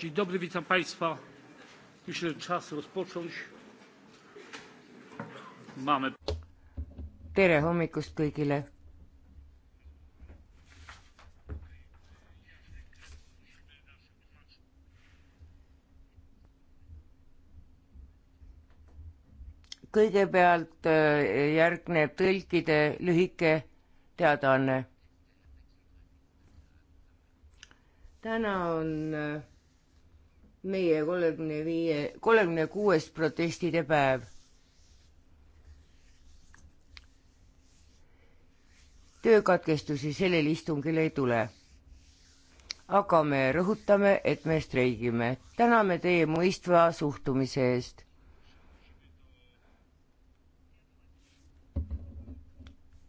dzień dobry witam państwa. myślę że czas rozpocząć. mamy. tere hommikust kõigile. kõigepealt äh, järgneb tõlkide lühike teadaanne täna on äh, meie kolmekümne viie, kolmekümne kuues protestide päev. töökatkestusi sellel istungil ei tule. aga me rõhutame, et me streigime. täname teie mõistva suhtumise eest.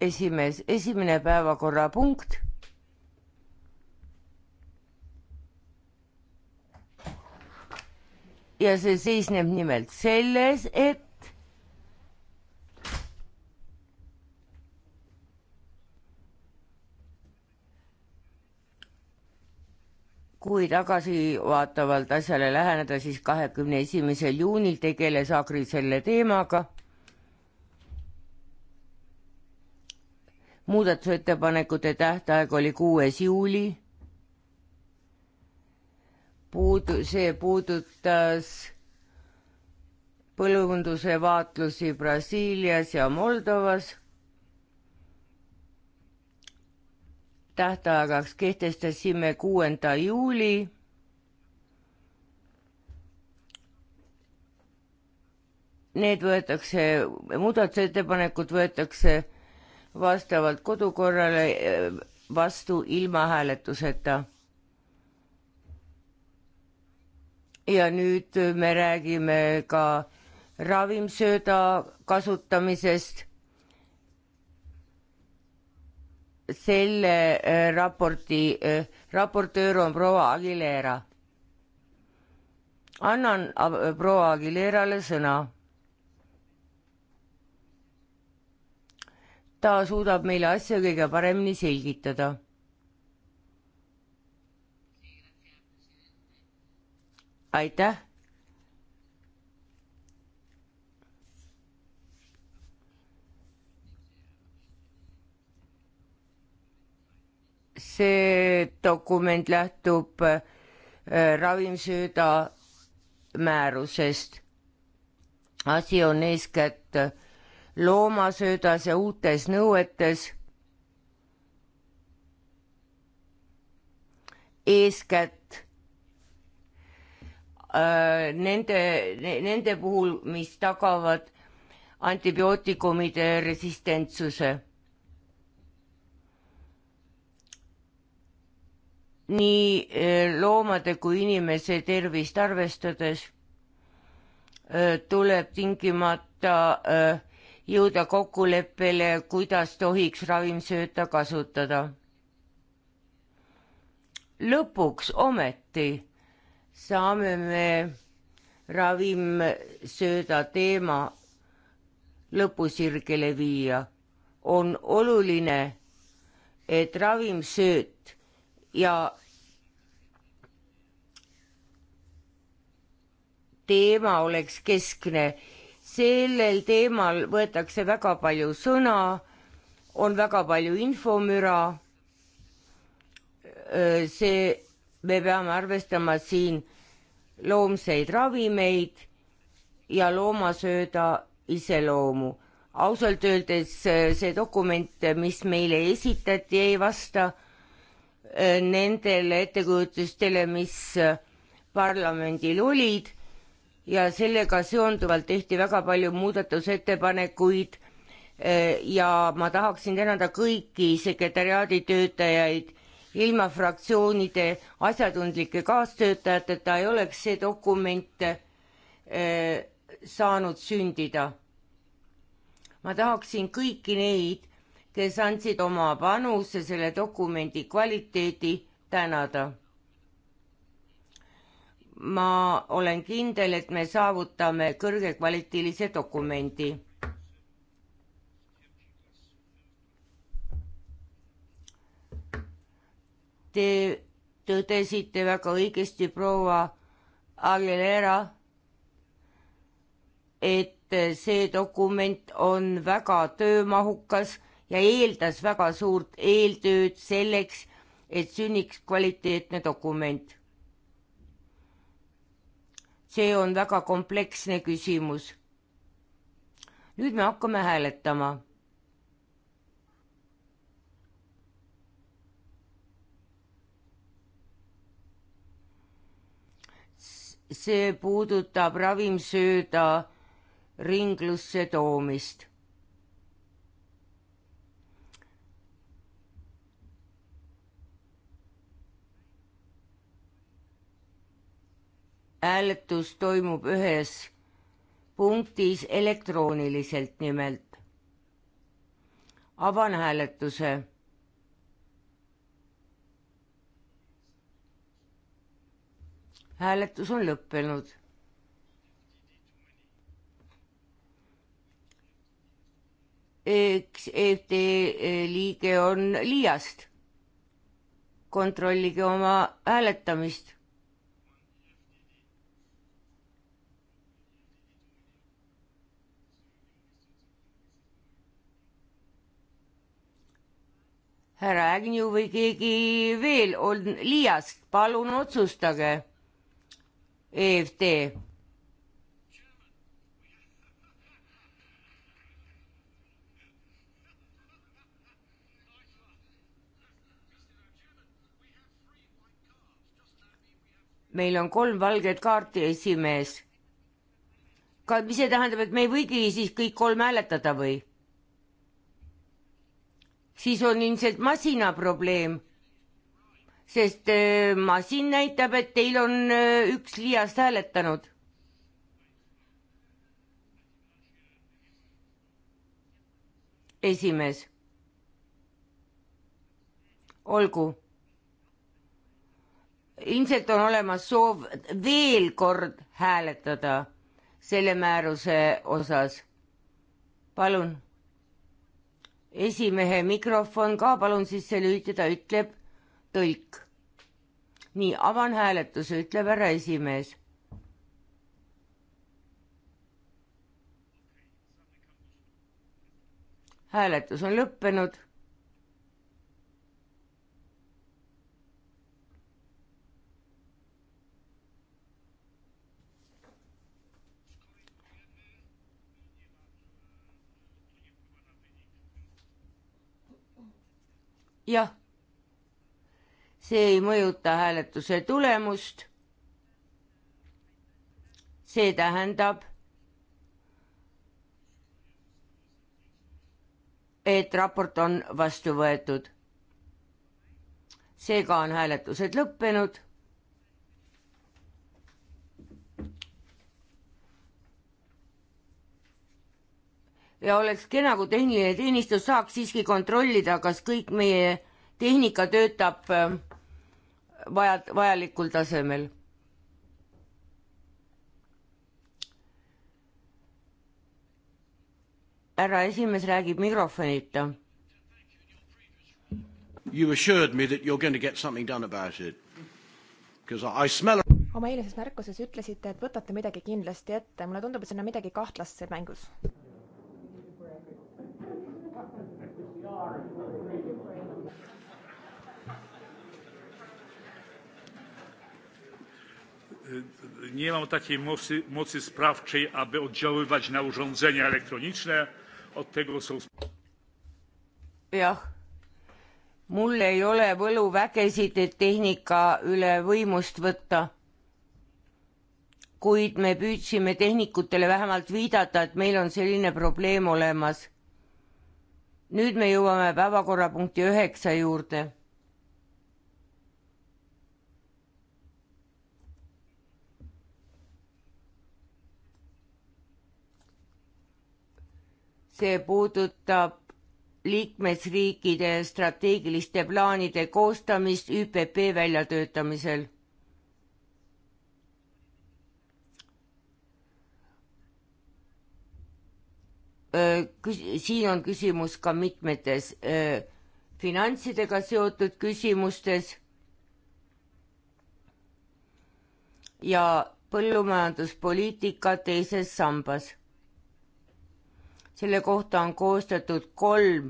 esimees, esimene päevakorrapunkt ja see seisneb nimelt selles, et kui tagasivaatavalt asjale läheneda, siis kahekümne esimesel juunil tegeles Agri selle teemaga. muudatusettepanekute tähtaeg oli kuues juuli puudu, see puudutas põllunduse vaatlusi Brasiilias ja Moldovas. tähtajaks kehtestasime kuuenda juuli. Need võetakse, muudatusettepanekud võetakse vastavalt kodukorrale vastu ilma hääletuseta ja nüüd me räägime ka ravimsööda kasutamisest. selle äh, raporti, äh, raportöör on proua Aguilera. annan äh, proua Aguilerale sõna. ta suudab meile asja kõige paremini selgitada aitäh. see dokument lähtub äh, ravimsööda määrusest. asi on eeskätt äh, loomasöödas ja uutes nõuetes. eeskätt Äh, nende, nende puhul, mis tagavad antibiootikumide resistentsuse. nii äh, loomade kui inimese tervist arvestades äh, tuleb tingimata jõuda kokkuleppele, kuidas tohiks ravimsööta kasutada. lõpuks ometi saame me ravimsööda teema lõpusirgele viia. on oluline, et ravimsööt ja teema oleks keskne. sellel teemal võetakse väga palju sõna, on väga palju infomüra. see me peame arvestama siin loomseid ravimeid ja loomasööda iseloomu. ausalt öeldes äh, see dokument, äh, mis meile esitati, ei vasta äh, nendele ettekujutustele, mis parlamendil olid ja sellega seonduvalt tehti väga palju muudatusettepanekuid ja ma tahaksin tänada kõiki sekretäriaadi töötajaid ilma fraktsioonide asjatundlike kaastöötajateta ei oleks see dokument eh, saanud sündida. ma tahaksin kõiki neid, kes andsid oma panuse selle dokumendi kvaliteedi tänada. ma olen kindel, et me saavutame kõrgekvaliteedilise dokumendi Te tõdesite väga õigesti, proua Aguilera, et see dokument on väga töömahukas ja eeldas väga suurt eeltööd selleks, et sünniks kvaliteetne dokument. see on väga kompleksne küsimus. nüüd me hakkame hääletama see puudutab ravimsööda ringlusse toomist. hääletus toimub ühes punktis elektrooniliselt nimelt. avan hääletuse hääletus on lõppenud. üks EFT e, liige on Liiast. kontrollige oma hääletamist härra Agnew või keegi veel on Liiast, palun otsustage EFT. meil on kolm valget kaarti, esimees. ka, mis see tähendab, et me ei võigi siis kõik kolm hääletada või? siis on ilmselt masina probleem sest äh, masin näitab, et teil on äh, üks liiast hääletanud. esimees. olgu. ilmselt on olemas soov veel kord hääletada selle määruse osas. palun. esimehe mikrofon ka palun sisse lülitada, ütleb tõlk. nii, avan hääletuse, ütleb härra esimees. hääletus on lõppenud jah, see ei mõjuta hääletuse tulemust. see tähendab, et raport on vastu võetud. seega on hääletused lõppenud. ja oleks kena, kui tehniline teenistus saaks siiski kontrollida, kas kõik meie tehnika töötab äh, vaja, vajalikul tasemel. härra esimees räägib mikrofonita. You assured me that you are going to get something done about it. Because I smell oma eilises märkuses ütlesite, et võtate midagi kindlasti ette. mulle tundub, et siin on midagi kahtlast siin mängus nie mam takiej mocy, mocy sprawczej, aby oddziaływać na urządzenia elektroniczne. Od tego są. jah, mul ei ole võluvägesid, et tehnika üle võimust võtta. kuid me püüdsime tehnikutele vähemalt viidata, et meil on selline probleem olemas. nüüd me jõuame päevakorrapunkti üheksa juurde see puudutab liikmesriikide strateegiliste plaanide koostamist ÜPP väljatöötamisel. siin on küsimus ka mitmetes finantsidega seotud küsimustes ja põllumajanduspoliitika teises sambas selle kohta on koostatud kolm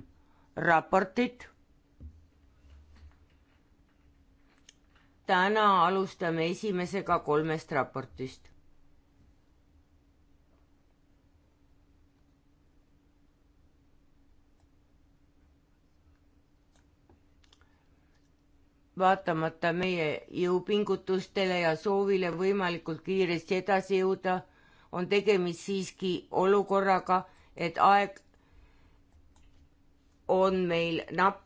raportit. täna alustame esimesega kolmest raportist. vaatamata meie jõupingutustele ja soovile võimalikult kiiresti edasi jõuda, on tegemist siiski olukorraga, et aeg on meil napp.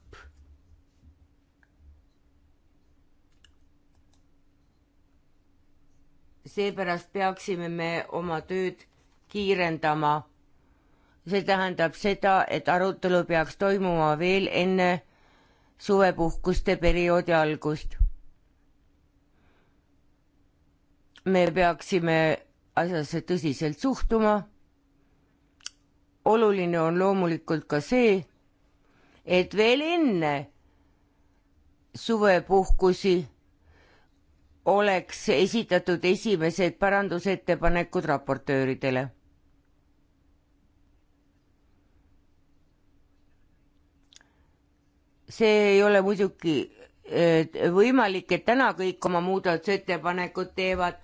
seepärast peaksime me oma tööd kiirendama. see tähendab seda, et arutelu peaks toimuma veel enne suvepuhkuste perioodi algust. me peaksime asjasse tõsiselt suhtuma oluline on loomulikult ka see, et veel enne suvepuhkusi oleks esitatud esimesed parandusettepanekud raportööridele. see ei ole muidugi eh, võimalik, et täna kõik oma muudatusettepanekud teevad,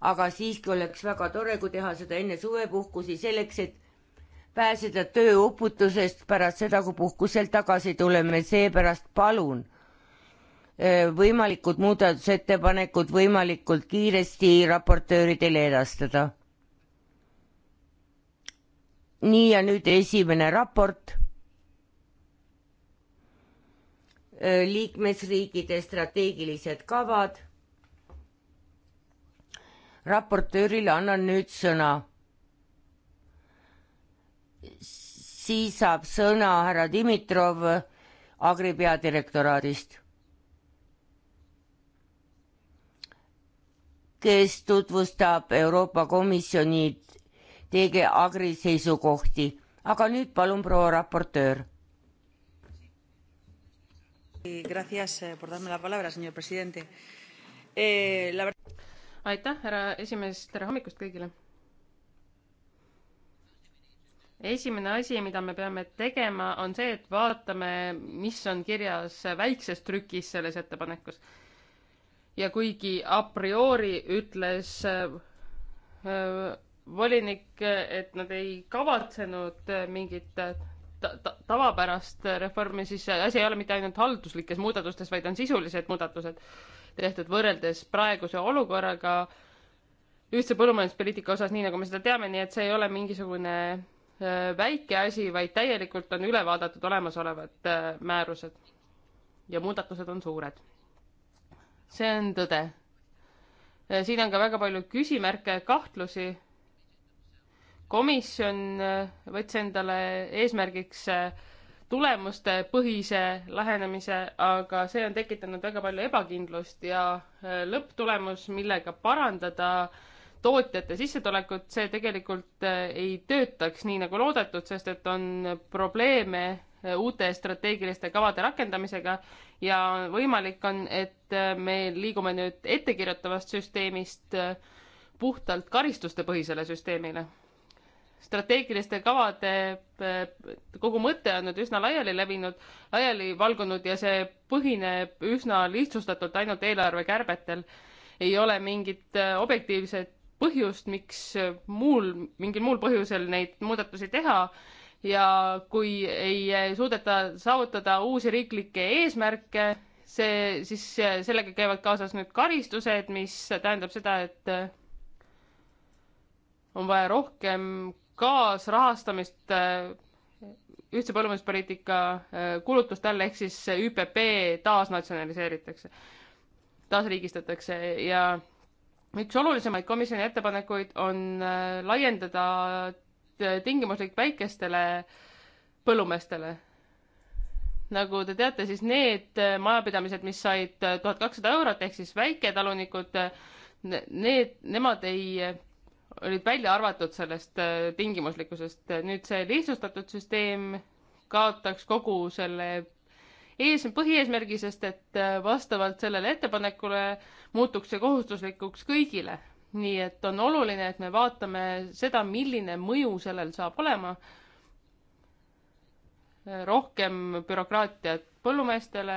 aga siiski oleks väga tore, kui teha seda enne suvepuhkusi selleks, et pääseda tööuputusest pärast seda, kui puhkuselt tagasi tuleme, seepärast palun e, võimalikud muudatusettepanekud võimalikult kiiresti raportööridele edastada. nii ja nüüd esimene raport. E, liikmesriikide strateegilised kavad. raportöörile annan nüüd sõna siis saab sõna härra Dimitrov Agri peadirektoraadist, kes tutvustab Euroopa Komisjoni TG Agri seisukohti, aga nüüd palun, proua raportöör. Eh, eh, aitäh, härra esimees, tere hommikust kõigile esimene asi, mida me peame tegema, on see, et vaatame, mis on kirjas väikses trükis selles ettepanekus. ja kuigi a priori ütles äh, volinik, et nad ei kavatsenud mingit ta ta tavapärast reformi, siis asi ei ole mitte ainult halduslikes muudatustes, vaid on sisulised muudatused tehtud võrreldes praeguse olukorraga ühtse põllumajanduspoliitika osas, nii nagu me seda teame, nii et see ei ole mingisugune Äh, väike asi, vaid täielikult on üle vaadatud olemasolevad äh, määrused ja muudatused on suured. see on tõde. Äh, siin on ka väga palju küsimärke, kahtlusi. komisjon võttis endale eesmärgiks tulemustepõhise lähenemise, aga see on tekitanud väga palju ebakindlust ja lõpptulemus, millega parandada äh, tootjate sissetulekut, see tegelikult eh, ei töötaks nii nagu loodetud, sest et on probleeme eh, uute strateegiliste kavade rakendamisega ja võimalik on, et eh, me liigume nüüd ettekirjutavast süsteemist puhtalt karistuste põhisele süsteemile. strateegiliste kavade kogu mõte on nüüd üsna laiali levinud, laiali valgunud ja see põhineb üsna lihtsustatult ainult eelarvekäärbetel ei ole mingit objektiivset põhjust, miks muul, mingil muul põhjusel neid muudatusi teha ja kui ei suudeta saavutada uusi riiklikke eesmärke, see, siis sellega käivad kaasas nüüd karistused, mis tähendab seda, et on vaja rohkem kaasrahastamist äh, ühtse põllumajanduspoliitika äh, kulutuste all, ehk siis ÜPP taasnatsionaliseeritakse, taasriigistatakse ja üks olulisemaid komisjoni ettepanekuid on äh, laiendada äh, tingimuslik väikestele põllumeestele. nagu te teate, siis need äh, majapidamised, mis said tuhat kakssada eurot ehk siis väiketalunikud, need, nemad ei, olid välja arvatud sellest tingimuslikkusest. nüüd see lihtsustatud süsteem kaotaks kogu selle ees, põhieesmärgi, sest et vastavalt sellele ettepanekule äh, muutuks see kohustuslikuks kõigile. nii et on oluline, et me vaatame seda, milline mõju sellel saab olema. rohkem bürokraatiat põllumeestele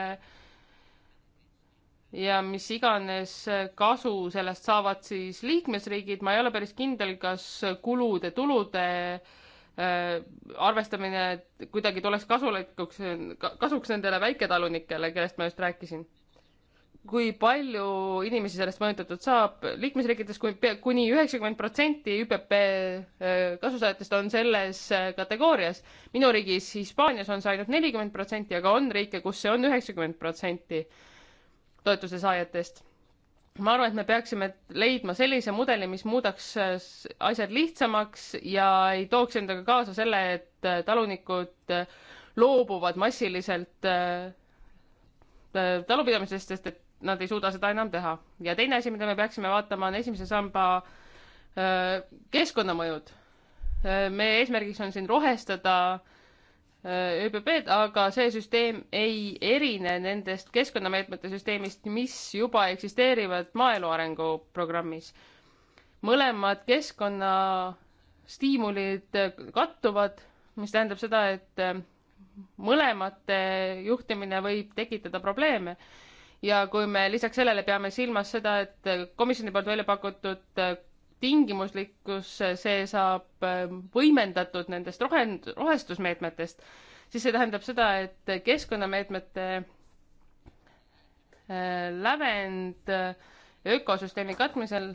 ja mis iganes kasu sellest saavad siis liikmesriigid, ma ei ole päris kindel, kas kulude-tulude äh, arvestamine kuidagi tuleks kasulikuks, kasuks nendele väiketalunikele, kellest ma just rääkisin kui palju inimesi sellest mõjutatud saab liikmesriikides kui, kui kuni üheksakümmend protsenti ÜPP äh, kasusaajatest on selles äh, kategoorias. minu riigis Hispaanias on see ainult nelikümmend protsenti, aga on riike, kus see on üheksakümmend protsenti toetuse saajatest. ma arvan, et me peaksime leidma sellise mudeli, mis muudaks äh, asjad lihtsamaks ja ei tooks endaga kaasa selle, et talunikud loobuvad massiliselt talupidamisest, sest et nad ei suuda seda enam teha. ja teine asi, mida me peaksime vaatama, on esimese samba keskkonnamõjud. meie eesmärgiks on siin rohestada ÖBB-d, aga see süsteem ei erine nendest keskkonnameetmete süsteemist, mis juba eksisteerivad maaelu arenguprogrammis. mõlemad keskkonnastiimulid kattuvad, mis tähendab seda, et mõlemate juhtimine võib tekitada probleeme ja kui me lisaks sellele peame silmas seda, et komisjoni poolt välja pakutud äh, tingimuslikkus, äh, see saab äh, võimendatud nendest rohend-, rohestusmeetmetest, siis see tähendab seda, et keskkonnameetmete lävend ökosüsteemi katmisel,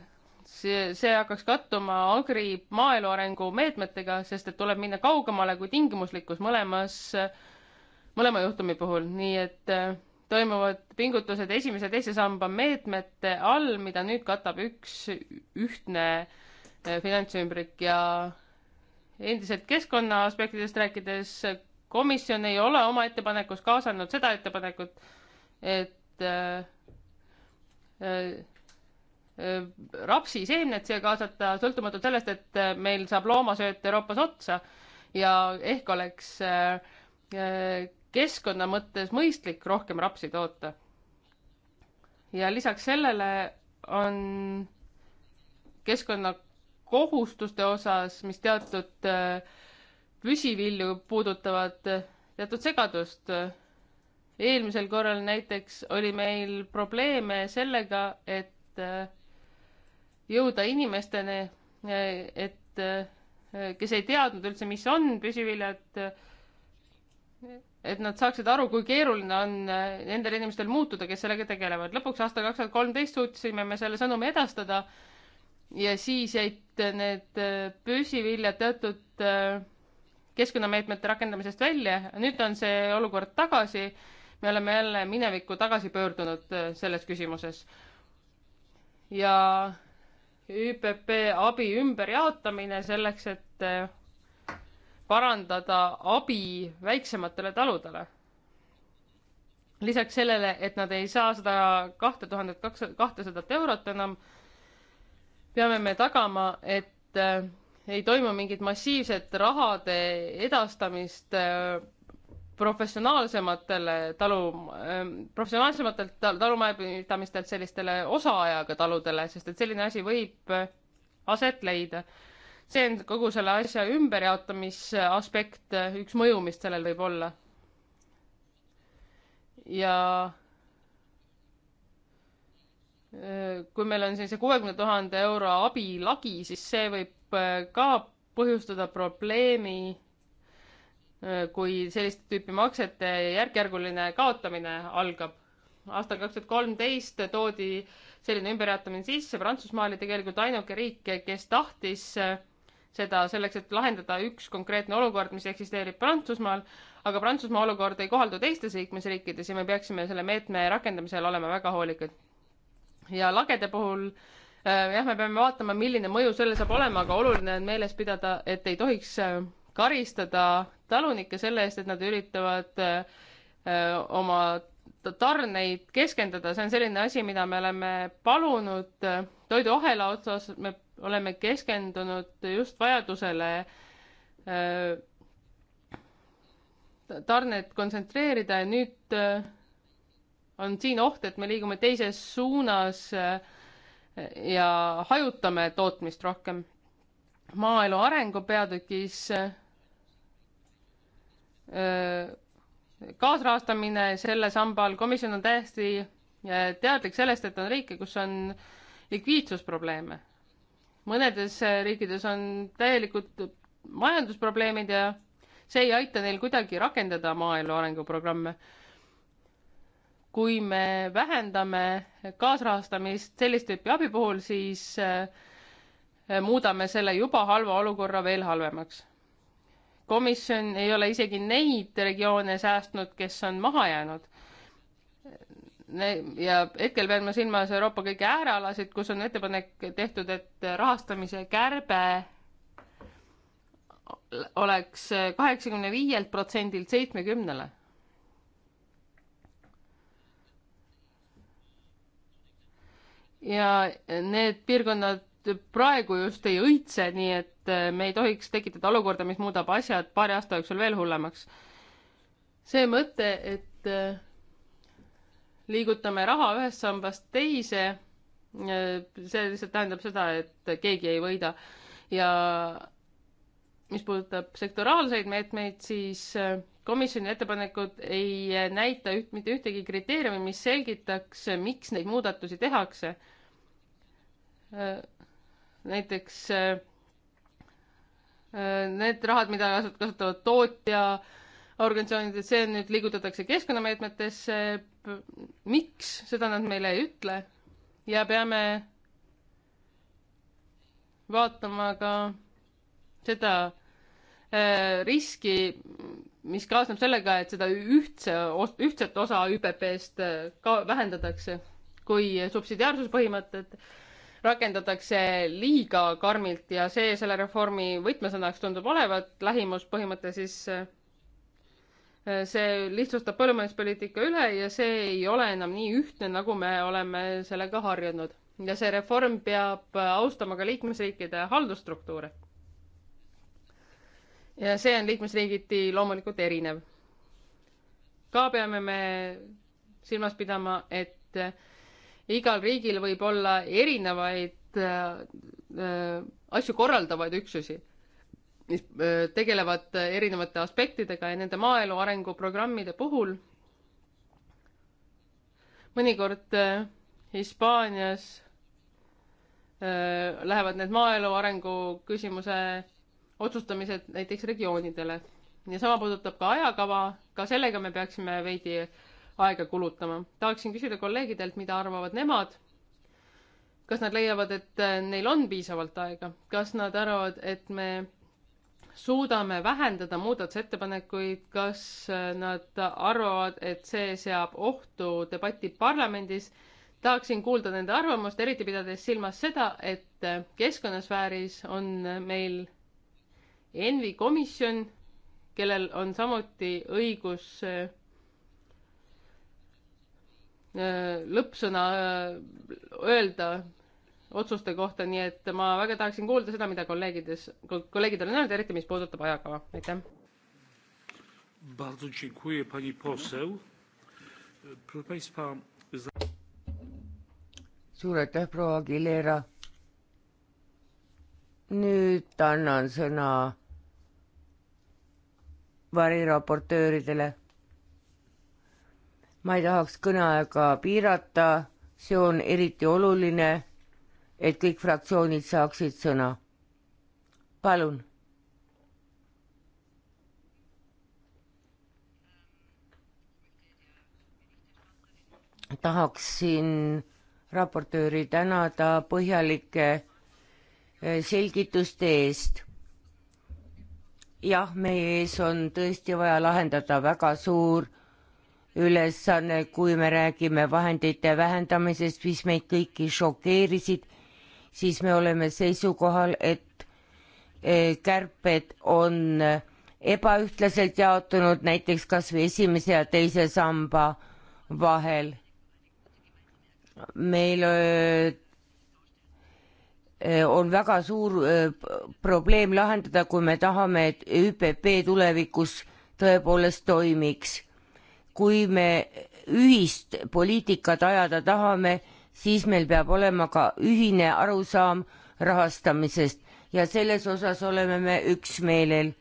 see, see hakkaks kattuma agri maaelu arengu meetmetega, sest et tuleb minna kaugemale kui tingimuslikkus mõlemas, mõlema juhtumi puhul, nii et toimuvad pingutused esimese ja teise samba meetmete all, mida nüüd katab üks ühtne äh, finantsümbrik ja endiselt keskkonna aspektidest rääkides, komisjon ei ole oma ettepanekus kaasanud seda ettepanekut, et äh, äh, äh rapsiseemned siia kaasata, sõltumatult sellest, et äh, meil saab loomasööt Euroopas otsa ja ehk oleks äh, keskkonna mõttes mõistlik rohkem rapsi toota. ja lisaks sellele on keskkonnakohustuste osas, mis teatud äh, püsivilju puudutavad, äh, teatud segadust. eelmisel korral näiteks oli meil probleeme sellega, et äh, jõuda inimesteni, et kes ei teadnud üldse, mis on püsiviljad et nad saaksid aru, kui keeruline on eh, nendel inimestel muutuda, kes sellega tegelevad. lõpuks aastal kaks tuhat kolmteist suutsime me selle sõnumi edastada ja siis jäid need eh, püsiviljad teatud eh, keskkonnameetmete rakendamisest välja. nüüd on see olukord tagasi. me oleme jälle minevikku tagasi pöördunud selles küsimuses. ja ÜPP abi ümberjaotamine selleks, et parandada abi väiksematele taludele. lisaks sellele, et nad ei saa seda kahte tuhandet kaks, kahtesadat eurot enam, peame me tagama, et äh, ei toimu mingit massiivset rahade edastamist äh, professionaalsematele talu ähm,, professionaalsematelt tal, talumajapidamistelt sellistele osaajaga taludele, sest et selline asi võib äh, aset leida see on kogu selle asja ümberjaotamisaspekt, üks mõju, mis sellel võib olla. ja äh, kui meil on sellise kuuekümne tuhande euro abilagi, siis see võib äh, ka põhjustada probleemi, äh, kui sellist tüüpi maksete järk-järguline kaotamine algab. aastal kaks tuhat kolmteist toodi selline ümberjaotamine sisse, Prantsusmaa oli tegelikult ainuke riik, kes tahtis äh, seda selleks, et lahendada üks konkreetne olukord, mis eksisteerib Prantsusmaal, aga Prantsusmaa olukord ei kohaldu teistes liikmesriikides ja me peaksime selle meetme rakendamisel olema väga hoolikad. ja lagede puhul äh, jah, me peame vaatama, milline mõju sellel saab olema, aga oluline on meeles pidada, et ei tohiks äh, karistada talunikke selle eest, et nad üritavad öö, äh, oma tarneid keskendada, see on selline asi, mida me oleme palunud toiduahela otsas, me oleme keskendunud just vajadusele äh, tarnet kontsentreerida ja nüüd äh, on siin oht, et me liigume teises suunas äh, ja hajutame tootmist rohkem. maaelu arengu peatükis kaasrahastamine selle samba all, komisjon on täiesti teadlik sellest, et on riike, kus on likviidsusprobleeme mõnedes eh, riikides on täielikud majandusprobleemid ja see ei aita neil kuidagi rakendada maaelu arenguprogramme. kui me vähendame kaasrahastamist sellist tüüpi abi puhul, siis eh, muudame selle juba halva olukorra veel halvemaks. komisjon ei ole isegi neid regioone säästnud, kes on maha jäänud ja hetkel pean ma silmas Euroopa kõiki äärealasid, kus on ettepanek tehtud, et rahastamise kärbe oleks kaheksakümne viielt protsendilt seitsmekümnele. ja need piirkonnad praegu just ei õitse, nii et me ei tohiks tekitada olukorda, mis muudab asjad paari aasta jooksul veel hullemaks. see mõte, et liigutame raha ühest sambast teise, see lihtsalt tähendab seda, et keegi ei võida. ja mis puudutab sektoraalseid meetmeid, siis komisjoni ettepanekud ei näita üht, mitte ühtegi kriteeriumi, mis selgitaks, miks neid muudatusi tehakse. näiteks need rahad, mida kasutavad tootja, organisatsioonides, see nüüd liigutatakse keskkonnameetmetesse. miks, seda nad meile ei ütle ja peame vaatama ka seda äh, riski, mis kaasneb sellega, et seda ühtse, ühtset osa ÜPP-st äh, ka vähendatakse, kui subsidiaarsuspõhimõtted rakendatakse liiga karmilt ja see selle reformi võtmesõnaks tundub olevat lähimuspõhimõte, siis äh, Äh, see lihtsustab põllumajanduspoliitika üle ja see ei ole enam nii ühtne, nagu me oleme sellega harjunud. ja see reform peab austama ka liikmesriikide haldusstruktuure. ja see on liikmesriigiti loomulikult erinev. ka peame me silmas pidama, et äh, igal riigil võib olla erinevaid äh, äh asju korraldavaid üksusi mis tegelevad erinevate aspektidega ja nende maaelu arenguprogrammide puhul mõnikord Hispaanias lähevad need maaelu arengu küsimuse otsustamised näiteks regioonidele. ja sama puudutab ka ajakava, ka sellega me peaksime veidi aega kulutama. tahaksin küsida kolleegidelt, mida arvavad nemad. kas nad leiavad, et neil on piisavalt aega, kas nad arvavad, et me suudame vähendada muudatusettepanekuid, kas äh, nad arvavad, et see seab ohtu debatti parlamendis. tahaksin kuulda nende arvamust, eriti pidades silmas seda, et äh, keskkonnasfääris on meil ENVI komisjon, kellel on samuti õigus äh, lõppsõna öelda otsuste kohta, nii et ma väga tahaksin kuulda seda, mida kolleegides, kolleegid on öelnud, eriti mis puudutab ajakava, aitäh. suur aitäh, proua Aguilera. nüüd annan sõna variraportööridele. ma ei tahaks kõneaega piirata, see on eriti oluline et kõik fraktsioonid saaksid sõna. palun. tahaksin raportööri tänada põhjalike eh, selgituste eest. jah, meie ees on tõesti vaja lahendada väga suur ülesanne, kui me räägime vahendite vähendamisest, mis meid kõiki šokeerisid siis me oleme seisukohal, et eh, kärped on eh, ebaühtlaselt jaotunud näiteks kas või esimese ja teise samba vahel. meil eh, on väga suur probleem lahendada, kui me tahame, et ÜPP tulevikus tõepoolest toimiks. kui me ühist poliitikat ajada tahame siis meil peab olema ka ühine arusaam rahastamisest ja selles osas oleme me üksmeelel.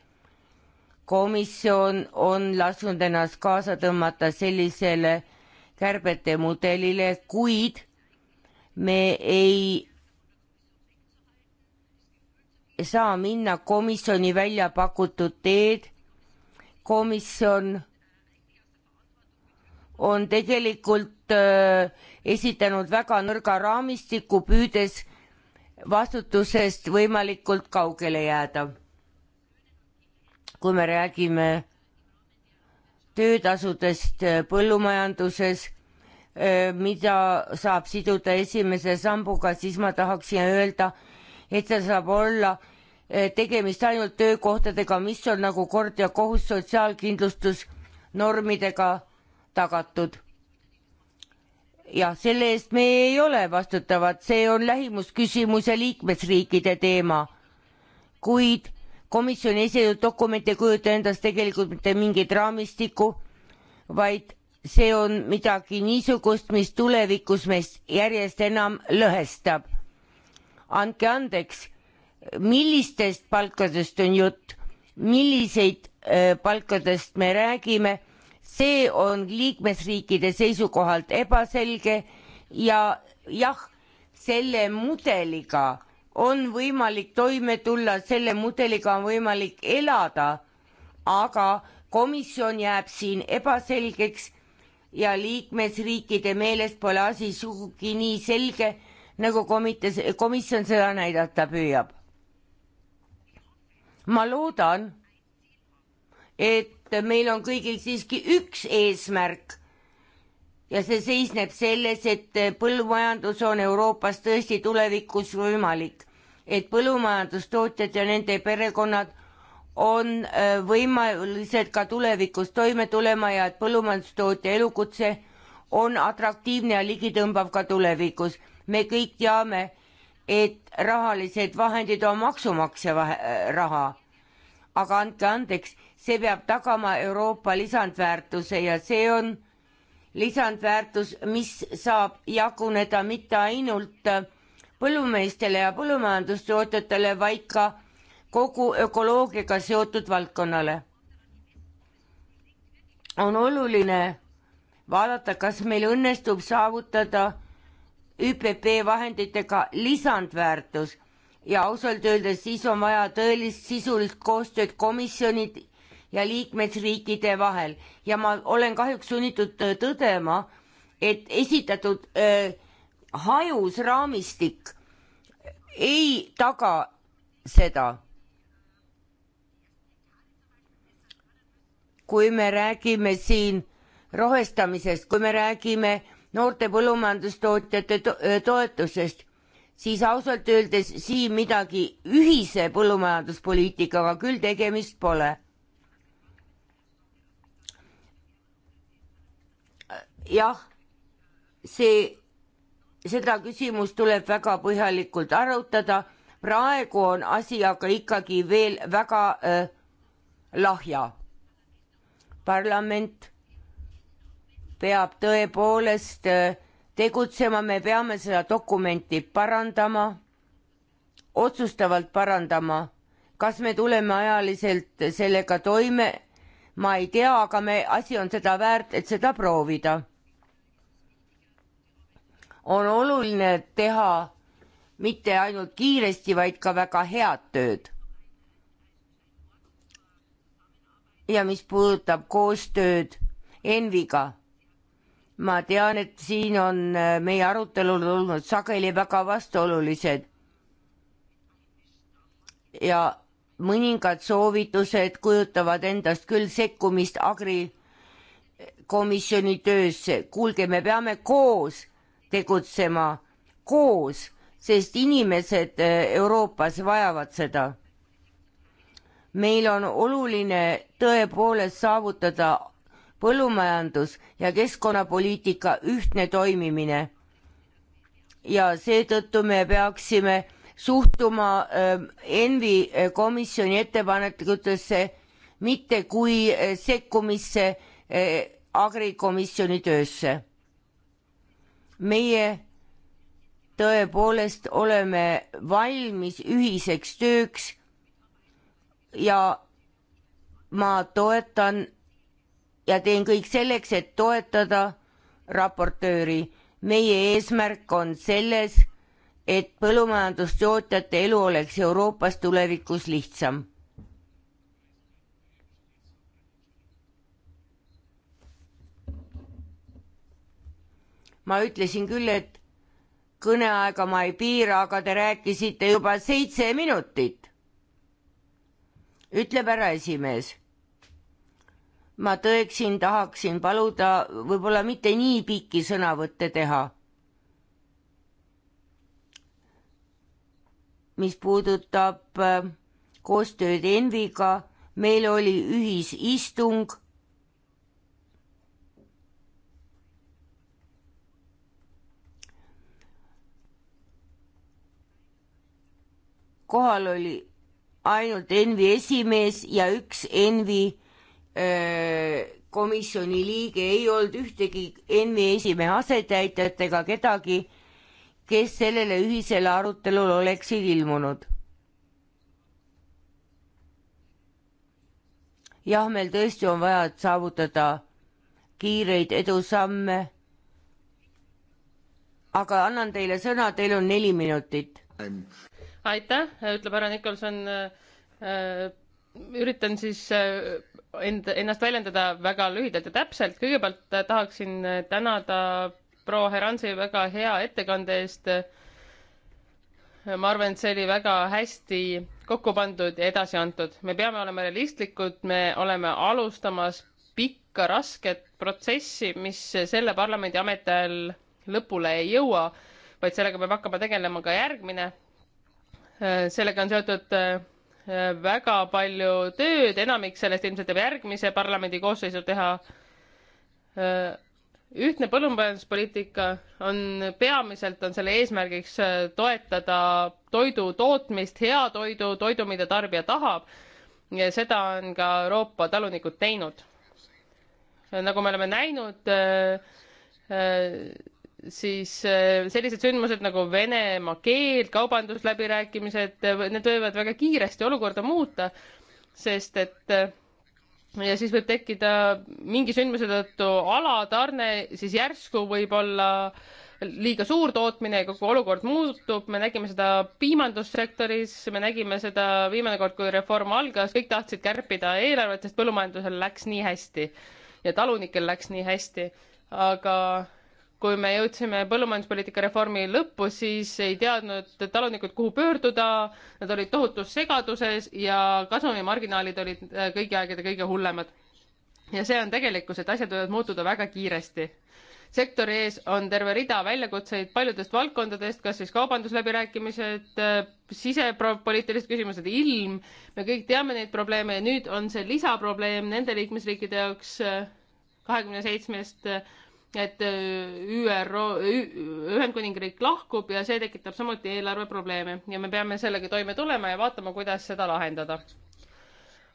komisjon on lasknud ennast kaasa tõmmata sellisele kärbete mudelile, kuid me ei saa minna komisjoni välja pakutud teed. komisjon on tegelikult öö, äh, esitanud väga nõrga raamistiku, püüdes vastutusest võimalikult kaugele jääda. kui me räägime töötasudest äh, põllumajanduses, äh, mida saab siduda esimese sambuga, siis ma tahaksin öelda, et see saab olla tegemist ainult töökohtadega, mis on nagu kord ja kohus sotsiaalkindlustusnormidega tagatud. jah, selle eest me ei ole vastutavad, see on lähimusküsimus ja liikmesriikide teema. kuid komisjoni esitatud dokument ei kujuta endast tegelikult mitte mingit raamistikku, vaid see on midagi niisugust, mis tulevikus meist järjest enam lõhestab. andke andeks, millistest palkadest on jutt, milliseid äh, palkadest me räägime see on liikmesriikide seisukohalt ebaselge ja jah, selle mudeliga on võimalik toime tulla, selle mudeliga on võimalik elada, aga komisjon jääb siin ebaselgeks ja liikmesriikide meelest pole asi sugugi nii selge, nagu komites, komisjon seda näidata püüab. ma loodan, et meil on kõigil siiski üks eesmärk ja see seisneb selles, et põllumajandus on Euroopas tõesti tulevikus võimalik, et põllumajandustootjad ja nende perekonnad on äh, võimelised ka tulevikus toime tulema ja et põllumajandustootja elukutse on atraktiivne ja ligitõmbav ka tulevikus. me kõik teame, et rahalised vahendid on maksumaksja äh, raha. aga andke andeks see peab tagama Euroopa lisandväärtuse ja see on lisandväärtus, mis saab jaguneda mitte ainult põllumeestele ja põllumajandustootjatele, vaid ka kogu ökoloogiaga seotud valdkonnale. on oluline vaadata, kas meil õnnestub saavutada ÜPP vahenditega lisandväärtus ja ausalt öeldes siis on vaja tõelist sisulist koostööd komisjonid ja liikmesriikide vahel ja ma olen kahjuks sunnitud äh, tõdema, et esitatud äh, hajus raamistik ei taga seda. kui me räägime siin rohestamisest, kui me räägime noorte põllumajandustootjate to äh, toetusest, siis ausalt öeldes siin midagi ühise põllumajanduspoliitikaga küll tegemist pole jah, see, seda küsimust tuleb väga põhjalikult arutada, praegu on asi aga ikkagi veel väga äh, lahja. parlament peab tõepoolest äh, tegutsema, me peame seda dokumenti parandama, otsustavalt parandama. kas me tuleme ajaliselt sellega toime, ma ei tea, aga me, asi on seda väärt, et seda proovida on oluline teha mitte ainult kiiresti, vaid ka väga head tööd. ja mis puudutab koostööd Enviga, ma tean, et siin on äh, meie arutelul olnud sageli väga vastuolulised ja mõningad soovitused kujutavad endast küll sekkumist agri komisjoni töösse, kuulge, me peame koos tegutsema koos, sest inimesed äh, Euroopas vajavad seda. meil on oluline tõepoolest saavutada põllumajandus ja keskkonnapoliitika ühtne toimimine. ja seetõttu me peaksime suhtuma ähm, ENVI äh, komisjoni ettepanekutesse mitte kui äh, sekkumisse agrikomisjoni töösse meie tõepoolest oleme valmis ühiseks tööks ja ma toetan ja teen kõik selleks, et toetada raportööri. meie eesmärk on selles, et põllumajandustootjate elu oleks Euroopas tulevikus lihtsam ma ütlesin küll, et kõneaega ma ei piira, aga te rääkisite juba seitse minutit, ütleb härra esimees. ma tõeksin, tahaksin paluda võib-olla mitte nii pikki sõnavõtte teha. mis puudutab äh, koostööd Enviga, meil oli ühisistung kohal oli ainult Envi esimees ja üks Envi komisjoni liige, ei olnud ühtegi Envi esimehe asetäitjat ega kedagi, kes sellele ühisele arutelule oleksid ilmunud. jah, meil tõesti on vaja saavutada kiireid edusamme. aga annan teile sõna, teil on neli minutit aitäh, ütleb härra Nikolson. Äh, äh, üritan siis äh, end, ennast väljendada väga lühidalt ja täpselt. kõigepealt tahaksin tänada proua Heransi väga hea ettekande eest. ma arvan, et see oli väga hästi kokku pandud ja edasi antud. me peame olema realistlikud, me oleme alustamas pikka rasket protsessi, mis selle parlamendi ametiajal lõpule ei jõua, vaid sellega peab hakkama tegelema ka järgmine Äh, sellega on seotud äh, väga palju tööd, enamik sellest ilmselt jääb järgmise parlamendi koosseisu teha. Äh, ühtne põllumajanduspoliitika on, peamiselt on selle eesmärgiks toetada toidu tootmist, hea toidu, toidu, mida tarbija tahab. ja seda on ka Euroopa talunikud teinud. nagu me oleme näinud, siis äh, sellised sündmused nagu Venemaa keel, kaubandusläbirääkimised, äh, need võivad väga kiiresti olukorda muuta, sest et äh, ja siis võib tekkida mingi sündmuse tõttu alatarne, siis järsku võib olla liiga suur tootmine ja kogu olukord muutub, me nägime seda piimandussektoris, me nägime seda viimane kord, kui reform algas, kõik tahtsid kärpida eelarvet, sest põllumajandusel läks nii hästi ja talunikel läks nii hästi, aga kui me jõudsime põllumajanduspoliitika reformi lõppu, siis ei teadnud talunikud, kuhu pöörduda, nad olid tohutus segaduses ja kasumimarginaalid olid äh, kõigi aegade kõige hullemad. ja see on tegelikkus, et asjad võivad muutuda väga kiiresti. sektori ees on terve rida väljakutseid paljudest valdkondadest, kas siis kaubandusläbirääkimised, äh, sisepoliitilised küsimused, ilm, me kõik teame neid probleeme ja nüüd on see lisaprobleem nende liikmesriikide jaoks, äh, kahekümne seitsmest, et äh, ÜRO, Ühendkuningriik lahkub ja see tekitab samuti eelarveprobleeme ja me peame sellega toime tulema ja vaatama, kuidas seda lahendada.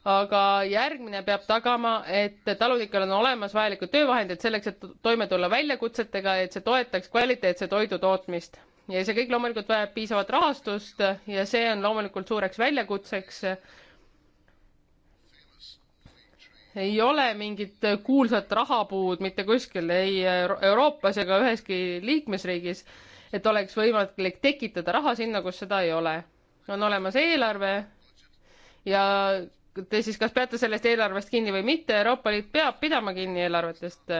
aga järgmine peab tagama, et talunikel on olemas vajalikud töövahendid selleks, et toime tulla väljakutsetega, et see toetaks kvaliteetse toidu tootmist ja see kõik loomulikult vajab piisavat rahastust ja see on loomulikult suureks väljakutseks ei ole mingit kuulsat rahapuud mitte kuskil ei Euroopas ega üheski liikmesriigis, et oleks võimalik tekitada raha sinna, kus seda ei ole. on olemas eelarve ja te siis kas peate sellest eelarvest kinni või mitte, Euroopa Liit peab pidama kinni eelarvetest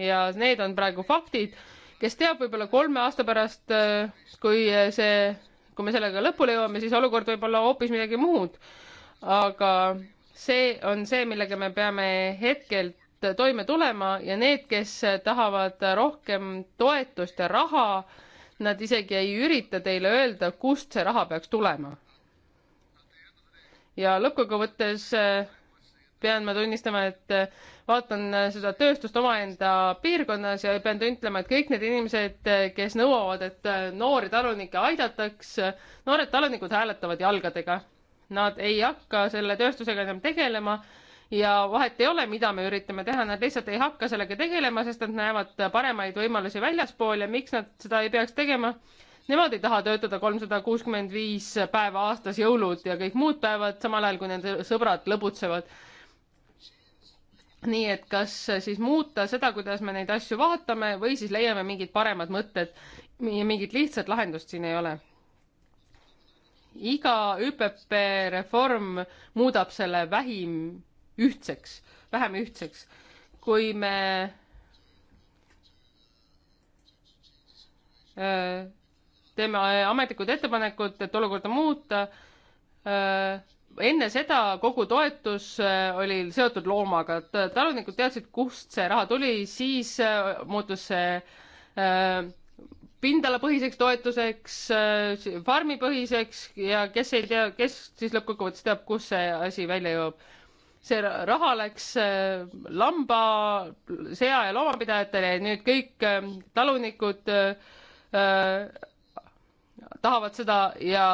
ja need on praegu faktid. kes teab, võib-olla kolme aasta pärast, kui see, kui me sellega lõpule jõuame, siis olukord võib olla hoopis midagi muud. aga see on see, millega me peame hetkelt toime tulema ja need, kes tahavad rohkem toetust ja raha, nad isegi ei ürita teile öelda, kust see raha peaks tulema. ja lõppkokkuvõttes äh, pean ma tunnistama, et äh, vaatan äh, seda tööstust omaenda piirkonnas ja pean ütlema, et kõik need inimesed, kes nõuavad, et noori talunikke aidataks, noored talunikud hääletavad jalgadega nad ei hakka selle tööstusega enam tegelema ja vahet ei ole, mida me üritame teha, nad lihtsalt ei hakka sellega tegelema, sest nad näevad paremaid võimalusi väljaspool ja miks nad seda ei peaks tegema. Nemad ei taha töötada kolmsada kuuskümmend viis päeva aastas, jõulud ja kõik muud päevad, samal ajal kui nende sõbrad lõbutsevad. nii et kas siis muuta seda, kuidas me neid asju vaatame või siis leiame mingid paremad mõtted ja mingit lihtsat lahendust siin ei ole iga ÜPP reform muudab selle vähim ühtseks, vähem ühtseks. kui me äh, teeme ametlikud ettepanekud, et olukorda muuta, äh, enne seda kogu toetus äh, oli seotud loomaga, talunikud teadsid, kust see raha tuli, siis muutus see pindalapõhiseks toetuseks, äh, farmipõhiseks ja kes ei tea, kes siis lõppkokkuvõttes teab, kus see asi välja jõuab. see raha läks äh, lamba, sea ja loomapidajatele ja nüüd kõik äh, talunikud äh, tahavad seda ja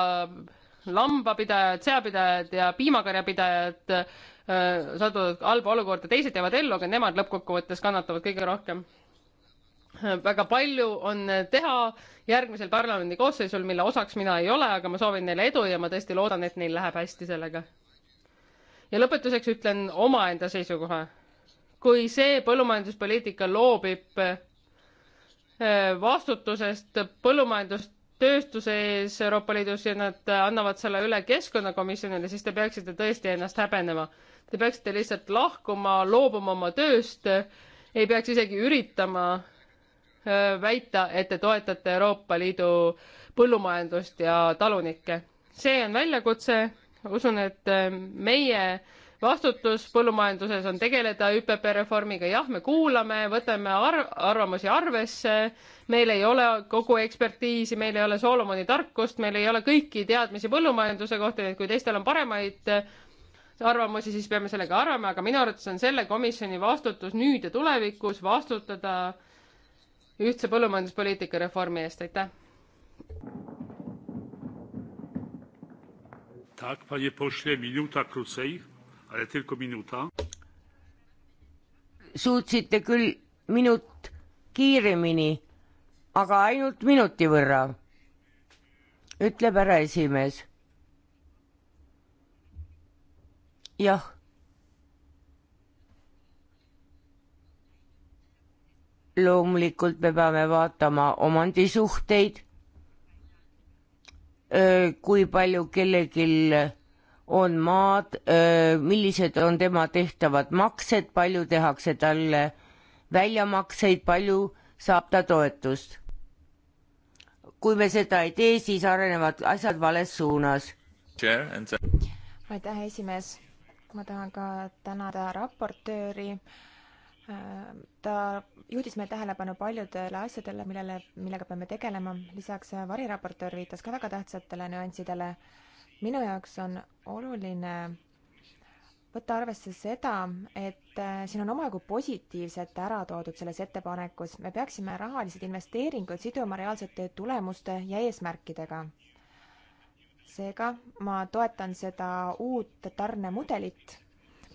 lambapidajad, seapidajad ja piimakarjapidajad äh, satuvad halba olukorda, teised jäävad ellu, aga nemad lõppkokkuvõttes kannatavad kõige rohkem väga palju on teha järgmisel parlamendi koosseisul, mille osaks mina ei ole, aga ma soovin neile edu ja ma tõesti loodan, et neil läheb hästi sellega. ja lõpetuseks ütlen omaenda seisukoha. kui see põllumajanduspoliitika loobib eh, vastutusest põllumajandustööstuse ees Euroopa Liidus ja nad annavad selle üle keskkonnakomisjonile, siis te peaksite tõesti ennast häbenema. Te peaksite lihtsalt lahkuma, loobuma oma tööst, ei peaks isegi üritama väita, et te toetate Euroopa Liidu põllumajandust ja talunikke. see on väljakutse, usun, et äh, meie vastutus põllumajanduses on tegeleda ÜPP reformiga, jah, me kuulame, võtame arv, arvamusi arvesse, meil ei ole kogu ekspertiisi, meil ei ole Solomoni tarkust, meil ei ole kõiki teadmisi põllumajanduse kohta, nii et kui teistel on paremaid äh, arvamusi, siis peame sellega arvama, aga minu arvates on selle komisjoni vastutus nüüd ja tulevikus vastutada äh, ühtse põllumajanduspoliitika reformi eest, aitäh! Tak, panie pośle, minuta krócej, ale tylko minuta. Suutsite küll minut kiiremini, aga ainult minuti võrra, ütleb härra esimees. jah loomulikult me peame vaatama omandisuhteid, kui palju kellelgi on maad, millised on tema tehtavad maksed, palju tehakse talle väljamakseid, palju saab ta toetust. kui me seda ei tee, siis arenevad asjad vales suunas. aitäh, esimees. ma tahan ka tänada raportööri äh, ta juhtis meie tähelepanu paljudele asjadele, millele, millega peame tegelema, lisaks variraportöör viitas ka väga tähtsatele nüanssidele. minu jaoks on oluline võtta arvesse seda, et äh, siin on omajagu positiivset ära toodud selles ettepanekus. me peaksime rahalised investeeringud siduma reaalsete tulemuste ja eesmärkidega. seega ma toetan seda uut tarnemudelit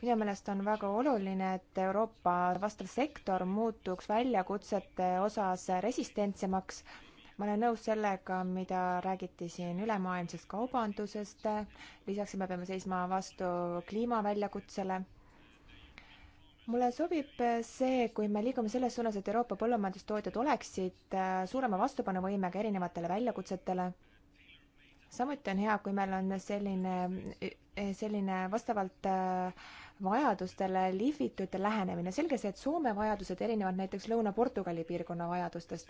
minu meelest on väga oluline, et Euroopa vastav sektor muutuks väljakutsete osas resistentsemaks. ma olen nõus sellega, mida räägiti siin ülemaailmsest kaubandusest, lisaks me peame seisma vastu kliimaväljakutsele mulle sobib see, kui me liigume selles suunas, et Euroopa põllumajandustootjad oleksid suurema vastupanuvõimega erinevatele väljakutsetele samuti on hea, kui meil on selline, e, selline vastavalt äh, vajadustele lihvitud lähenemine. selge see, et Soome vajadused erinevad näiteks Lõuna-Portugali piirkonna vajadustest.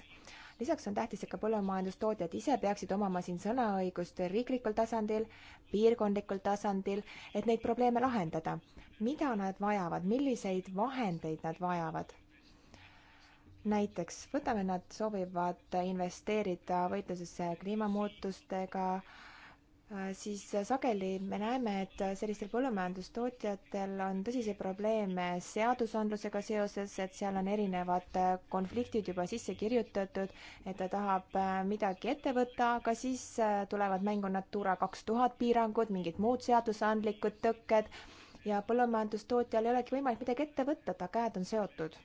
lisaks on tähtis, et ka põllumajandustootjad ise peaksid omama siin sõnaõigust riiklikul tasandil, piirkondlikul tasandil, et neid probleeme lahendada. mida nad vajavad, milliseid vahendeid nad vajavad näiteks võtame, nad soovivad investeerida võitlusesse kliimamuutustega, äh, siis sageli me näeme, et sellistel põllumajandustootjatel on tõsiseid probleeme seadusandlusega seoses, et seal on erinevad konfliktid juba sisse kirjutatud, et ta tahab äh, midagi ette võtta, aga siis äh, tulevad mängu Natura kaks tuhat piirangud, mingid muud seadusandlikud tõkked ja põllumajandustootjal ei olegi võimalik midagi ette võtta, ta käed on seotud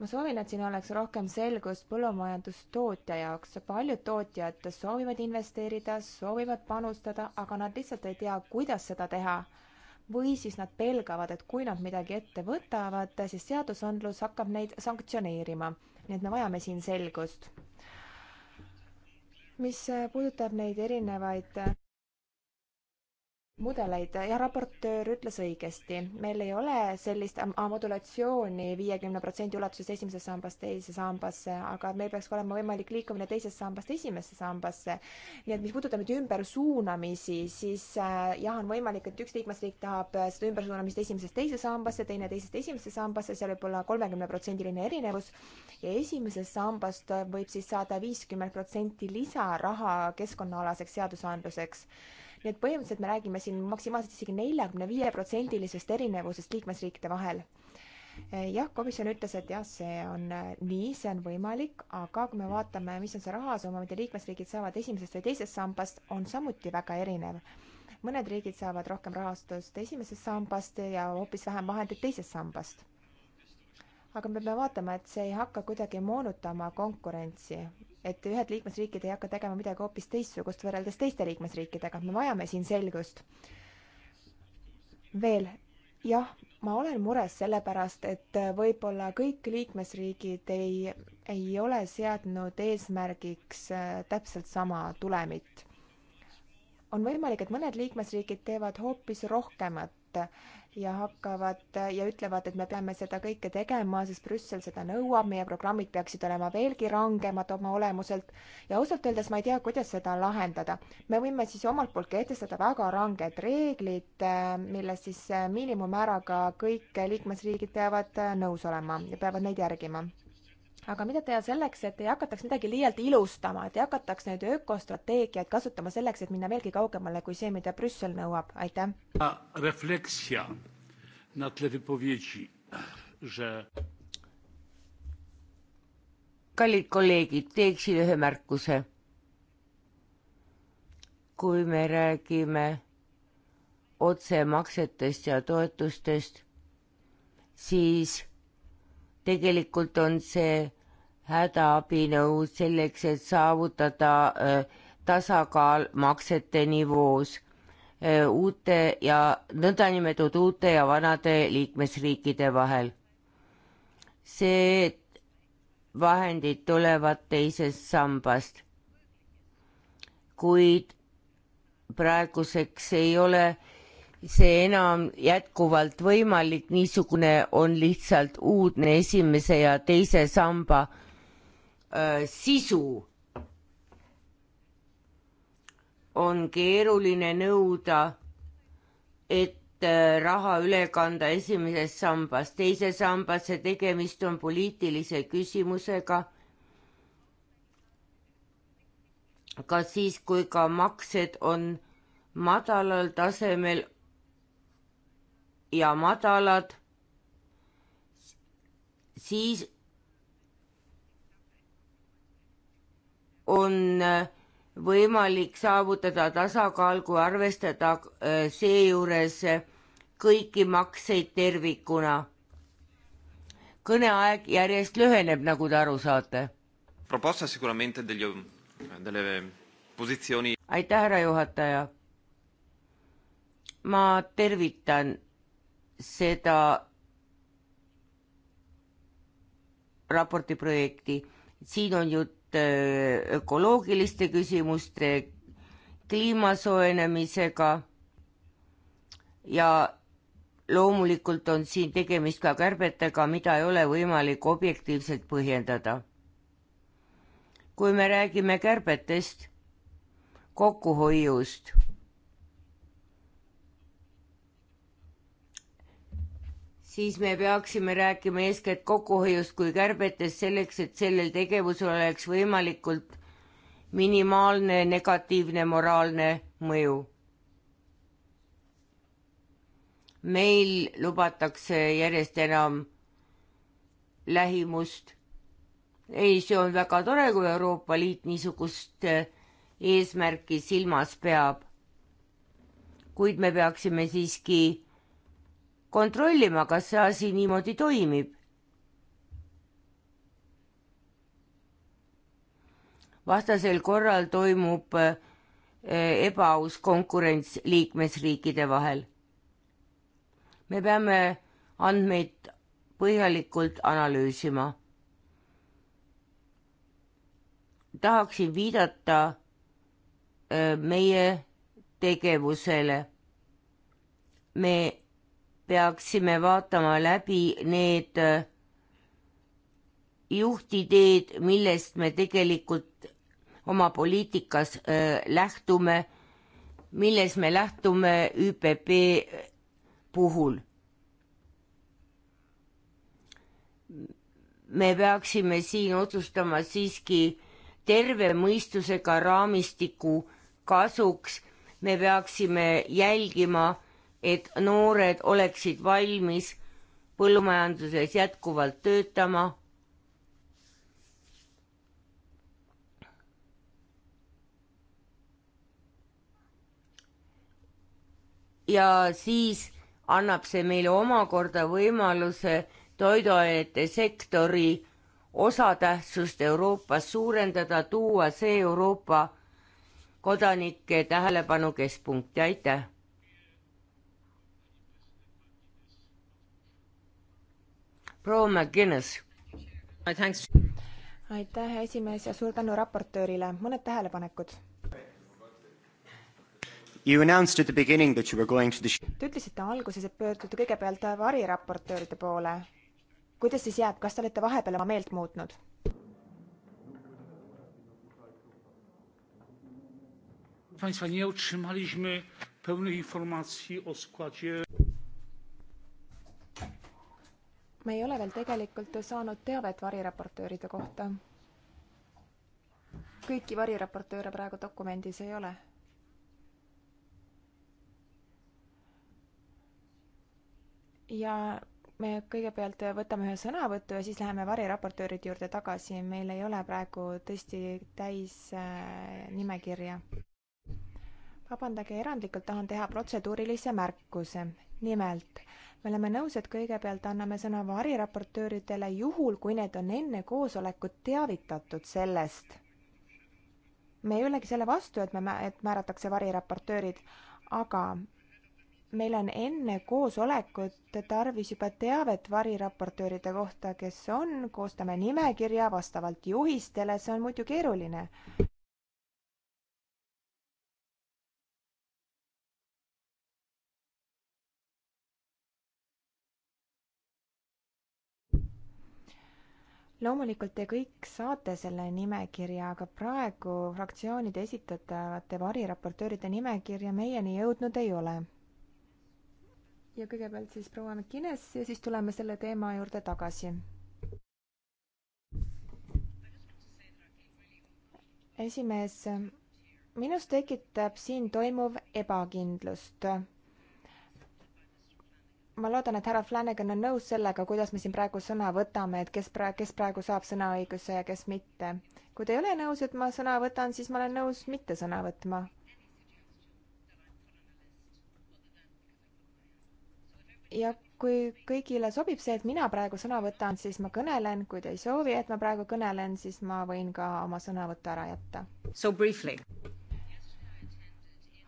ma soovin, et siin oleks rohkem selgust põllumajandustootja jaoks. paljud tootjad soovivad investeerida, soovivad panustada, aga nad lihtsalt ei tea, kuidas seda teha. või siis nad pelgavad, et kui nad midagi ette võtavad, siis seadusandlus hakkab neid sanktsioneerima. nii et me vajame siin selgust. mis puudutab neid erinevaid mudeleid ja raportöör ütles õigesti, meil ei ole sellist modulatsiooni viiekümne protsendi ulatuses esimesest sambast teise sambasse, aga meil peaks olema võimalik liikumine teisest sambast esimesse sambasse. nii et mis puudutab nüüd ümbersuunamisi, siis äh, jah, on võimalik, et üks liikmesriik tahab äh, seda ümbersuunamist esimesest teise sambasse, teine teisest esimesse sambasse, seal võib olla kolmekümneprotsendiline erinevus ja esimesest sambast võib siis saada viiskümmend protsenti lisaraha keskkonnaalaseks seadusandluseks nii et põhimõtteliselt me räägime siin maksimaalselt isegi neljakümne viie protsendilisest erinevusest liikmesriikide vahel eh, jah, komisjon ütles, et jah, see on eh, nii, see on võimalik, aga kui me vaatame, mis on see rahasumma, mida liikmesriigid saavad esimesest või teisest sambast, on samuti väga erinev. mõned riigid saavad rohkem rahastust esimesest sambast ja hoopis vähem vahendeid teisest sambast aga me peame vaatama, et see ei hakka kuidagi moonutama konkurentsi, et ühed liikmesriigid ei hakka tegema midagi hoopis teistsugust võrreldes teiste liikmesriikidega, me vajame siin selgust. veel, jah, ma olen mures sellepärast, et võib-olla kõik liikmesriigid ei, ei ole seadnud eesmärgiks äh, täpselt sama tulemit. on võimalik, et mõned liikmesriigid teevad hoopis rohkemat ja hakkavad ja ütlevad, et me peame seda kõike tegema, sest Brüssel seda nõuab, meie programmid peaksid olema veelgi rangemad oma olemuselt ja ausalt öeldes ma ei tea, kuidas seda lahendada. me võime siis omalt poolt kehtestada väga ranged reeglid, millest siis miinimummääraga kõik liikmesriigid peavad nõus olema ja peavad neid järgima aga mida teha selleks, et ei hakataks midagi liialt ilustama, et ei hakataks neid ökostrateegiaid kasutama selleks, et minna veelgi kaugemale kui see, mida Brüssel nõuab, aitäh. refleksja na tle vypovědi, že kallid kolleegid, teeksin ühe märkuse. kui me räägime otsemaksetest ja toetustest, siis tegelikult on see hädaabinõu selleks, et saavutada äh, tasakaal maksete nivoos äh, uute ja nõndanimetatud uute ja vanade liikmesriikide vahel. see vahendid tulevad teisest sambast, kuid praeguseks ei ole see enam jätkuvalt võimalik, niisugune on lihtsalt uudne esimese ja teise samba öö, sisu. on keeruline nõuda, et raha üle kanda esimesest sambast teise sambasse, tegemist on poliitilise küsimusega. ka siis, kui ka maksed on madalal tasemel ja madalad, siis on äh, võimalik saavutada tasakaal, kui arvestada äh, seejuures äh, kõiki makseid tervikuna. kõneaeg järjest lüheneb, nagu te aru saate. aitäh, härra juhataja. ma tervitan seda raporti projekti. siin on jutt äh, ökoloogiliste küsimuste, kliima soojenemisega ja loomulikult on siin tegemist ka kärbetega, mida ei ole võimalik objektiivselt põhjendada. kui me räägime kärbetest, kokkuhoiust siis me peaksime rääkima eeskätt kokkuhoiust kui kärbetest selleks, et sellel tegevusel oleks võimalikult minimaalne negatiivne moraalne mõju. meil lubatakse järjest enam lähimust. ei, see on väga tore, kui Euroopa Liit niisugust äh, eesmärki silmas peab. kuid me peaksime siiski kontrollima, kas see asi niimoodi toimib. vastasel korral toimub äh, ebaaus konkurents liikmesriikide vahel. me peame andmeid põhjalikult analüüsima. tahaksin viidata äh, meie tegevusele. me peaksime vaatama läbi need äh, juhtideed, millest me tegelikult oma poliitikas äh, lähtume, milles me lähtume ÜPP puhul me peaksime siin otsustama siiski terve mõistusega raamistiku kasuks, me peaksime jälgima et noored oleksid valmis põllumajanduses jätkuvalt töötama. ja siis annab see meile omakorda võimaluse toiduainete sektori osatähtsust Euroopas suurendada, tuua see Euroopa kodanike tähelepanu keskpunkti, aitäh! proua McGuinness. aitäh, esimees ja suur tänu raportöörile, mõned tähelepanekud You announced at the beginning that you were going to the Te ütlesite alguses, et pöördute kõigepealt variraportööride poole. kuidas siis jääb, kas te olete vahepeal oma meelt muutnud? Państwa, nie otrzymaliśmy pełnych informacji o składzie me ei ole veel tegelikult saanud teavet variraportööride kohta. kõiki variraportööre praegu dokumendis ei ole. ja me kõigepealt võtame ühe sõnavõtu ja siis läheme variraportööride juurde tagasi, meil ei ole praegu tõesti täis äh, nimekirja. vabandage, erandlikult tahan teha protseduurilise märkuse nimelt, me oleme nõus, et kõigepealt anname sõna variraportööridele juhul, kui need on enne koosolekut teavitatud sellest. me ei olegi selle vastu, et me, et määratakse variraportöörid, aga meil on enne koosolekut tarvis juba teavet variraportööride kohta, kes on, koostame nimekirja vastavalt juhistele, see on muidu keeruline. loomulikult te kõik saate selle nimekirja, aga praegu fraktsioonide esitatavate variraportööride nimekirja meieni jõudnud ei ole. ja kõigepealt siis proua McInnes ja siis tuleme selle teema juurde tagasi. esimees, minus tekitab siin toimuv ebakindlust ma loodan, et härra Flanagan on nõus sellega, kuidas me siin praegu sõna võtame, et kes pra-, kes praegu saab sõnaõiguse ja kes mitte. kui te ei ole nõus, et ma sõna võtan, siis ma olen nõus mitte sõna võtma ja kui kõigile sobib see, et mina praegu sõna võtan, siis ma kõnelen, kui te ei soovi, et ma praegu kõnelen, siis ma võin ka oma sõnavõttu ära jätta. So briefly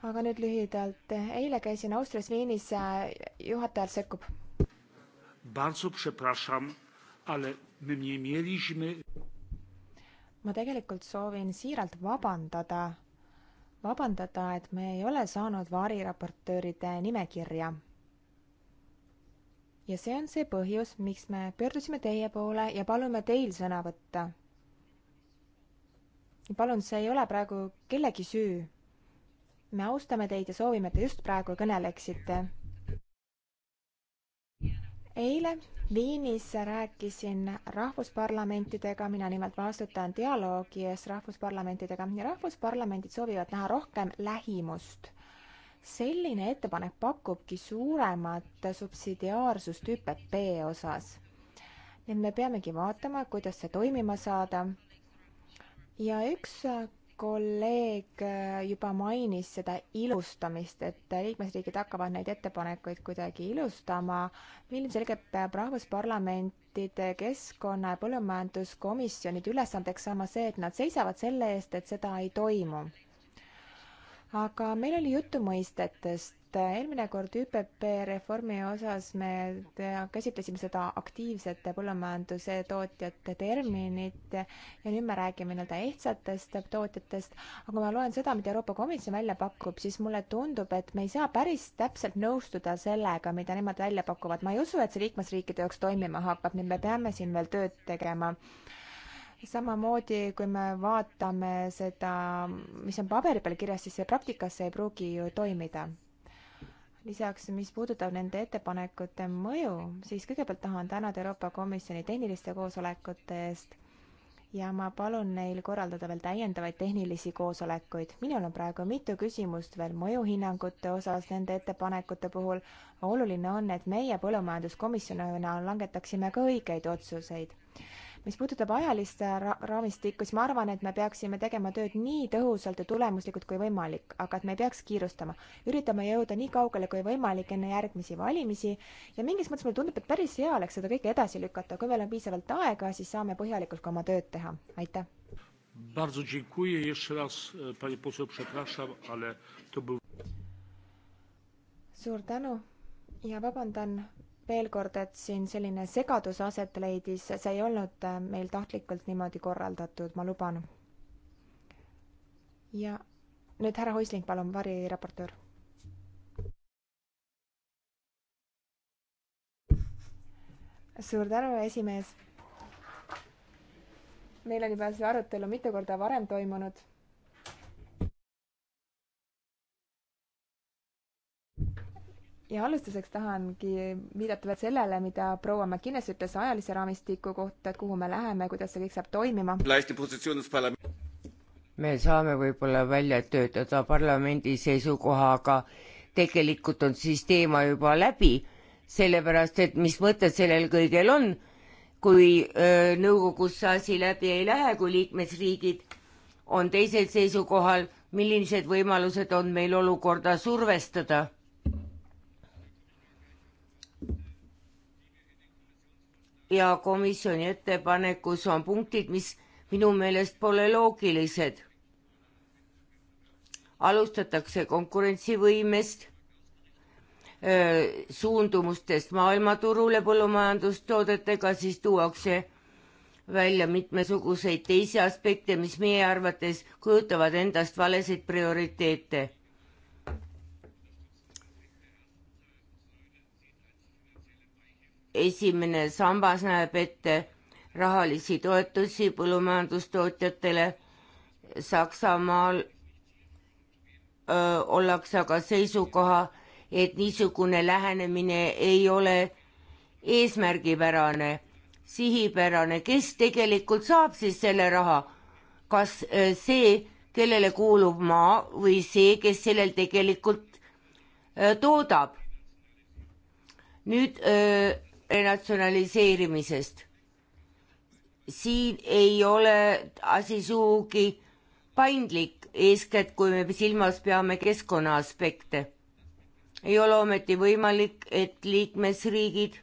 aga nüüd lühidalt, eile käisin Austrias Viinis, äh, juhataja sekkub. ma tegelikult soovin siiralt vabandada, vabandada, et me ei ole saanud variraportööride nimekirja. ja see on see põhjus, miks me pöördusime teie poole ja palume teil sõna võtta. palun, see ei ole praegu kellegi süü me austame teid ja soovime, et te just praegu kõneleksite. eile Viinis rääkisin rahvusparlamentidega, mina nimelt vastutan dialoogi ees rahvusparlamentidega ja rahvusparlamendid soovivad näha rohkem lähimust. selline ettepanek pakubki suuremat subsidiaarsust ÜPP osas. nii et me peamegi vaatama, kuidas see toimima saada. ja üks kolleeg äh, juba mainis seda ilustamist, et liikmesriigid hakkavad neid ettepanekuid kuidagi ilustama. ilmselgelt peab rahvusparlamentide keskkonna ja põllumajanduskomisjonide ülesandeks saama see, et nad seisavad selle eest, et seda ei toimu. aga meil oli juttu mõistetest et äh, eelmine kord ÜPP reformi osas me käsitlesime seda aktiivsete põllumajanduse tootjate terminit ja nüüd me räägime nii-öelda ehtsatest tootjatest, aga kui ma loen seda, mida Euroopa Komisjon välja pakub, siis mulle tundub, et me ei saa päris täpselt nõustuda sellega, mida nemad välja pakuvad. ma ei usu, et see liikmesriikide jaoks toimima hakkab, nii et me peame siin veel tööd tegema samamoodi, kui me vaatame seda, mis on paberi peal kirjas, siis see praktikas ei pruugi ju toimida lisaks, mis puudutab nende ettepanekute mõju, siis kõigepealt tahan tänada Euroopa Komisjoni tehniliste koosolekute eest ja ma palun neil korraldada veel täiendavaid tehnilisi koosolekuid. minul on praegu mitu küsimust veel mõjuhinnangute osas nende ettepanekute puhul. oluline on, et meie põllumajanduskomisjonina langetaksime ka õigeid otsuseid mis puudutab ajalist ra raamistikku, siis ma arvan, et me peaksime tegema tööd nii tõhusalt ja tulemuslikult kui võimalik, aga et me ei peaks kiirustama. üritame jõuda nii kaugele kui võimalik enne järgmisi valimisi ja mingis mõttes mulle tundub, et päris hea oleks seda kõike edasi lükata, kui meil on piisavalt aega, siis saame põhjalikult ka oma tööd teha, aitäh. Bardzo dziękuję jeszcze raz, e, pani poseł, przepraszam, ale to był. suur tänu ja vabandan veel kord, et siin selline segadus aset leidis, see ei olnud äh, meil tahtlikult niimoodi korraldatud, ma luban. ja nüüd härra Hoisling, palun, variraportöör. suur tänu, esimees. meil on juba see arutelu mitu korda varem toimunud ja alustuseks tahangi viidata veel sellele, mida proua McInnes ütles ajalise raamistiku kohta, et kuhu me läheme, kuidas see kõik saab toimima. me saame võib-olla välja töötada parlamendi seisukoha, aga tegelikult on siis teema juba läbi, sellepärast et mis mõtted sellel kõigel on, kui öö, nõukogus see asi läbi ei lähe, kui liikmesriigid on teisel seisukohal, millised võimalused on meil olukorda survestada ja komisjoni ettepanekus on punktid, mis minu meelest pole loogilised. alustatakse konkurentsivõimest, suundumustest maailmaturule põllumajandustoodetega, siis tuuakse välja mitmesuguseid teisi aspekte, mis meie arvates kujutavad endast valesid prioriteete esimene sambas näeb ette rahalisi toetusi põllumajandustootjatele. Saksamaal öö, ollakse aga seisukoha, et niisugune lähenemine ei ole eesmärgipärane, sihipärane, kes tegelikult saab siis selle raha, kas see, kellele kuulub maa või see, kes sellel tegelikult toodab. nüüd öö, natsionaliseerimisest. siin ei ole asi sugugi paindlik, eeskätt kui me silmas peame keskkonna aspekte. ei ole ometi võimalik, et liikmesriigid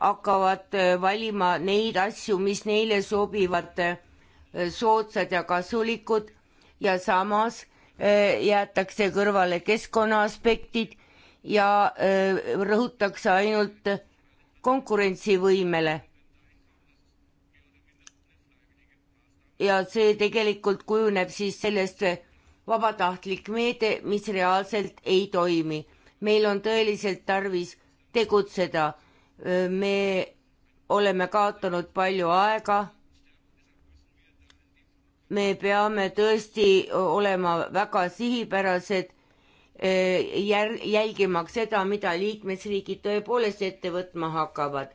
hakkavad äh, valima neid asju, mis neile sobivad, äh, soodsad ja kasulikud ja samas äh, jäetakse kõrvale keskkonnaaspektid ja rõhutakse ainult konkurentsivõimele. ja see tegelikult kujuneb siis sellest vabatahtlik meede, mis reaalselt ei toimi. meil on tõeliselt tarvis tegutseda. me oleme kaotanud palju aega. me peame tõesti olema väga sihipärased Äh, jälgimaks seda, mida liikmesriigid tõepoolest ette võtma hakkavad.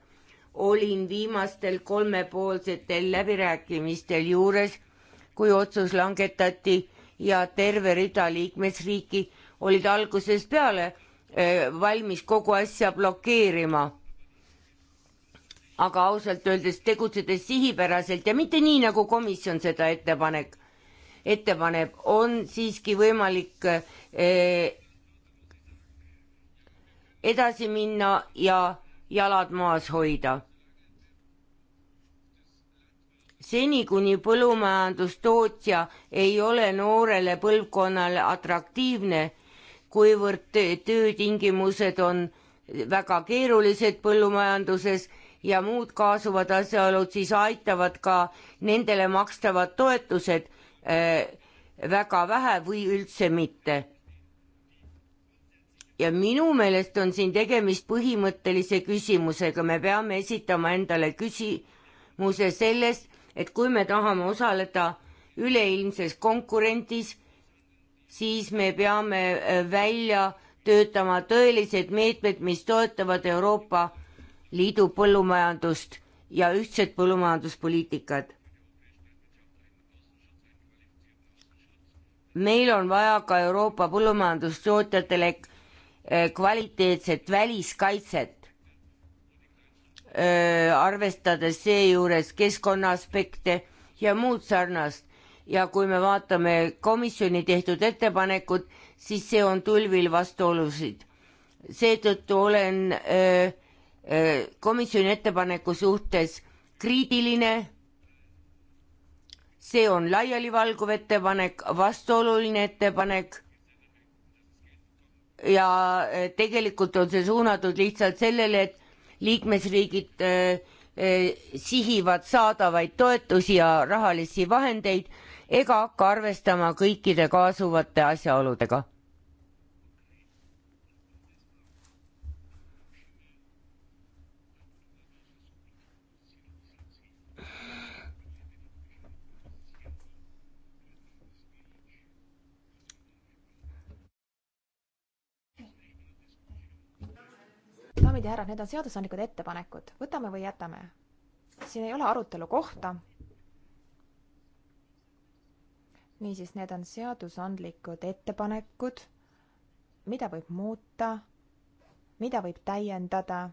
olin viimastel kolmepoolsetel läbirääkimistel juures, kui otsus langetati ja terve rida liikmesriiki olid algusest peale äh, valmis kogu asja blokeerima. aga ausalt öeldes tegutsedes sihipäraselt ja mitte nii, nagu komisjon seda ettepanek ette paneb, on siiski võimalik eh, edasi minna ja jalad maas hoida. seni, kuni põllumajandustootja ei ole noorele põlvkonnale atraktiivne, kuivõrd töötingimused on väga keerulised põllumajanduses ja muud kaasuvad asjaolud siis aitavad ka nendele makstavad toetused Äh, väga vähe või üldse mitte. ja minu meelest on siin tegemist põhimõttelise küsimusega, me peame esitama endale küsimuse sellest, et kui me tahame osaleda üleilmses konkurentsis, siis me peame äh, välja töötama tõelised meetmed, mis toetavad Euroopa Liidu põllumajandust ja ühtset põllumajanduspoliitikat. meil on vaja ka Euroopa põllumajandustootjatele eh, kvaliteetset väliskaitset, eh, arvestades seejuures keskkonnaaspekte ja muud sarnast. ja kui me vaatame komisjoni tehtud ettepanekut, siis see on tulvil vastuolusid. seetõttu olen öö, eh, komisjoni ettepaneku suhtes kriitiline see on laialivalguv ettepanek, vastuoluline ettepanek ja tegelikult on see suunatud lihtsalt sellele, et liikmesriigid äh, äh, sihivad saadavaid toetusi ja rahalisi vahendeid ega hakka arvestama kõikide kaasuvate asjaoludega daamid ja härrad, need on seadusandlikud ettepanekud, võtame või jätame. siin ei ole arutelu kohta. niisiis, need on seadusandlikud ettepanekud, mida võib muuta, mida võib täiendada.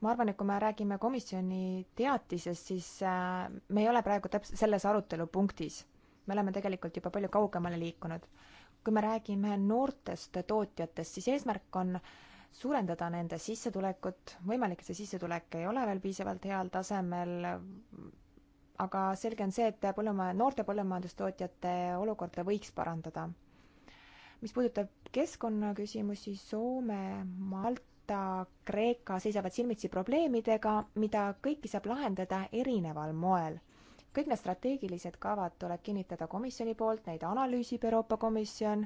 ma arvan, et kui me räägime komisjoni teatisest, siis äh, me ei ole praegu täpselt selles arutelupunktis. me oleme tegelikult juba palju kaugemale liikunud kui me räägime noortest tootjatest, siis eesmärk on suurendada nende sissetulekut, võimalik, et see sissetulek ei ole veel piisavalt heal tasemel, aga selge on see, et põlluma-, noorte põllumajandustootjate olukorda võiks parandada. mis puudutab keskkonnaküsimusi, Soome, Malta, Kreeka seisavad silmitsi probleemidega, mida kõiki saab lahendada erineval moel kõik need strateegilised kavad tuleb kinnitada komisjoni poolt, neid analüüsib Euroopa Komisjon,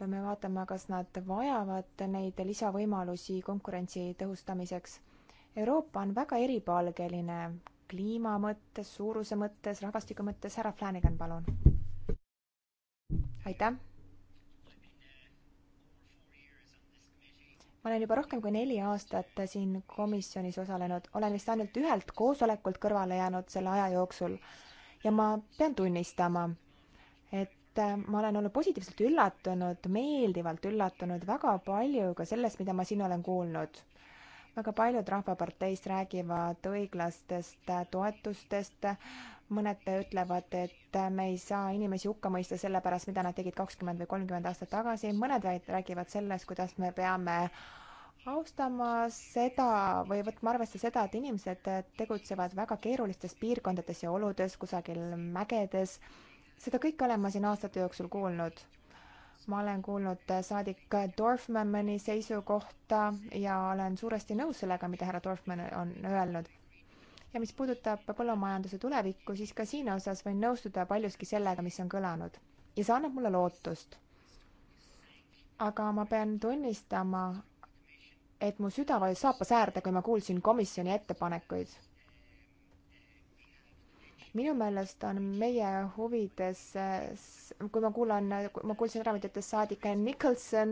peame vaatama, kas nad vajavad neid lisavõimalusi konkurentsi tõhustamiseks. Euroopa on väga eripalgeline kliima mõttes, suuruse mõttes, rahvastiku mõttes, härra Flanagan, palun. aitäh ma olen juba rohkem kui neli aastat siin komisjonis osalenud, olen vist ainult ühelt koosolekult kõrvale jäänud selle aja jooksul ja ma pean tunnistama, et äh, ma olen olnud positiivselt üllatunud, meeldivalt üllatunud väga palju ka sellest, mida ma siin olen kuulnud. väga paljud Rahvaparteist räägivad õiglastest äh, toetustest, mõned ütlevad, et me ei saa inimesi hukka mõista selle pärast, mida nad tegid kakskümmend või kolmkümmend aastat tagasi, mõned räägivad sellest, kuidas me peame austama seda või võtma arvesse seda, et inimesed tegutsevad väga keerulistes piirkondades ja oludes, kusagil mägedes. seda kõike olen ma siin aastate jooksul kuulnud. ma olen kuulnud saadik Dorfmanni seisukohta ja olen suuresti nõus sellega, mida härra Dorfmann on öelnud ja mis puudutab põllumajanduse tulevikku, siis ka siin osas võin nõustuda paljuski sellega, mis on kõlanud. ja see annab mulle lootust. aga ma pean tunnistama, et mu süda vajus saapasäärde, kui ma kuulsin komisjoni ettepanekuid minu meelest on meie huvides, kui ma kuulan, ma kuulsin raamatukogust saadik Nicholson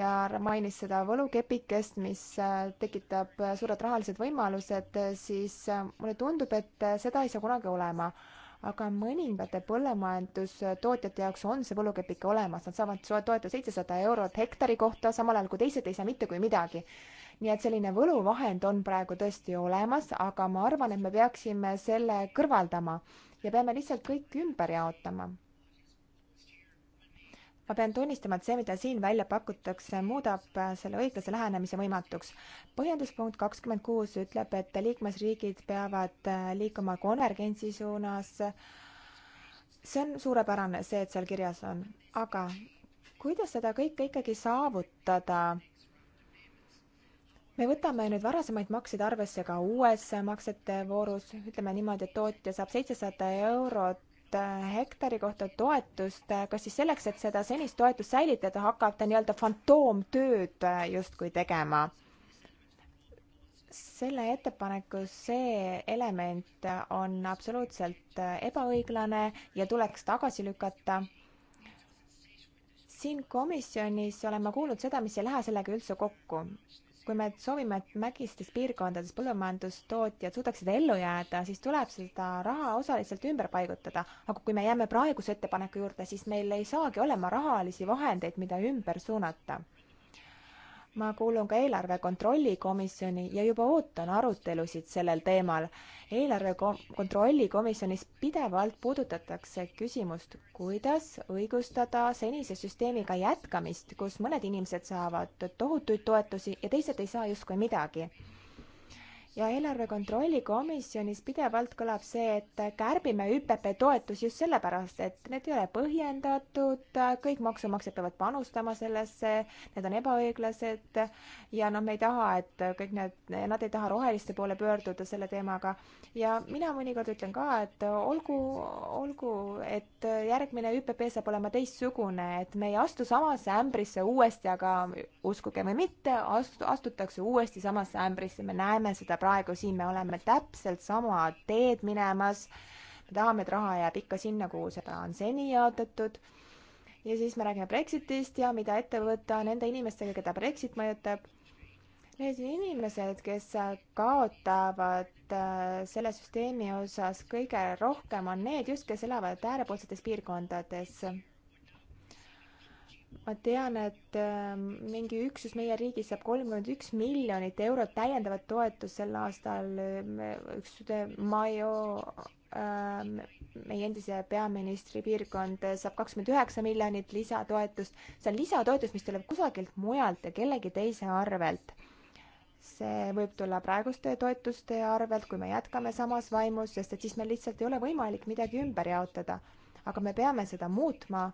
ja mainis seda võlukepikest, mis äh, tekitab äh, suured rahalised võimalused, siis äh, mulle tundub, et seda ei saa kunagi olema aga mõningate põllumajandustootjate jaoks on see võlukepike olemas, nad saavad toetust seitsesada eurot hektari kohta, samal ajal kui teised ei saa mitte kui midagi nii et selline võluvahend on praegu tõesti olemas, aga ma arvan, et me peaksime selle kõrvaldama ja peame lihtsalt kõik ümber jaotama ma pean tunnistama, et see, mida siin välja pakutakse, muudab selle õiglase lähenemise võimatuks. põhjenduspunkt kakskümmend kuus ütleb, et liikmesriigid peavad liikuma konvergentsi suunas. see on suurepärane, see, et seal kirjas on, aga kuidas seda kõike ikkagi saavutada me võtame nüüd varasemaid makseid arvesse ka uues maksete voorus, ütleme niimoodi, et tootja saab seitsesada eurot äh, hektari kohta toetust, kas siis selleks, et seda senist toetust säilitada, hakkab ta nii-öelda fantoomtööd äh, justkui tegema? selle ettepaneku see element on absoluutselt äh, ebaõiglane ja tuleks tagasi lükata siin komisjonis olen ma kuulnud seda, mis ei lähe sellega üldse kokku kui me soovime, et mägistes piirkondades põllumajandustootjad suudaksid ellu jääda, siis tuleb seda raha osaliselt ümber paigutada. aga kui me jääme praeguse ettepaneku juurde, siis meil ei saagi olema rahalisi vahendeid, mida ümber suunata ma kuulun ka eelarve kontrolli komisjoni ja juba ootan arutelusid sellel teemal. eelarve kontrolli komisjonis pidevalt puudutatakse küsimust, kuidas õigustada senise süsteemiga jätkamist, kus mõned inimesed saavad tohutuid toetusi ja teised ei saa justkui midagi ja eelarve kontrolli komisjonis pidevalt kõlab see, et kärbime ÜPP toetusi just sellepärast, et need ei ole põhjendatud, kõik maksumaksjad peavad panustama sellesse, need on ebaõiglased ja noh, me ei taha, et kõik need, nad ei taha roheliste poole pöörduda selle teemaga. ja mina mõnikord ütlen ka, et olgu, olgu, et järgmine ÜPP saab olema teistsugune, et me ei astu samasse ämbrisse uuesti, aga uskuge või mitte, astu-, astutakse uuesti samasse ämbrisse, me näeme seda praegu siin, me oleme täpselt sama teed minemas. me tahame, et raha jääb ikka sinna, kuhu seda on seni jaotatud. ja siis me räägime Brexitist ja mida ette võtta nende inimestega, keda Brexit mõjutab. Need inimesed, kes kaotavad äh, selle süsteemi osas kõige rohkem, on need just, kes elavad äärepoolsetes piirkondades ma tean, et ähm, mingi üksus meie riigis saab kolmkümmend üks miljonit eurot täiendavat toetust sel aastal. Ähm, üks äh, Maio, ähm, meie endise peaministri piirkond, saab kakskümmend üheksa miljonit lisatoetust. see on lisatoetus, mis tuleb kusagilt mujalt ja kellegi teise arvelt. see võib tulla praeguste toetuste arvelt, kui me jätkame samas vaimus, sest et siis meil lihtsalt ei ole võimalik midagi ümber jaotada. aga me peame seda muutma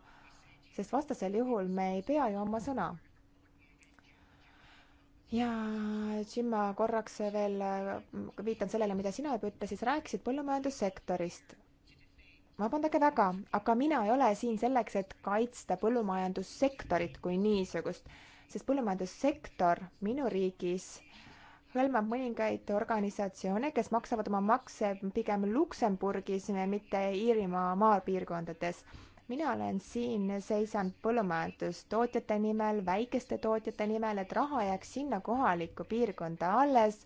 sest vastasel juhul me ei pea ju oma sõna. ja Jim, ma korraks veel äh, viitan sellele, mida sina juba ütlesid, sa rääkisid põllumajandussektorist vabandage väga, aga mina ei ole siin selleks, et kaitsta põllumajandussektorit kui niisugust, sest põllumajandussektor minu riigis hõlmab mõningaid organisatsioone, kes maksavad oma makse pigem Luksemburgis, mitte Iirimaa maapiirkondades mina olen siin, seisan põllumajandustootjate nimel, väikeste tootjate nimel, et raha jääks sinna kohalikku piirkonda alles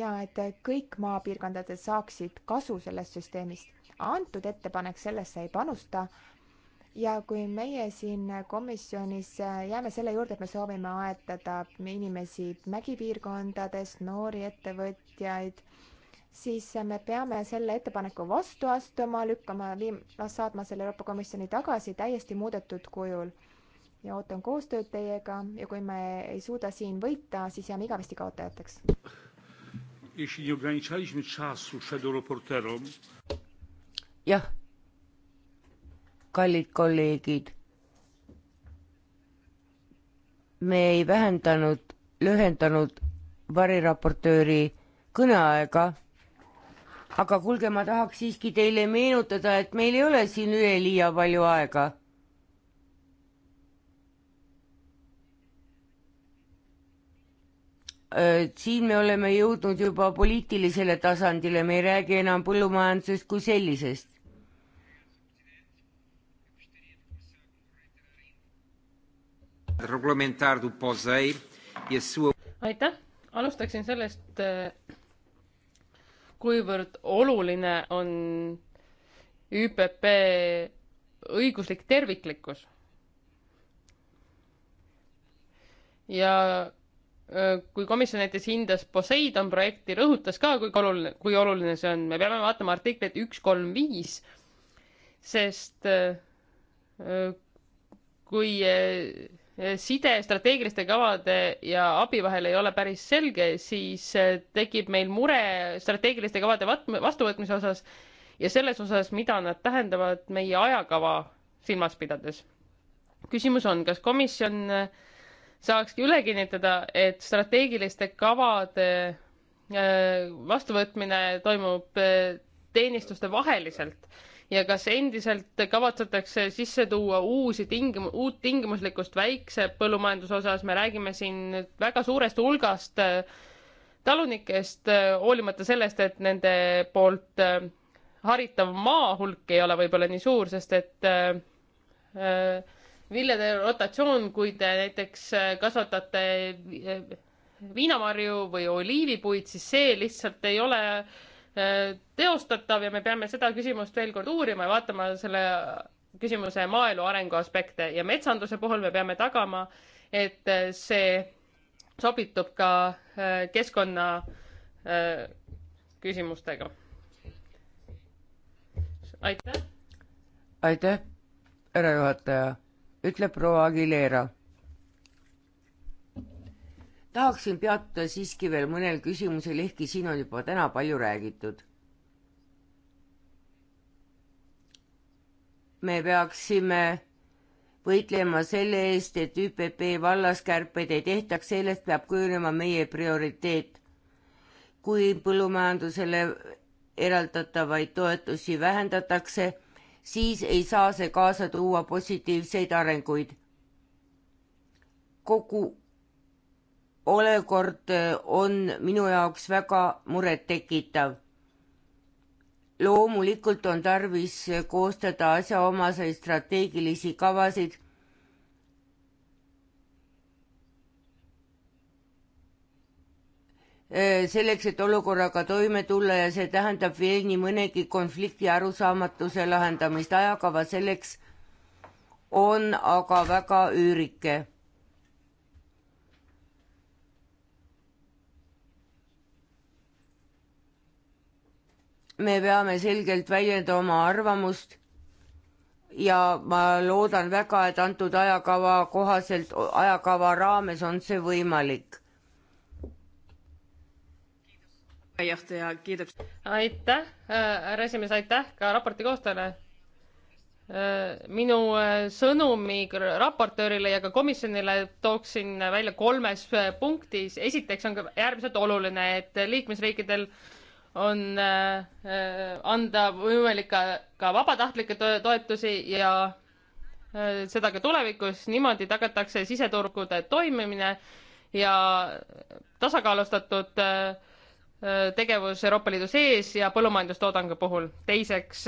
ja et kõik maapiirkondades saaksid kasu sellest süsteemist. antud ettepanek sellesse ei panusta ja kui meie siin komisjonis jääme selle juurde, et me soovime aetada inimesi mägipiirkondadest, noori ettevõtjaid, siis me peame selle ettepaneku vastu astuma, lükkama, saatma selle Euroopa Komisjoni tagasi täiesti muudetud kujul. ja ootan koostööd teiega ja kui me ei suuda siin võita, siis jääme igavesti kaotajateks. jah, kallid kolleegid, me ei vähendanud, lühendanud variraportööri kõneaega aga kuulge, ma tahaks siiski teile meenutada, et meil ei ole siin üleliia palju aega. Äh, siin me oleme jõudnud juba poliitilisele tasandile, me ei räägi enam põllumajandusest kui sellisest. E aitäh, alustaksin sellest äh, kuivõrd oluline on ÜPP õiguslik terviklikkus. ja äh, kui komisjon näiteks hindas Poseidon projekti, rõhutas ka, kui oluline, kui oluline see on, me peame vaatama artiklit üks, kolm, viis, sest äh, äh, kui side strateegiliste kavade ja abi vahel ei ole päris selge, siis äh, tekib meil mure strateegiliste kavade vastuvõtmise osas ja selles osas, mida nad tähendavad meie ajakava silmas pidades. küsimus on, kas komisjon äh, saakski üle kinnitada, et strateegiliste kavade äh, vastuvõtmine toimub teenistuste vaheliselt ja kas endiselt kavatsetakse sisse tuua uusi tingim-, uut tingimuslikkust väikse põllumajanduse osas, me räägime siin väga suurest hulgast äh, talunikest, äh, hoolimata sellest, et nende poolt äh, haritav maa hulk ei ole võib-olla nii suur, sest et viljade rotatsioon, kui te näiteks kasvatate viinamarju või oliivipuid, siis see lihtsalt ei ole äh, teostatav ja me peame seda küsimust veel kord uurima ja vaatama selle küsimuse maaelu arengu aspekte ja metsanduse puhul me peame tagama, et see sobitub ka äh, keskkonna äh, küsimustega. aitäh. aitäh, härra juhataja, ütleb proua Aguilera tahaksin peatuda siiski veel mõnel küsimusel, ehkki siin on juba täna palju räägitud. me peaksime võitlema selle eest, et ÜPP vallas kärpeid ei tehtaks, sellest peab kujunema meie prioriteet. kui põllumajandusele eraldatavaid toetusi vähendatakse, siis ei saa see kaasa tuua positiivseid arenguid. kogu olukord äh, on minu jaoks väga murettekitav. loomulikult on tarvis äh, koostada asjaomaseid strateegilisi kavasid. Äh, selleks, et olukorraga toime tulla ja see tähendab veel nii mõnegi konflikti arusaamatuse lahendamist, ajakava selleks on aga väga üürike me peame selgelt väljendama oma arvamust ja ma loodan väga, et antud ajakava kohaselt, ajakava raames on see võimalik. aitäh, äh, härra esimees, aitäh ka raporti koostajale. Äh, minu äh, sõnumi raportöörile ja ka komisjonile tooksin välja kolmes punktis. esiteks on äärmiselt oluline, et liikmesriikidel äh, on äh, anda võimalik ka, ka vabatahtlikke toetusi ja äh, seda ka tulevikus, niimoodi tagatakse siseturgude toimimine ja tasakaalustatud äh, tegevus Euroopa Liidu sees ja põllumajandustoodangu puhul. teiseks,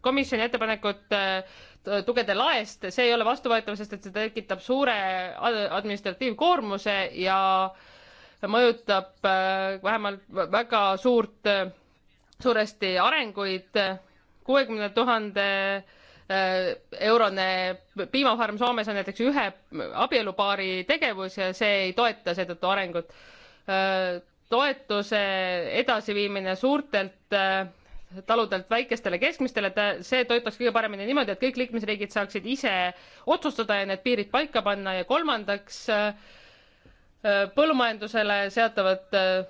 komisjoni ettepanekut tugevde laest, see ei ole vastuvõetav, sest et see tekitab suure administratiivkoormuse ja äh, mõjutab äh, vähemalt väga suurt, äh, suuresti arenguid. kuuekümne tuhande äh, eurone piimafarm Soomes on näiteks ühe abielupaari tegevus ja see ei toeta seetõttu arengut. toetuse edasiviimine suurtelt taludelt väikestele keskmistele, et see toetaks kõige paremini niimoodi, et kõik liikmesriigid saaksid ise otsustada ja need piirid paika panna ja kolmandaks äh, Äh, põllumajandusele seatavad äh,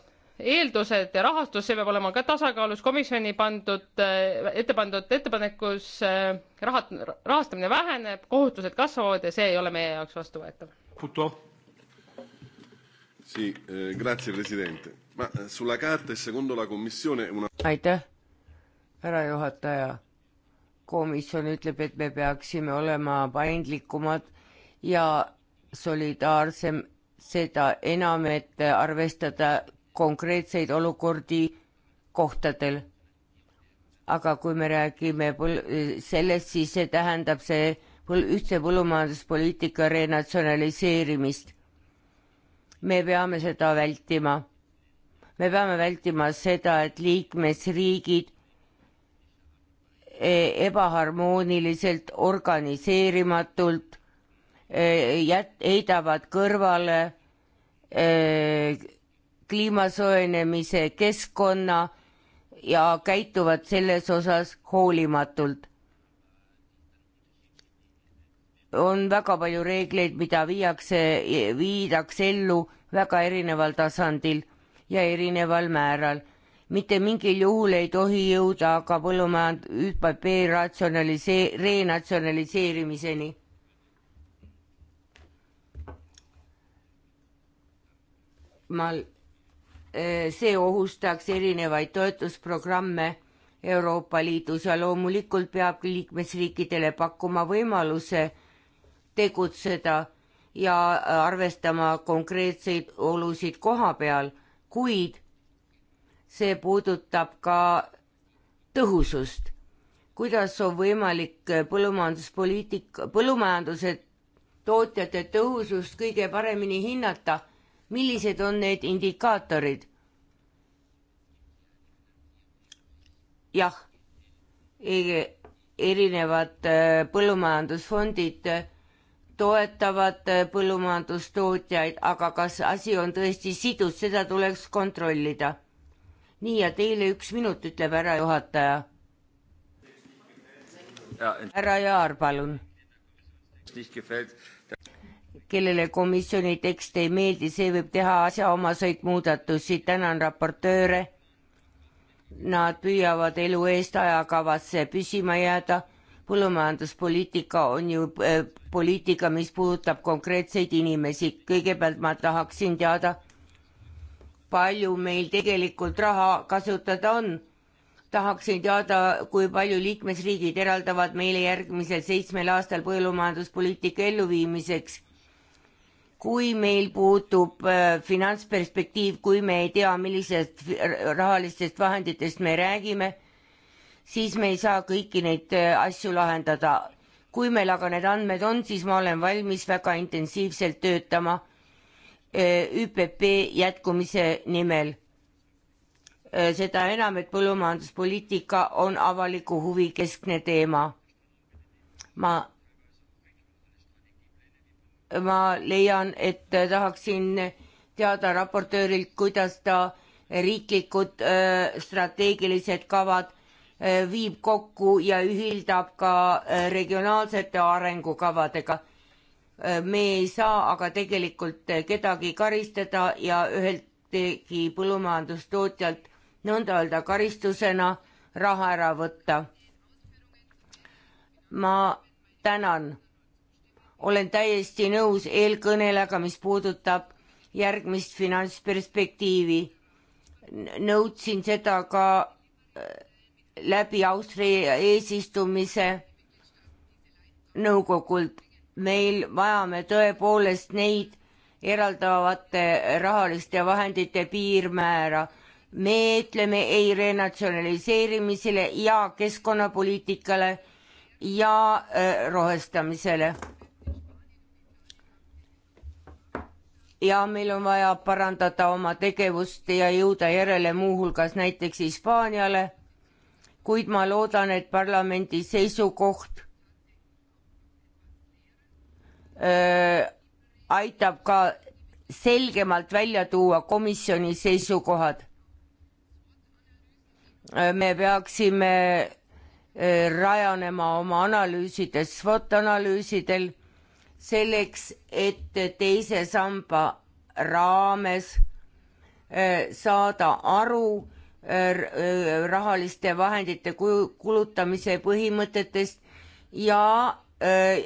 eeldused ja rahastus, see peab olema ka tasakaalus komisjoni pandud, äh, ette pandud ettepanekus rahat-, rahastamine väheneb, kohustused kasvavad ja see ei ole meie jaoks vastuvõetav. Sì, eh, grazie Presidente. Ma eh, sulla carta e secondo la Commissione una... aitäh, härra juhataja. komisjon ütleb, et me peaksime olema paindlikumad ja solidaarsem seda enam, et arvestada konkreetseid olukordi kohtadel. aga kui me räägime põl-, sellest, siis see tähendab see põl-, ühtse põllumajanduspoliitika renatsionaliseerimist. me peame seda vältima. me peame vältima seda, et liikmesriigid e-, ebaharmooniliselt, organiseerimatult Eh, jät-, heidavad kõrvale eh, kliima soojenemise keskkonna ja käituvad selles osas hoolimatult. on väga palju reegleid, mida viiakse, viidakse ellu väga erineval tasandil ja erineval määral. mitte mingil juhul ei tohi jõuda aga põllumajand-, ÜPP ratsionalisee-, renatsionaliseerimiseni maal, eh, see ohustaks erinevaid toetusprogramme Euroopa Liidus ja loomulikult peab liikmesriikidele pakkuma võimaluse tegutseda ja arvestama konkreetseid olusid koha peal, kuid see puudutab ka tõhusust. kuidas on võimalik põllumajanduspoliitika, põllumajanduse tootjate tõhusust kõige paremini hinnata millised on need indikaatorid? jah, e-, erinevad e, põllumajandusfondid e, toetavad põllumajandustootjaid, aga kas asi on tõesti sidus, seda tuleks kontrollida. nii ja teile üks minut, ütleb härra juhataja. härra Jaar, palun kellele komisjoni tekst ei meeldi, see võib teha asjaomaseid muudatusi, tänan raportööre. Nad püüavad elu eest ajakavasse püsima jääda. põllumajanduspoliitika on ju äh, poliitika, mis puudutab konkreetseid inimesi. kõigepealt ma tahaksin teada, palju meil tegelikult raha kasutada on tahaksin teada, kui palju liikmesriigid eraldavad meile järgmisel seitsmel aastal põllumajanduspoliitika elluviimiseks kui meil puudub äh, finantsperspektiiv, kui me ei tea, millisest rahalistest vahenditest me räägime, siis me ei saa kõiki neid äh, asju lahendada. kui meil aga need andmed on, siis ma olen valmis väga intensiivselt töötama äh, ÜPP jätkumise nimel. seda enam, et põllumajanduspoliitika on avaliku huvi keskne teema. ma ma leian, et tahaksin teada raportöörilt, kuidas ta riiklikud strateegilised kavad viib kokku ja ühildab ka regionaalsete arengukavadega. me ei saa aga tegelikult kedagi karistada ja üheltki põllumajandustootjalt nõnda öelda karistusena raha ära võtta. ma tänan olen täiesti nõus eelkõnelejaga, mis puudutab järgmist finantsperspektiivi. nõudsin seda ka äh, läbi Austria eesistumise nõukogult. meil vajame tõepoolest neid eraldavate rahaliste vahendite piirmäära. me ütleme ei renatsionaliseerimisele ja keskkonnapoliitikale ja äh, rohestamisele ja meil on vaja parandada oma tegevust ja jõuda järele muuhulgas näiteks Hispaaniale, kuid ma loodan, et parlamendi seisukoht öö, äh, aitab ka selgemalt välja tuua komisjoni seisukohad. Äh, me peaksime äh, rajanema oma analüüsides SWOT analüüsidel selleks, et teise samba raames äh, saada aru äh, rahaliste vahendite kulutamise põhimõtetest ja äh,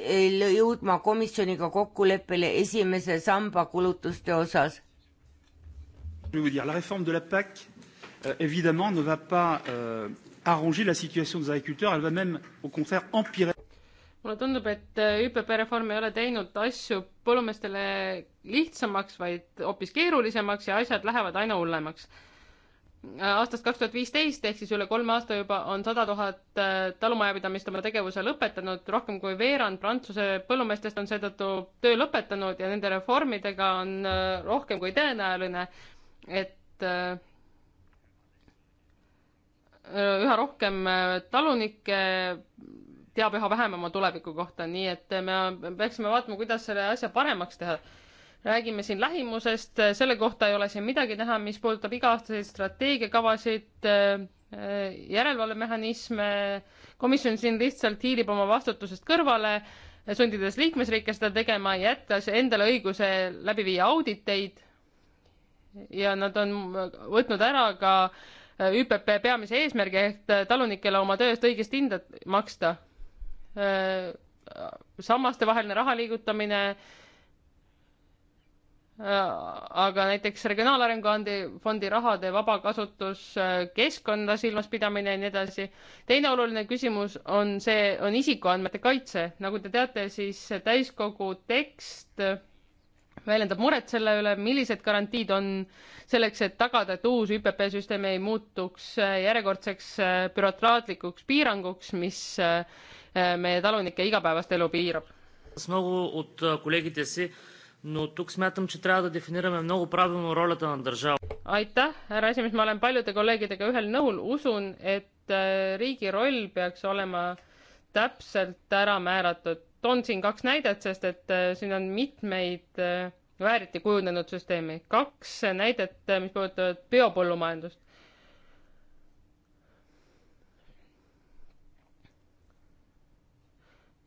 jõudma komisjoniga kokkuleppele esimese samba kulutuste osas. Euh, évidemment, ne va pas euh, arranger la situation des agriculteurs, elle va même au contraire empirer mulle tundub, et äh, ÜPP reform ei ole teinud asju põllumeestele lihtsamaks, vaid hoopis keerulisemaks ja asjad lähevad aina hullemaks. Äh, aastast kaks tuhat viisteist ehk siis üle kolme aasta juba on sada tuhat äh, talumajapidamist oma tegevuse lõpetanud, rohkem kui veerand Prantsuse põllumeestest on seetõttu töö lõpetanud ja nende reformidega on rohkem kui tõenäoline, et üha rohkem talunikke teab üha vähem oma tuleviku kohta, nii et me peaksime vaatama, kuidas selle asja paremaks teha. räägime siin lähimusest, selle kohta ei ole siin midagi teha, mis puudutab iga-aastaseid strateegiakavasid, järelevalvemehhanisme, komisjon siin lihtsalt hiilib oma vastutusest kõrvale, sundides liikmesriike seda tegema, jättes endale õiguse läbi viia auditeid ja nad on võtnud ära ka ÜPP peamise eesmärgi ehk talunikele oma töö eest õigest hinda maksta. Äh, sammaste vaheline raha liigutamine, äh, aga näiteks Regionaalarengu Fondi rahade vaba kasutus, äh, keskkonda silmas pidamine ja nii edasi. teine oluline küsimus on see, on isikuandmete kaitse. nagu te teate, siis täiskogu tekst väljendab muret selle üle, millised garantiid on selleks, et tagada, et uus ÜPP süsteem ei muutuks järjekordseks bürokraatlikuks piiranguks, mis Äh, meie talunike igapäevast elu piirab. aitäh, härra esimees, ma olen paljude kolleegidega ühel nõul, usun, et äh, riigi roll peaks olema täpselt ära määratud. toon siin kaks näidet, sest et äh, siin on mitmeid vääriti kujunenud süsteemi. kaks näidet, mis puudutavad biopõllumajandust.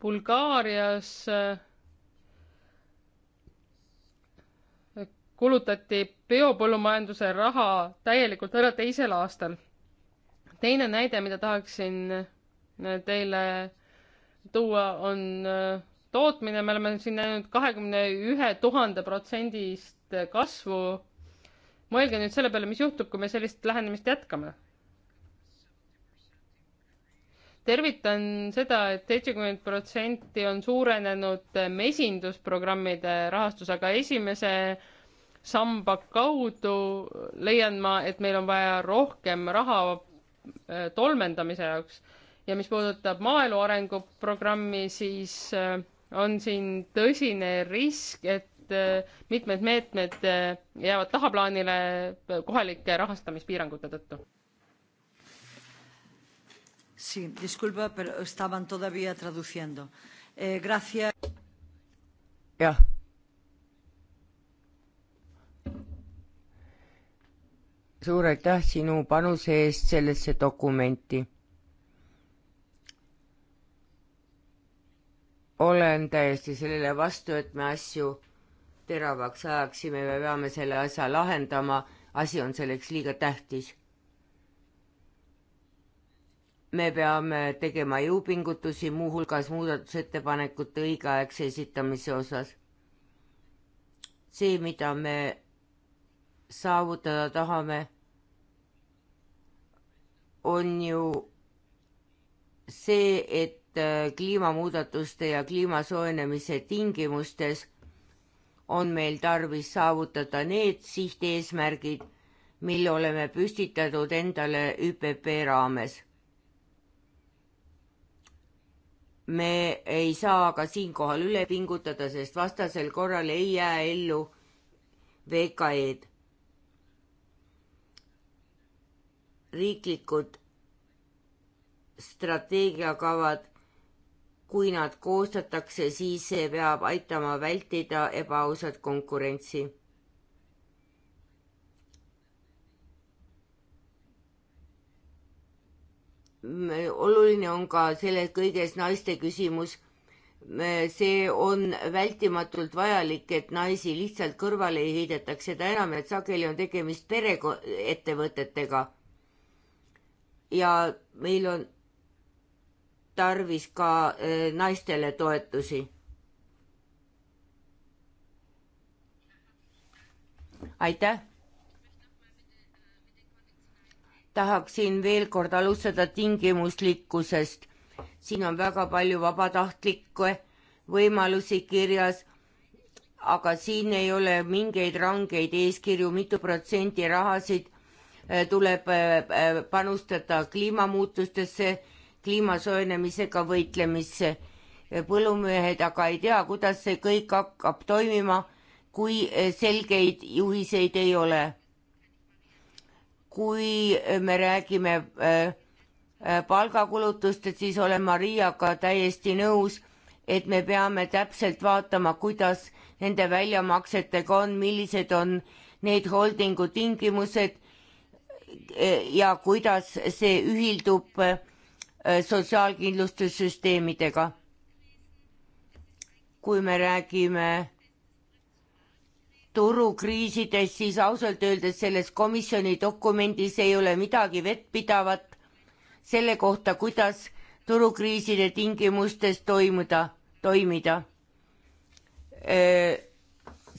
Bulgaarias äh, kulutati biopõllumajanduse raha täielikult ära teisel aastal. teine näide, mida tahaksin äh, teile tuua, on äh, tootmine, me oleme siin näinud kahekümne ühe tuhande protsendist kasvu. mõelge nüüd selle peale, mis juhtub, kui me sellist lähenemist jätkame tervitan seda et, et seitsekümmend protsenti on suurenenud mesindusprogrammide ähm, rahastus, aga esimese samba kaudu leian ma, et meil on vaja rohkem raha äh, tolmendamise jaoks. ja mis puudutab maaelu arenguprogrammi, siis äh, on siin tõsine risk, et äh, mitmed meetmed jäävad tahaplaanile kohalike rahastamispiirangute tõttu Sí, disculpa, pero estaban todavía traduciendo. Eh, gracias. jah. suur aitäh sinu panuse eest sellesse dokumenti. olen täiesti sellele vastu, et me asju teravaks ajaksime, me peame selle asja lahendama, asi on selleks liiga tähtis me peame tegema jõupingutusi, muuhulgas muudatusettepanekute õigeaegse esitamise osas. see, mida me saavutada tahame, on ju see, et äh, kliimamuudatuste ja kliima soojenemise tingimustes on meil tarvis saavutada need sihteesmärgid, mille oleme püstitatud endale ÜPP raames me ei saa aga siinkohal üle pingutada, sest vastasel korral ei jää ellu VKE-d. riiklikud strateegiakavad, kui nad koostatakse, siis see peab aitama vältida ebaausat konkurentsi oluline on ka selles kõiges naiste küsimus. see on vältimatult vajalik, et naisi lihtsalt kõrvale ei heidetaks, seda enam, et sageli on tegemist pereettevõtetega. ja meil on tarvis ka eh, naistele toetusi. aitäh tahaksin veel kord alustada tingimuslikkusest. siin on väga palju vabatahtlikke võimalusi kirjas, aga siin ei ole mingeid rangeid eeskirju, mitu protsenti rahasid äh, tuleb äh, äh, panustada kliimamuutustesse, kliima soojenemisega võitlemisse. põllumehed aga ei tea, kuidas see kõik hakkab toimima, kui selgeid juhiseid ei ole kui me räägime äh, äh, palgakulutustest, siis olen Mariaga täiesti nõus, et me peame täpselt vaatama, kuidas nende väljamaksetega on, millised on need holdingu tingimused äh, ja kuidas see ühildub sotsiaalkindlustussüsteemidega. kui me räägime turukriisides, siis ausalt öeldes selles komisjoni dokumendis ei ole midagi vettpidavat selle kohta, kuidas turukriiside tingimustes toimuda, toimida.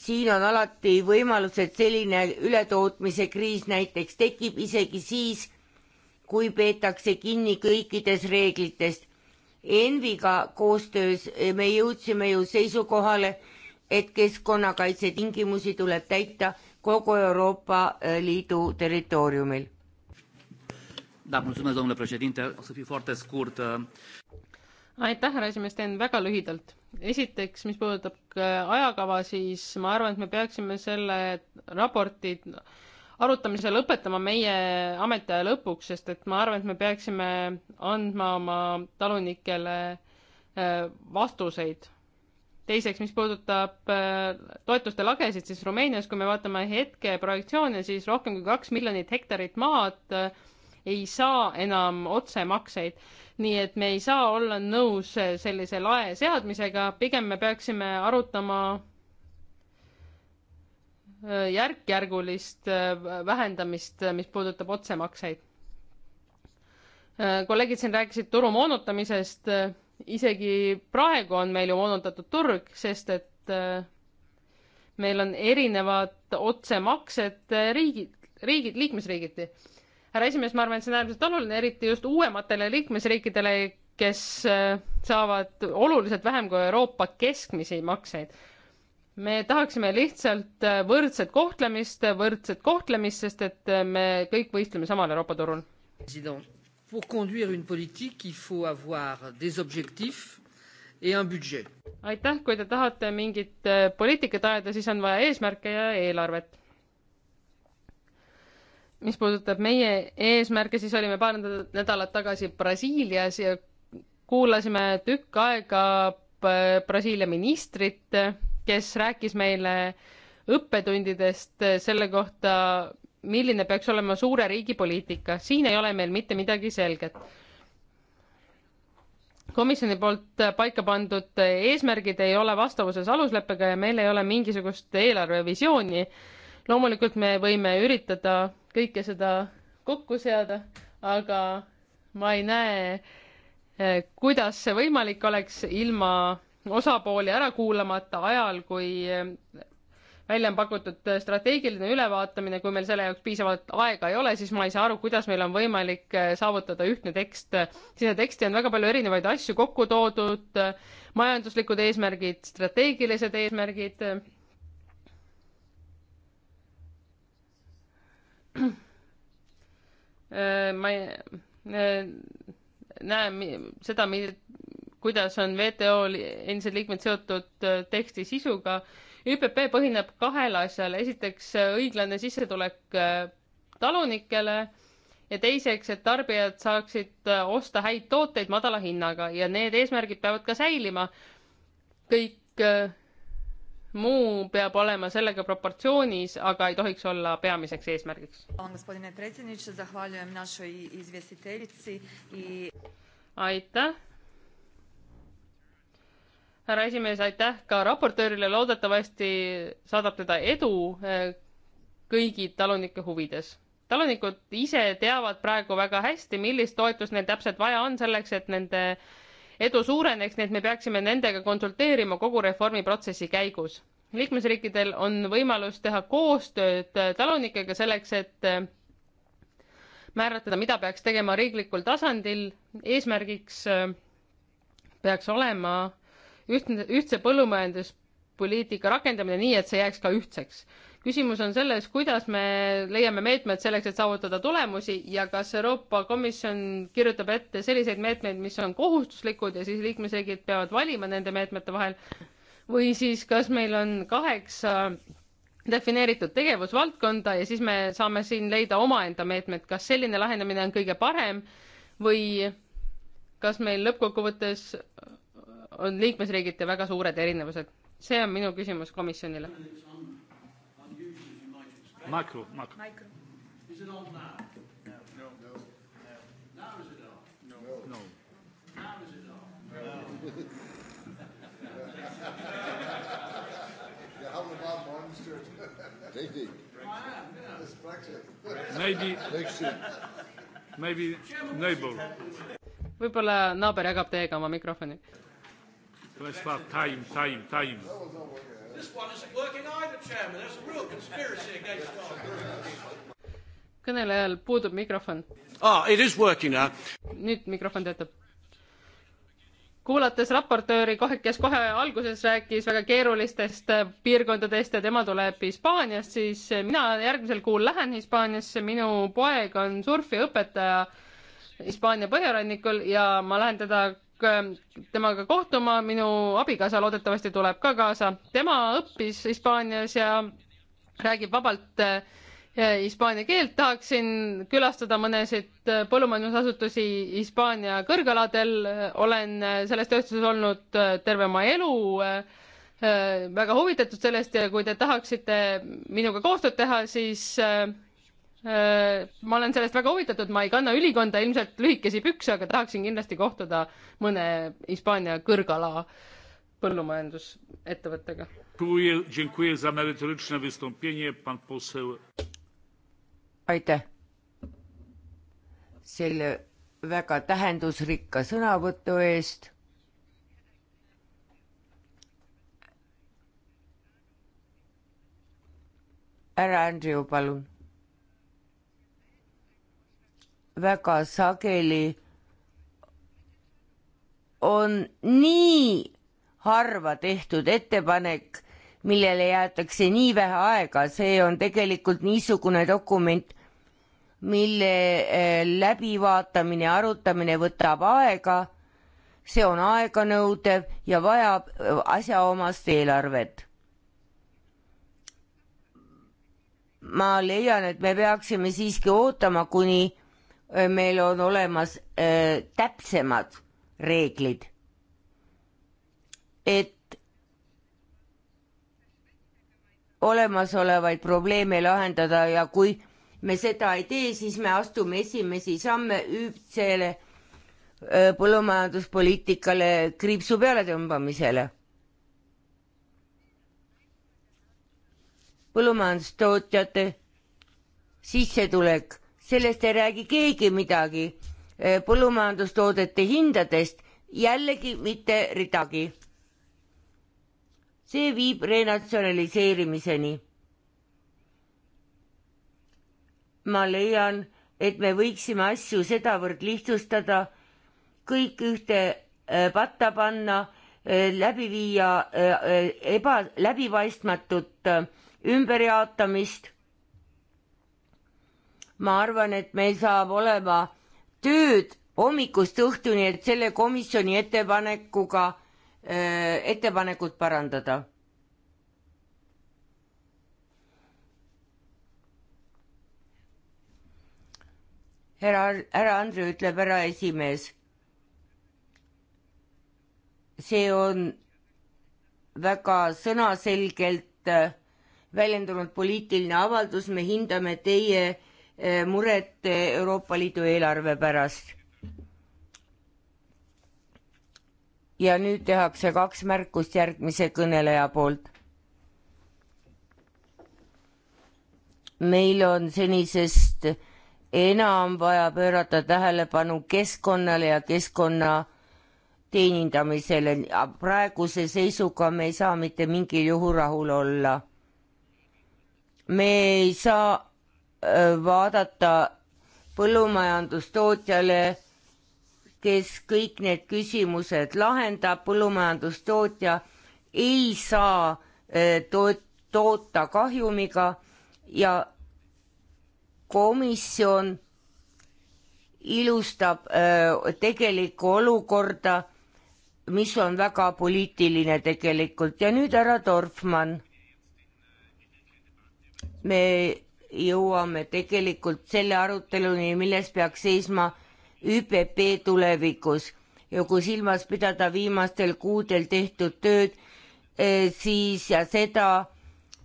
siin on alati võimalus, et selline ületootmise kriis näiteks tekib isegi siis, kui peetakse kinni kõikidest reeglitest. Enviga koostöös me jõudsime ju seisukohale, et keskkonnakaitse tingimusi tuleb täita kogu Euroopa äh, Liidu territooriumil. Äh. aitäh, härra esimees, teen väga lühidalt. esiteks, mis puudutab äh, ajakava, siis ma arvan, et me peaksime selle raporti arutamise lõpetama meie ametiaja lõpuks, sest et ma arvan, et me peaksime andma oma talunikele vastuseid teiseks, mis puudutab äh, toetuste lagesid, siis Rumeenias, kui me vaatame hetkeprojektsioone, siis rohkem kui kaks miljonit hektarit maad äh, ei saa enam otsemakseid. nii et me ei saa olla nõus äh, sellise lae seadmisega, pigem me peaksime arutama järk-järgulist vähendamist, mis puudutab otsemakseid. kolleegid siin rääkisid turu moonutamisest isegi praegu on meil ju moonutatud turg, sest et äh, meil on erinevad otsemaksed äh, riigid, riigid, liikmesriigiti. härra esimees, ma arvan, et see on äärmiselt oluline, eriti just uuematele liikmesriikidele, kes äh, saavad oluliselt vähem kui Euroopa keskmisi makseid. me tahaksime lihtsalt võrdset kohtlemist, võrdset kohtlemist, sest et me kõik võistleme samal Euroopa turul. Pour conduire une politique, il faut avoir des objectifs et un budget. aitäh, kui te tahate mingit äh, poliitikat ajada, siis on vaja eesmärke ja eelarvet. mis puudutab meie eesmärke, siis olime paar nädalat tagasi Brasiilias ja kuulasime tükk aega äh, Brasiilia ministrit, kes rääkis meile õppetundidest äh, selle kohta, milline peaks olema suure riigi poliitika, siin ei ole meil mitte midagi selget. komisjoni poolt paika pandud eesmärgid ei ole vastavuses alusleppega ja meil ei ole mingisugust eelarvevisiooni. loomulikult me võime üritada kõike seda kokku seada, aga ma ei näe, eh, kuidas see võimalik oleks ilma osapooli ära kuulamata ajal, kui eh, välja on pakutud strateegiline ülevaatamine, kui meil selle jaoks piisavalt aega ei ole, siis ma ei saa aru, kuidas meil on võimalik äh, saavutada ühtne tekst. sinna teksti on väga palju erinevaid asju kokku toodud, majanduslikud eesmärgid, strateegilised eesmärgid. Äh, ma ei äh, näe seda, kuidas on WTO endised liikmed seotud teksti sisuga ÜPP põhineb kahel asjal, esiteks õiglane sissetulek äh, talunikele ja teiseks, et tarbijad saaksid äh, osta häid tooteid madala hinnaga ja need eesmärgid peavad ka säilima. kõik äh, muu peab olema sellega proportsioonis, aga ei tohiks olla peamiseks eesmärgiks. aitäh härra esimees, aitäh ka raportöörile, loodetavasti saadab teda edu eh, kõigi talunike huvides. talunikud ise teavad praegu väga hästi, millist toetust neil täpselt vaja on selleks, et nende edu suureneks, nii et me peaksime nendega konsulteerima kogu reformiprotsessi käigus. liikmesriikidel on võimalus teha koostööd eh, talunikega selleks, et eh, määratleda, mida peaks tegema riiklikul tasandil, eesmärgiks peaks olema ühtne, ühtse põllumajanduspoliitika rakendamine nii, et see jääks ka ühtseks. küsimus on selles, kuidas me leiame meetmed selleks, et saavutada tulemusi ja kas Euroopa Komisjon kirjutab ette selliseid meetmeid, mis on kohustuslikud ja siis liikmesriigid peavad valima nende meetmete vahel või siis kas meil on kaheksa defineeritud tegevusvaldkonda ja siis me saame siin leida omaenda meetmed, kas selline lähenemine on kõige parem või kas meil lõppkokkuvõttes on liikmesriigiti väga suured erinevused. see on minu küsimus komisjonile. Michael, Michael. Is it on now? No. No. No. Now is it on? No. No. Now is it on? No. You haven't about monster. Maybe. I am, yeah. It's Brexit. Maybe. Brexit. Maybe neighbor. võib-olla naaber jagab teiega oma mikrofoni. Let's have time, time, time. This one isn't working either, Chairman. There's a real conspiracy against our kõnelejal puudub mikrofon oh,. It is working now. nüüd mikrofon töötab. kuulates raportööri, kes kohe alguses rääkis väga keerulistest äh, piirkondadest ja tema tuleb Hispaaniast, siis äh, mina järgmisel kuul lähen Hispaaniasse, minu poeg on surfiõpetaja Hispaania põhjarannikul ja ma lähen teda Äh, temaga kohtuma, minu abikaasa loodetavasti tuleb ka kaasa, tema õppis Hispaanias ja räägib vabalt äh, hispaania keelt, tahaksin külastada mõnesid äh, põllumajandusasutusi Hispaania kõrgaladel, olen selles tööstuses olnud terve oma elu väga huvitatud sellest ja kui te tahaksite minuga koostööd teha, siis Äh, ma olen sellest väga huvitatud, ma ei kanna ülikonda ilmselt lühikesi pükse, aga tahaksin kindlasti kohtuda mõne Hispaania kõrgala põllumajandusettevõttega. aitäh selle väga tähendusrikka sõnavõtu eest. härra Andrew, palun väga sageli on nii harva tehtud ettepanek, millele jäetakse nii vähe aega, see on tegelikult niisugune dokument, mille eh, läbivaatamine, arutamine võtab aega, see on aeganõudev ja vajab eh, asjaomast eelarvet. ma leian, et me peaksime siiski ootama, kuni meil on olemas äh, täpsemad reeglid, et olemasolevaid probleeme lahendada ja kui me seda ei tee, siis me astume esimesi samme ühtsele põllumajanduspoliitikale kriipsu peale tõmbamisele. põllumajandustootjate sissetulek sellest ei räägi keegi midagi. Eh, põllumajandustoodete hindadest jällegi mitte ridagi. see viib renatsionaliseerimiseni. ma leian, et me võiksime asju sedavõrd lihtsustada, kõik ühte eh, patta panna, eh, läbi viia eba, läbipaistmatut ümberjaotamist ma arvan, et meil saab olema tööd hommikust õhtuni, et selle komisjoni ettepanekuga, äh, ettepanekut parandada. härra, härra Andrew ütleb, härra esimees. see on väga sõnaselgelt äh, väljendunud poliitiline avaldus, me hindame teie äh, Eh, muret Euroopa Liidu eelarve pärast. ja nüüd tehakse kaks märkust järgmise kõneleja poolt. meil on senisest enam vaja pöörata tähelepanu keskkonnale ja keskkonna teenindamisele. praeguse seisuga me ei saa mitte mingil juhul rahul olla. me ei saa Äh, vaadata põllumajandustootjale, kes kõik need küsimused lahendab, põllumajandustootja ei saa äh, to-, toota kahjumiga ja komisjon ilustab äh, tegelikku olukorda, mis on väga poliitiline tegelikult ja nüüd härra Dorfmann. me jõuame tegelikult selle aruteluni, milles peaks seisma ÜPP tulevikus ja kui silmas pidada viimastel kuudel tehtud tööd, eh, siis ja seda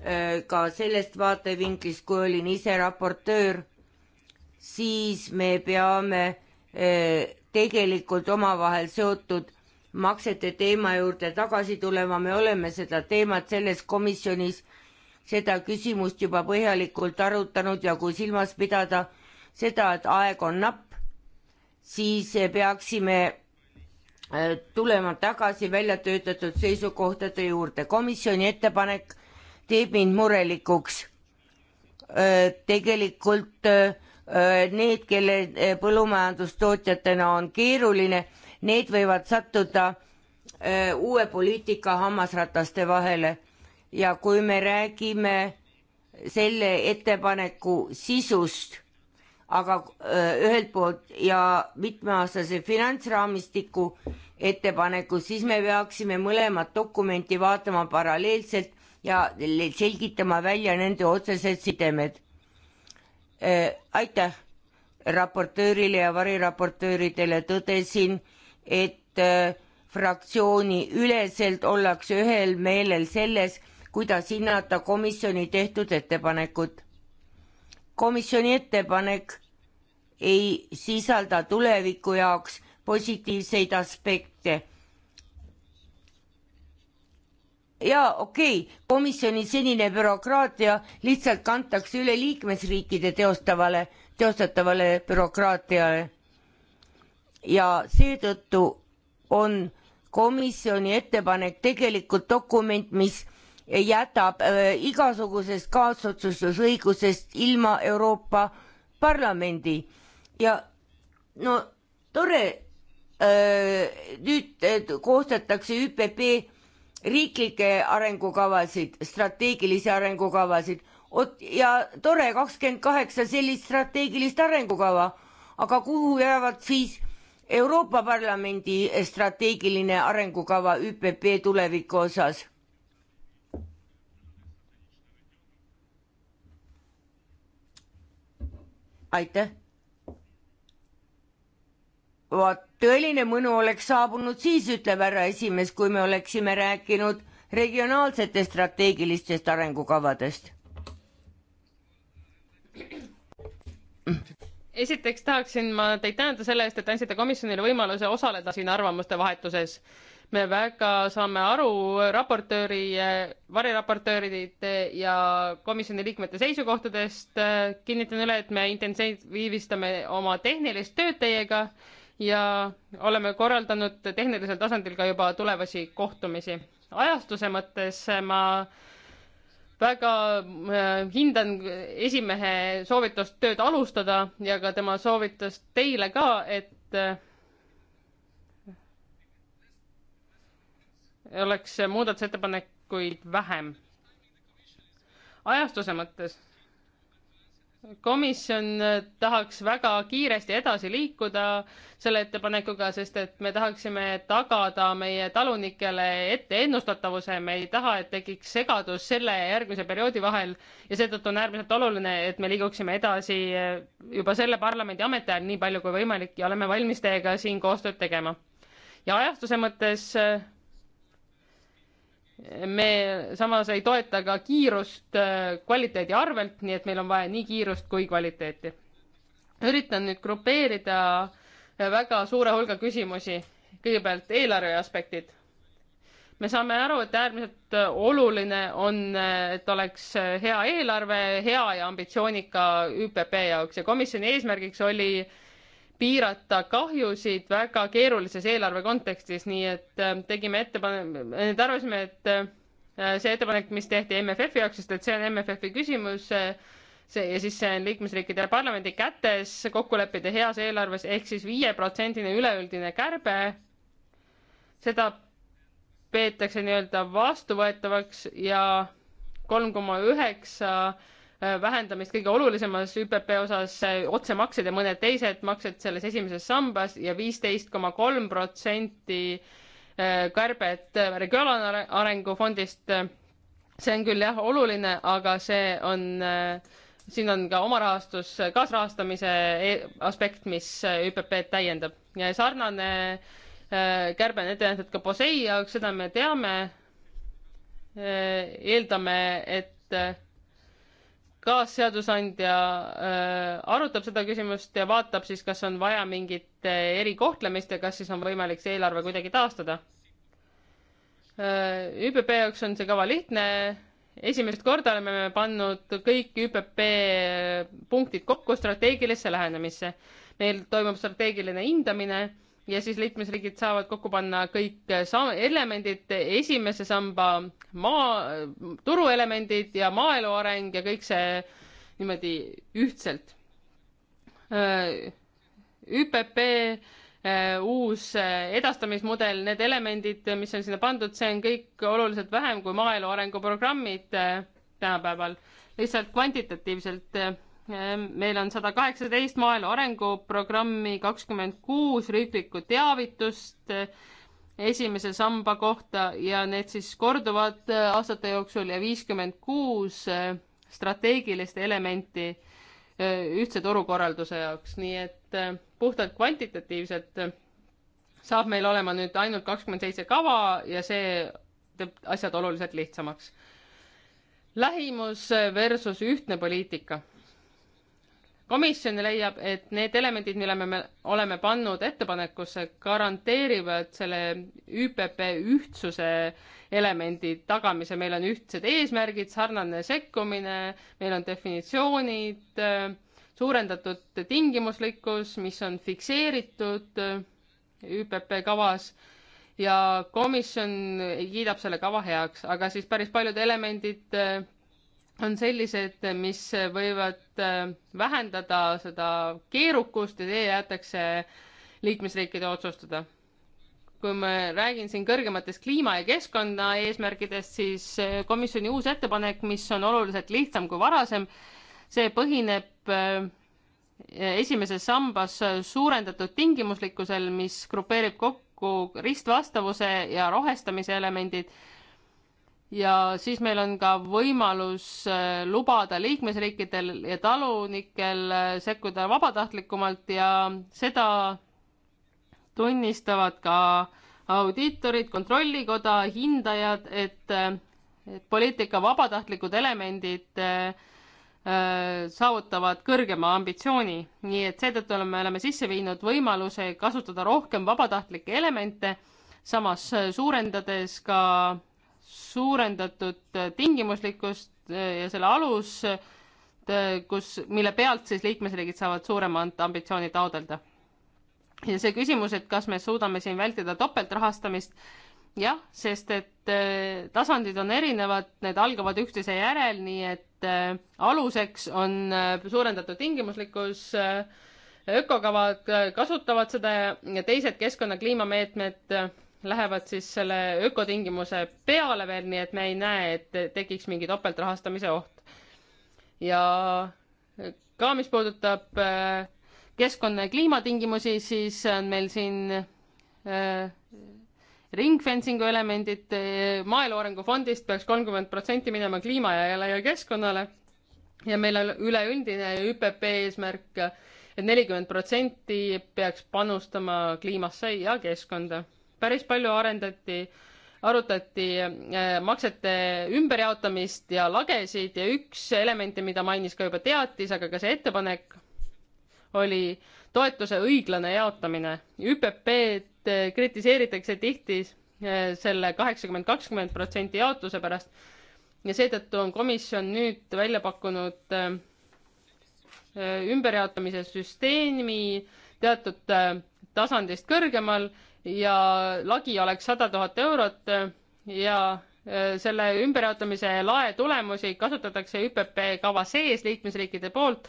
eh, ka sellest vaatevinklist, kui olin ise raportöör, siis me peame eh, tegelikult omavahel seotud maksete teema juurde tagasi tulema, me oleme seda teemat selles komisjonis seda küsimust juba põhjalikult arutanud ja kui silmas pidada seda, et aeg on napp, siis peaksime äh, tulema tagasi välja töötatud seisukohtade juurde. komisjoni ettepanek teeb mind murelikuks. Äh, tegelikult äh, need, kelle põllumajandustootjatena on keeruline, need võivad sattuda uue poliitika hammasrataste vahele ja kui me räägime selle ettepaneku sisust, aga äh, ühelt poolt ja mitmeaastase finantsraamistiku ettepaneku, siis me peaksime mõlemat dokumenti vaatama paralleelselt ja selgitama välja nende otsesed sidemed. Äh, aitäh raportöörile ja variraportööridele, tõdesin, et äh, fraktsiooni üleselt ollakse ühel meelel selles, kuidas hinnata komisjoni tehtud ettepanekut. komisjoni ettepanek ei sisalda tuleviku jaoks positiivseid aspekte. ja okei okay,, komisjoni senine bürokraatia lihtsalt kantakse üle liikmesriikide teostavale, teostatavale bürokraatiale. ja seetõttu on komisjoni ettepanek tegelikult dokument, mis jätab äh, igasugusest kaasotsustusõigusest ilma Euroopa Parlamendi ja no tore, äh, nüüd koostatakse ÜPP riiklikke arengukavasid, strateegilisi arengukavasid, ot- ja tore, kakskümmend kaheksa sellist strateegilist arengukava, aga kuhu jäävad siis Euroopa Parlamendi strateegiline arengukava ÜPP tuleviku osas? aitäh. vaat tõeline mõnu oleks saabunud siis, ütleb härra esimees, kui me oleksime rääkinud regionaalsetest strateegilistest arengukavadest. esiteks tahaksin ma teid tänada selle eest, et andsite komisjonile võimaluse osaleda siin arvamuste vahetuses me väga saame aru raportööri, variraportööride ja komisjoni liikmete seisukohtadest. kinnitan üle, et me intensiivistame oma tehnilist tööd teiega ja oleme korraldanud tehnilisel tasandil ka juba tulevasi kohtumisi. ajastuse mõttes ma väga äh, hindan esimehe soovitust tööd alustada ja ka tema soovitust teile ka, et äh, oleks muudatusettepanekuid vähem. ajastuse mõttes komisjon tahaks väga kiiresti edasi liikuda selle ettepanekuga, sest et me tahaksime tagada meie talunikele ette ennustatavuse, me ei taha, et tekiks segadus selle ja järgmise perioodi vahel ja seetõttu on äärmiselt oluline, et me liiguksime edasi juba selle parlamendi ametiajal nii palju kui võimalik ja oleme valmis teiega siin koostööd tegema. ja ajastuse mõttes me samas ei toeta ka kiirust äh, kvaliteedi arvelt, nii et meil on vaja nii kiirust kui kvaliteeti. üritan nüüd grupeerida äh, väga suure hulga küsimusi. kõigepealt eelarve aspektid. me saame aru, et äärmiselt äh, oluline on, et oleks hea eelarve, hea ja ambitsioonika ÜPP jaoks ja komisjoni eesmärgiks oli äh, piirata kahjusid väga keerulises eelarve kontekstis, nii et ähm, tegime ettepaneku, et arvasime, et äh, see ettepanek, mis tehti MFF-i jaoks, sest et see on MFF-i küsimus, äh, see ja siis see on liikmesriikide ja parlamendi kätes kokku leppida heas eelarves ehk siis viieprotsendine üleüldine kärbe. seda peetakse nii-öelda vastuvõetavaks ja kolm koma üheksa Äh, vähendamist kõige olulisemas ÜPP osas, otsemaksed ja mõned teised maksed selles esimeses sambas ja viisteist koma kolm protsenti äh, kärbet äh, Regionaalarengu fondist. see on küll jah oluline, aga see on, siin on ka omarahastus, kaasrahastamise e, aspekt, mis ÜPP-d täiendab ja sarnane kärbe on ette nähtud ka POSEI jaoks, seda me teame. eeldame, et kaasseadusandja äh, arutab seda küsimust ja vaatab siis, kas on vaja mingit äh, erikohtlemist ja kas siis on võimalik see eelarve kuidagi taastada. Äh, ÜPP jaoks on see kava lihtne. esimest korda oleme me pannud kõik ÜPP punktid kokku strateegilisse lähenemisse. meil toimub strateegiline hindamine ja siis liikmesriigid saavad kokku panna kõik eh, sam-, elemendid, esimese samba maa, turuelemendid ja maaelu areng ja kõik see niimoodi ühtselt. Äh, ÜPP, äh, uus äh, edastamismudel, need elemendid, mis on sinna pandud, see on kõik oluliselt vähem kui maaelu arenguprogrammid tänapäeval, lihtsalt kvantitatiivselt Ehm, meil on sada kaheksateist maaelu arenguprogrammi, kakskümmend kuus riiklikku teavitust eh, esimese samba kohta ja need siis korduvad eh, aastate jooksul ja viiskümmend kuus eh, strateegilist elementi ühtse turukorralduse jaoks, nii et puhtalt kvantitatiivselt saab meil olema nüüd ainult kakskümmend seitse kava ja see teeb asjad oluliselt lihtsamaks. lähimus versus ühtne poliitika komisjon leiab, et need elemendid, mille me oleme pannud ettepanekusse, garanteerivad selle ÜPP ühtsuse elemendi tagamise, meil on ühtsed eesmärgid, sarnane sekkumine, meil on definitsioonid, suurendatud tingimuslikkus, mis on fikseeritud ÜPP kavas ja komisjon kiidab selle kava heaks, aga siis päris paljud elemendid on sellised, mis võivad äh, vähendada seda keerukust ja see jäetakse liikmesriikide otsustada. kui ma räägin siin kõrgematest kliima- ja keskkonnaeesmärkidest, siis äh, komisjoni uus ettepanek, mis on oluliselt lihtsam kui varasem, see põhineb äh, esimeses sambas suurendatud tingimuslikkusel, mis grupeerib kokku ristvastavuse ja rohestamise elemendid ja siis meil on ka võimalus äh, lubada liikmesriikidel ja talunikel äh, sekkuda vabatahtlikumalt ja seda tunnistavad ka audiitorid, kontrollikoda, hindajad, et, äh, et poliitika vabatahtlikud elemendid äh, saavutavad kõrgema ambitsiooni, nii et seetõttu oleme, oleme sisse viinud võimaluse kasutada rohkem vabatahtlikke elemente, samas suurendades ka suurendatud tingimuslikkust äh, ja selle alus, äh, kus, mille pealt siis liikmesriigid saavad suuremat ambitsiooni taodelda. ja see küsimus, et kas me suudame siin vältida topeltrahastamist, jah, sest et äh, tasandid on erinevad, need algavad üksteise järel, nii et aluseks on suurendatud tingimuslikkus, ökokavad kasutavad seda ja teised keskkonna kliimameetmed lähevad siis selle ökotingimuse peale veel, nii et me ei näe, et tekiks mingi topeltrahastamise oht. ja ka, mis puudutab äh, keskkonna ja kliimatingimusi, siis on meil siin äh, ringfencing'u elemendid, äh, maaelu arengu fondist peaks kolmkümmend protsenti minema kliima ja, ja keskkonnale ja meil on üleüldine ÜPP eesmärk et, et nelikümmend protsenti peaks panustama kliimasse ja keskkonda päris palju arendati, arutati äh, maksete ümberjaotamist ja lagesid ja üks elemente, mida mainis ka juba teatis, aga ka see ettepanek oli toetuse õiglane jaotamine. ÜPP-d kritiseeritakse tihti äh, selle kaheksakümmend, kakskümmend protsenti jaotuse pärast ja seetõttu on komisjon nüüd välja pakkunud äh, ümberjaotamise süsteemi teatud tasandist kõrgemal ja lagi oleks sada tuhat eurot ja äh, selle ümberjaotamise lae tulemusi kasutatakse ÜPP kava sees liikmesriikide poolt.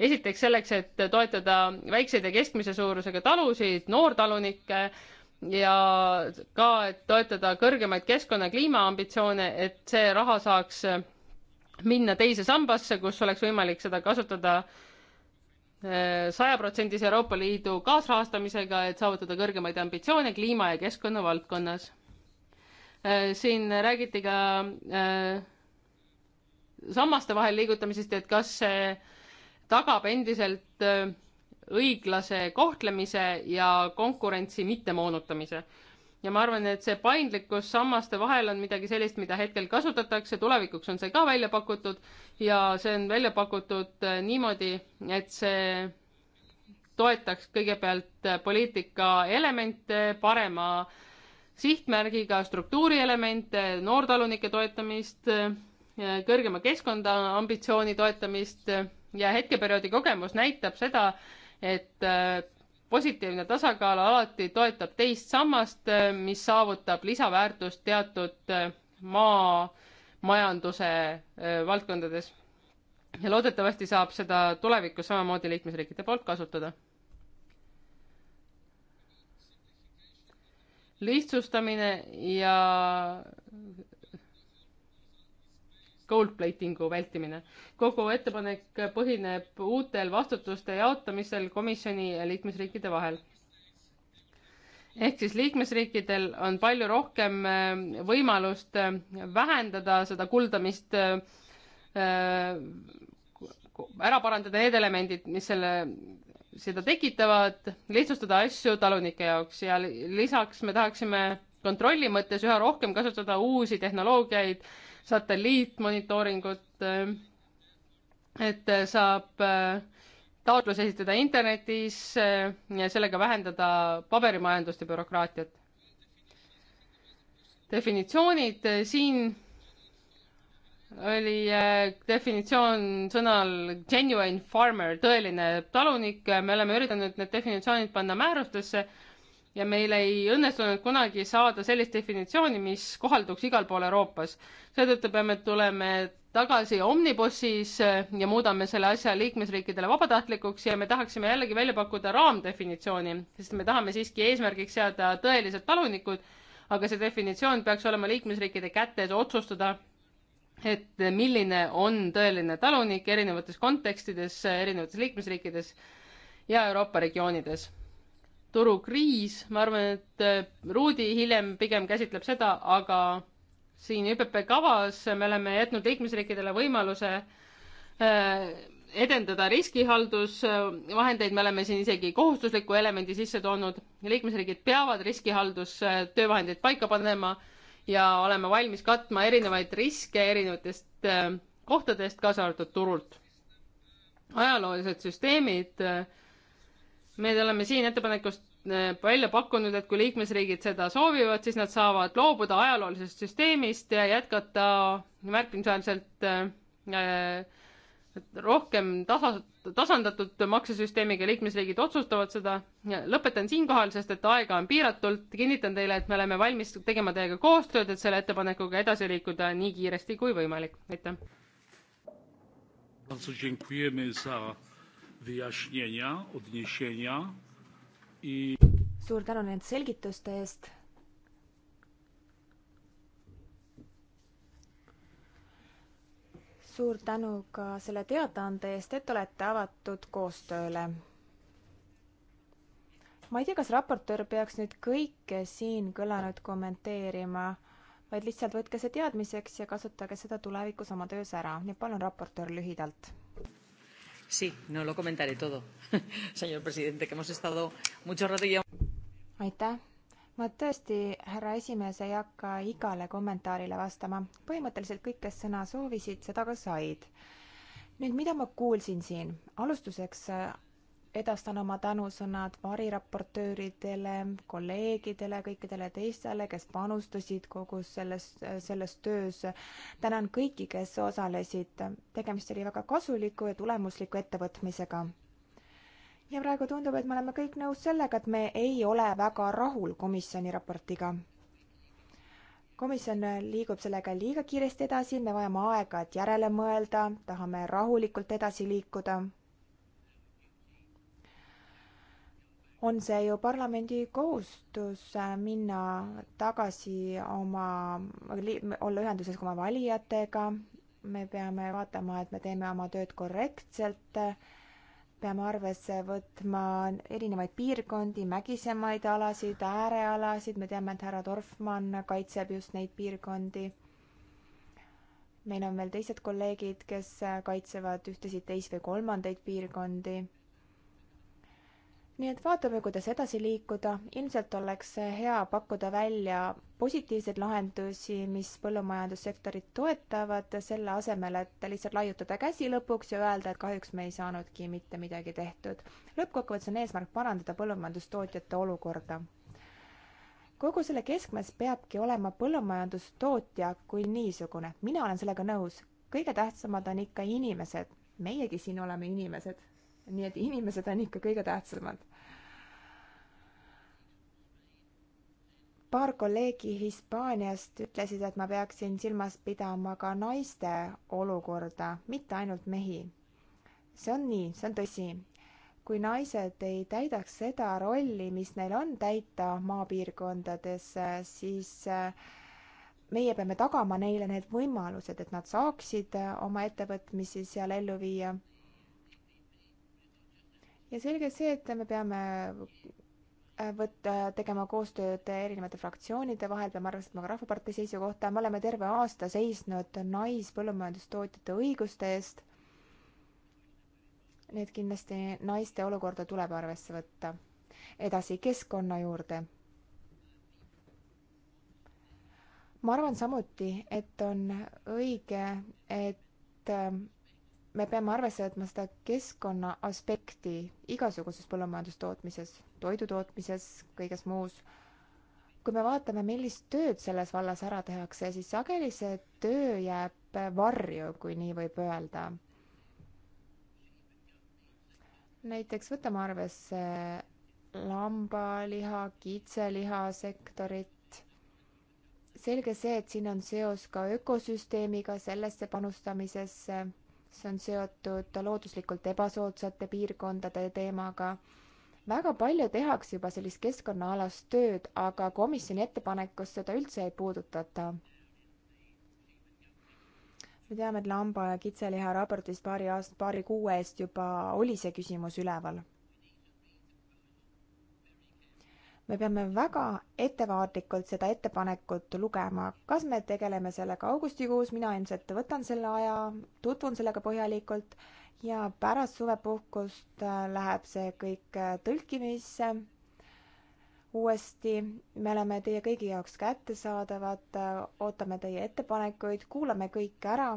esiteks selleks, et toetada väikseid ja keskmise suurusega talusid, noortalunikke ja ka, et toetada kõrgemaid keskkonna kliimaambitsioone, et see raha saaks minna teise sambasse, kus oleks võimalik seda kasutada äh, sajaprotsendise Euroopa Liidu kaasrahastamisega, et saavutada kõrgemaid ambitsioone kliima ja keskkonna valdkonnas. Äh, siin räägiti ka äh, sammaste vahel liigutamisest, et kas see tagab endiselt äh, õiglase kohtlemise ja konkurentsi mittemoonutamise ja ma arvan, et see paindlikkus sammaste vahel on midagi sellist, mida hetkel kasutatakse, tulevikuks on see ka välja pakutud ja see on välja pakutud äh, niimoodi, et see toetaks kõigepealt äh, poliitika elemente parema sihtmärgiga, struktuurielemente, noortalunike toetamist, äh, kõrgema keskkonda ambitsiooni toetamist ja hetkeperioodi kogemus näitab seda, et positiivne tasakaal alati toetab teist sammast, äh, mis saavutab lisaväärtust teatud äh, maamajanduse äh, valdkondades. ja loodetavasti saab seda tulevikus samamoodi liikmesriikide poolt kasutada. lihtsustamine ja gold platingu vältimine. kogu ettepanek põhineb uutel vastutuste jaotamisel komisjoni ja liikmesriikide vahel ehk siis liikmesriikidel on palju rohkem äh, võimalust äh, vähendada seda kuldamist, äh, ära parandada need elemendid, mis selle, seda tekitavad, lihtsustada asju talunike jaoks ja lisaks me tahaksime kontrolli mõttes üha rohkem kasutada uusi tehnoloogiaid satelliitmonitooringut, äh, et saab äh, taotlus esitada internetis äh, ja sellega vähendada paberimajandust ja bürokraatiat. definitsioonid siin oli definitsioon sõnal genuine farmer, tõeline talunik, me oleme üritanud need definitsioonid panna määrustesse ja meil ei õnnestunud kunagi saada sellist definitsiooni, mis kohalduks igal pool Euroopas. seetõttu peame, tuleme tagasi Omnibussis äh, ja muudame selle asja liikmesriikidele vabatahtlikuks ja me tahaksime jällegi välja pakkuda raamdefinitsiooni, sest me tahame siiski eesmärgiks seada tõelised talunikud, aga see definitsioon peaks olema liikmesriikide kätes otsustada, et milline on tõeline talunik erinevates kontekstides, erinevates liikmesriikides ja Euroopa regioonides turukriis, ma arvan, et äh, Ruudi hiljem pigem käsitleb seda, aga siin ÜPP kavas me oleme jätnud liikmesriikidele võimaluse äh, edendada riskihaldusvahendeid, me oleme siin isegi kohustusliku elemendi sisse toonud. liikmesriigid peavad riskihaldustöövahendeid paika panema ja olema valmis katma erinevaid riske erinevatest äh, kohtadest, kaasa arvatud turult. ajaloolised süsteemid äh, me oleme siin ettepanekust äh, välja pakkunud, et kui liikmesriigid seda soovivad, siis nad saavad loobuda ajaloolisest süsteemist ja jätkata märkimisväärselt äh, äh, rohkem tasa, tasandatud maksesüsteemiga, liikmesriigid otsustavad seda. lõpetan siinkohal, sest et aega on piiratult, kinnitan teile, et me oleme valmis tegema teiega koostööd, et selle ettepanekuga edasi liikuda nii kiiresti kui võimalik, aitäh wyjaśnienia, odniesienia i suur tänu nende selgituste eest. suur tänu ka selle teadaande eest, et olete avatud koostööle. ma ei tea, kas raportöör peaks nüüd kõike siin kõlanud kommenteerima, vaid lihtsalt võtke see teadmiseks ja kasutage seda tulevikus oma töös ära, nii et palun raportöör lühidalt Sí, no lo comentaré todo, señor presidente, que hemos estado mucho rato ya. aitäh, ma tõesti, härra esimees, ei hakka igale kommentaarile vastama. põhimõtteliselt kõik, kes sõna soovisid, seda ka said. nüüd, mida ma kuulsin siin? alustuseks edastan oma tänusõnad variraportööridele, kolleegidele, kõikidele teistele, kes panustasid kogu selles, selles töös. tänan kõiki, kes osalesid. tegemist oli väga kasuliku ja tulemusliku ettevõtmisega. ja praegu tundub, et me oleme kõik nõus sellega, et me ei ole väga rahul komisjoni raportiga komisjon liigub sellega liiga kiiresti edasi, me vajame aega, et järele mõelda, tahame rahulikult edasi liikuda on see ju parlamendi kohustus äh, minna tagasi oma, olla ühenduses oma valijatega, me peame vaatama, et me teeme oma tööd korrektselt, peame arvesse võtma erinevaid piirkondi, mägisemaid alasid, äärealasid, me teame, et härra Dorfmann kaitseb just neid piirkondi. meil on veel teised kolleegid, kes kaitsevad ühtesid, teisi või kolmandaid piirkondi nii et vaatame, kuidas edasi liikuda, ilmselt oleks hea pakkuda välja positiivseid lahendusi, mis põllumajandussektorit toetavad, selle asemel, et lihtsalt laiutada käsi lõpuks ja öelda, et kahjuks me ei saanudki mitte midagi tehtud. lõppkokkuvõttes on eesmärk parandada põllumajandustootjate olukorda. kogu selle keskmes peabki olema põllumajandustootja kui niisugune, mina olen sellega nõus. kõige tähtsamad on ikka inimesed, meiegi siin oleme inimesed nii et inimesed on ikka kõige tähtsamad. paar kolleegi Hispaaniast ütlesid, et ma peaksin silmas pidama ka naiste olukorda, mitte ainult mehi. see on nii, see on tõsi. kui naised ei täidaks seda rolli, mis neil on täita maapiirkondades, siis eh, meie peame tagama neile need võimalused, et nad saaksid eh, oma ettevõtmisi seal ellu viia. ja selge see, et me peame võtta, tegema koostööd erinevate fraktsioonide vahel, peame arvestama ka Rahvapartei seisukohta, me oleme terve aasta seisnud naispõllumajandustootjate õiguste eest. nii et kindlasti naiste olukorda tuleb arvesse võtta. edasi keskkonna juurde. ma arvan samuti, et on õige, et ähm, me peame arvesse võtma seda keskkonna aspekti igasuguses põllumajandustootmises toidutootmises, kõiges muus. kui me vaatame, millist tööd selles vallas ära tehakse, siis sageli see töö jääb varju, kui nii võib öelda. näiteks võtame arvesse lambaliha, kitseliha sektorit, selge see, et siin on seos ka ökosüsteemiga, sellesse panustamisesse, see on seotud looduslikult ebasoodsate piirkondade teemaga, väga palju tehakse juba sellist keskkonnaalast tööd, aga komisjoni ettepanekus seda üldse ei puudutata. me teame, et lamba ja kitseliha raportis paari aast-, paari kuu eest juba oli see küsimus üleval. me peame väga ettevaatlikult seda ettepanekut lugema, kas me tegeleme sellega augustikuus, mina ilmselt võtan selle aja, tutvun sellega põhjalikult ja pärast suvepuhkust äh, läheb see kõik äh, tõlkimisse uuesti. me oleme teie kõigi jaoks kättesaadavad, äh, ootame teie ettepanekuid, kuulame kõik ära.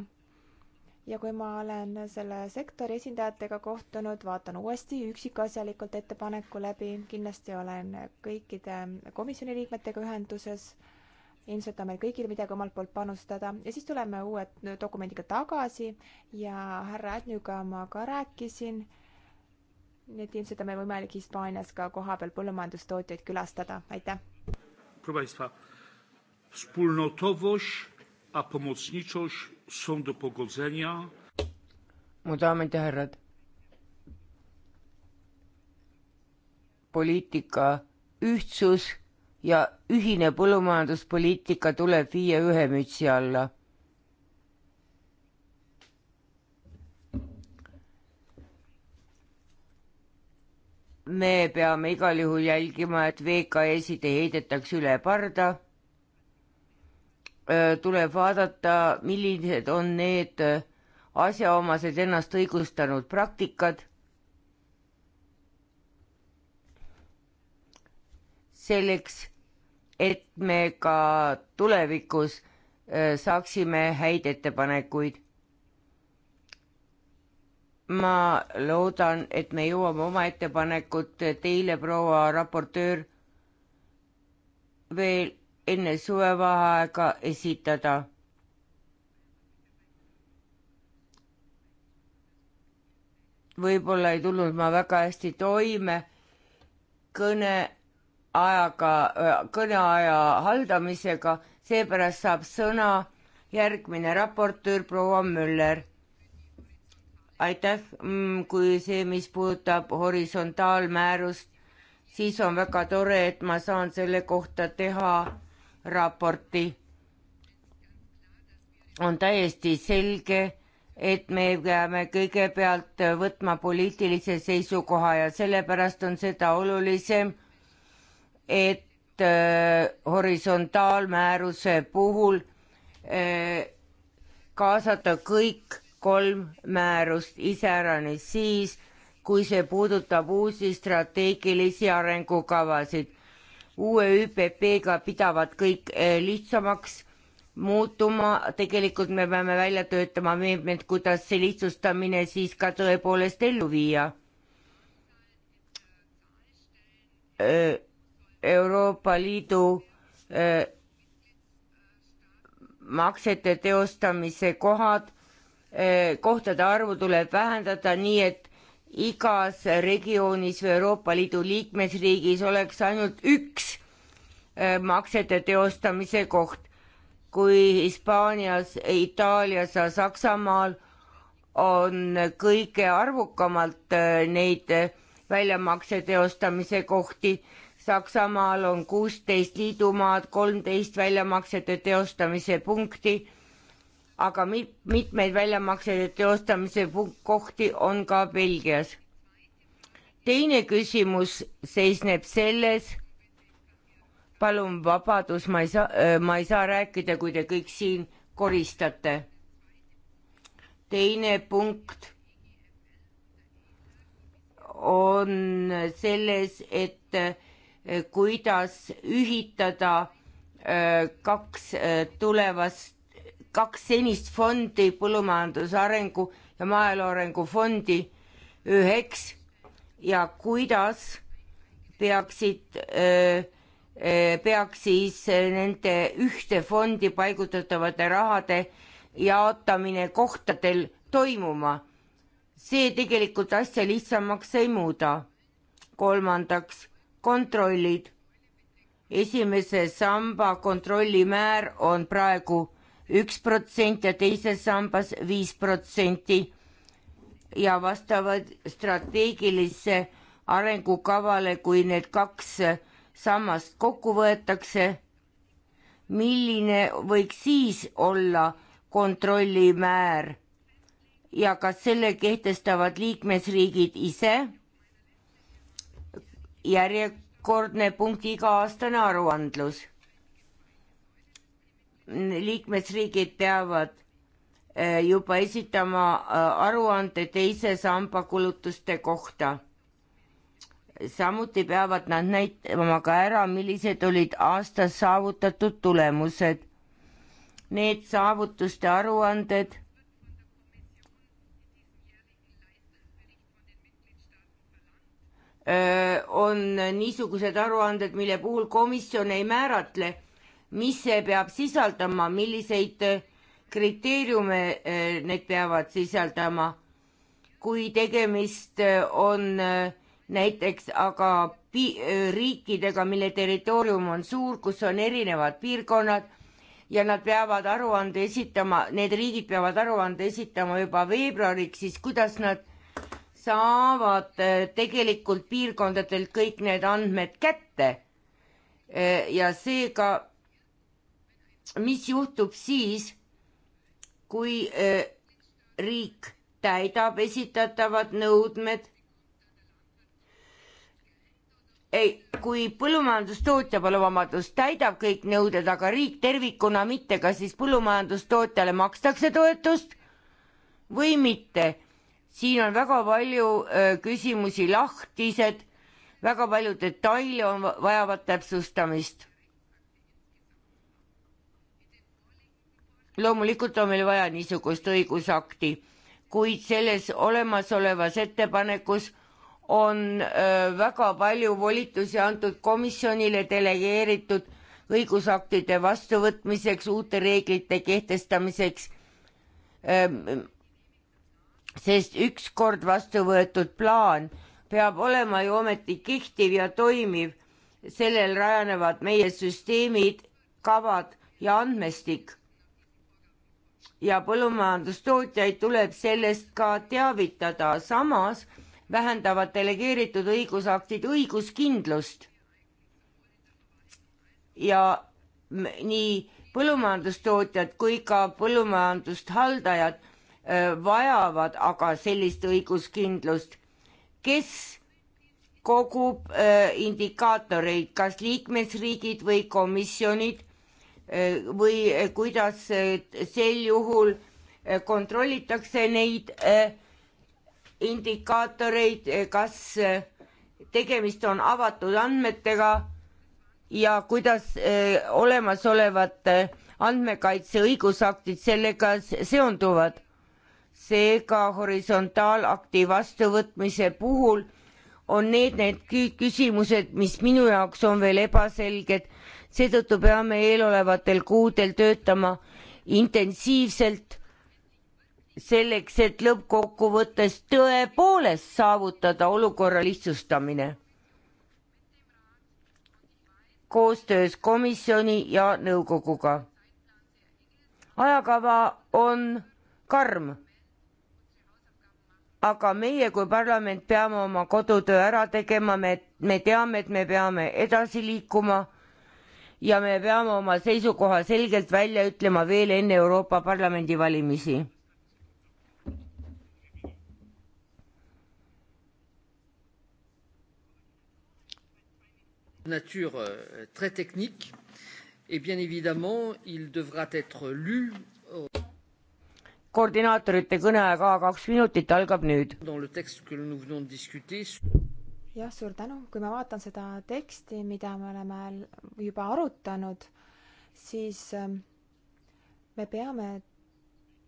ja kui ma olen selle sektori esindajatega kohtunud, vaatan uuesti üksikasjalikult ettepaneku läbi, kindlasti olen kõikide komisjoni liikmetega ühenduses ilmselt on meil kõigil midagi omalt poolt panustada ja siis tuleme uue dokumendiga tagasi ja härra Ätnuga ma ka rääkisin. nii et ilmselt on meil võimalik Hispaanias ka kohapeal põllumajandustootjaid külastada, aitäh. mu daamid ja härrad. poliitika ühtsus ja ühine põllumajanduspoliitika tuleb viia ühe mütsi alla. me peame igal juhul jälgima, et VKS-id ei heidetaks üle parda. tuleb vaadata, millised on need asjaomased ennast õigustanud praktikad selleks et me ka tulevikus äh, saaksime häid ettepanekuid. ma loodan, et me jõuame oma ettepanekud teile, proua raportöör, veel enne suvevaheaega esitada võib-olla ei tulnud ma väga hästi toime kõne ajaga, äh, kõneaja haldamisega, seepärast saab sõna järgmine raportöör proua Müller. aitäh, mm, kui see, mis puudutab horisontaalmäärust, siis on väga tore, et ma saan selle kohta teha raporti. on täiesti selge, et me peame kõigepealt võtma poliitilise seisukoha ja sellepärast on seda olulisem et äh, horisontaalmääruse puhul äh, kaasata kõik kolm määrust iseäranis siis, kui see puudutab uusi strateegilisi arengukavasid. uue ÜPP-ga pidavad kõik äh, lihtsamaks muutuma, tegelikult me peame välja töötama meetmed, kuidas see lihtsustamine siis ka tõepoolest ellu viia. Euroopa Liidu eh, maksete teostamise kohad, eh, kohtade arvu tuleb vähendada nii, et igas regioonis või Euroopa Liidu liikmesriigis oleks ainult üks eh, maksete teostamise koht. kui Hispaanias, Itaalias ja Saksamaal on kõige arvukamalt neid väljamakse teostamise kohti, Saksamaal on kuusteist liidumaad, kolmteist väljamaksete teostamise punkti, aga mit-, mitmeid väljamaksete teostamise punkt-, kohti on ka Belgias. teine küsimus seisneb selles, palun vabadust, ma ei saa, ma ei saa rääkida, kui te kõik siin koristate. teine punkt on selles, et Eh, kuidas ühitada eh, kaks eh, tulevast, kaks senist fondi, põllumajandusarengu ja maaelu arengu fondi üheks ja kuidas peaksid, peaks siis nende ühte fondi paigutatavate rahade jaotamine kohtadel toimuma. see tegelikult asja lihtsamaks ei muuda. kolmandaks kontrollid. esimese samba kontrollimäär on praegu üks protsent ja teises sambas viis protsenti ja vastavad strateegilisse arengukavale, kui need kaks sammast kokku võetakse, milline võiks siis olla kontrollimäär ja kas selle kehtestavad liikmesriigid ise järjekordne punkt iga-aastane aruandlus. liikmesriigid peavad äh, juba esitama äh, aruande teise samba kulutuste kohta. samuti peavad nad näitama ka ära, millised olid aastas saavutatud tulemused. Need saavutuste aruanded on niisugused aruanded, mille puhul komisjon ei määratle, mis see peab sisaldama, milliseid kriteeriume need peavad sisaldama. kui tegemist on näiteks aga pi-, riikidega, mille territoorium on suur, kus on erinevad piirkonnad ja nad peavad aruande esitama, need riigid peavad aruande esitama juba veebruariks, siis kuidas nad saavad eh, tegelikult piirkondadelt kõik need andmed kätte. Eh, ja seega, mis juhtub siis, kui eh, riik täidab esitatavad nõudmed? ei, kui põllumajandustootja, vabandust, täidab kõik nõuded, aga riik tervikuna mitte, kas siis põllumajandustootjale makstakse toetust või mitte siin on väga palju äh, küsimusi lahtised, väga palju detaile on, vajavad täpsustamist. loomulikult on meil vaja niisugust õigusakti, kuid selles olemasolevas ettepanekus on äh, väga palju volitusi antud komisjonile delegeeritud õigusaktide vastuvõtmiseks, uute reeglite kehtestamiseks äh, sest ükskord vastu võetud plaan peab olema ju ometi kehtiv ja toimiv. sellel rajanevad meie süsteemid, kavad ja andmestik. ja põllumajandustootjaid tuleb sellest ka teavitada, samas vähendavad delegeeritud õigusaktid õiguskindlust. ja nii põllumajandustootjad kui ka põllumajandust haldajad Äh, vajavad aga sellist õiguskindlust. kes kogub äh, indikaatoreid, kas liikmesriigid või komisjonid äh, või kuidas sel juhul kontrollitakse neid indikaatoreid, kas tegemist on avatud andmetega ja kuidas olemasolevad andmekaitse õigusaktid sellega seonduvad seega horisontaalakti vastuvõtmise puhul on need need küsimused, mis minu jaoks on veel ebaselged, seetõttu peame eelolevatel kuudel töötama intensiivselt selleks, et lõppkokkuvõttes tõepoolest saavutada olukorra lihtsustamine. koostöös komisjoni ja nõukoguga. ajakava on karm aga meie kui parlament peame oma kodutöö ära tegema, me, me teame, et me peame edasi liikuma ja me peame oma seisukoha selgelt välja ütlema veel enne Euroopa Parlamendi valimisi. nature euh, très technique et bien évidemment il devra être lu koordinaatorite kõneaeg A kaks minutit algab nüüd. jah, suur tänu, kui ma vaatan seda teksti, mida me oleme juba arutanud, siis ähm, me peame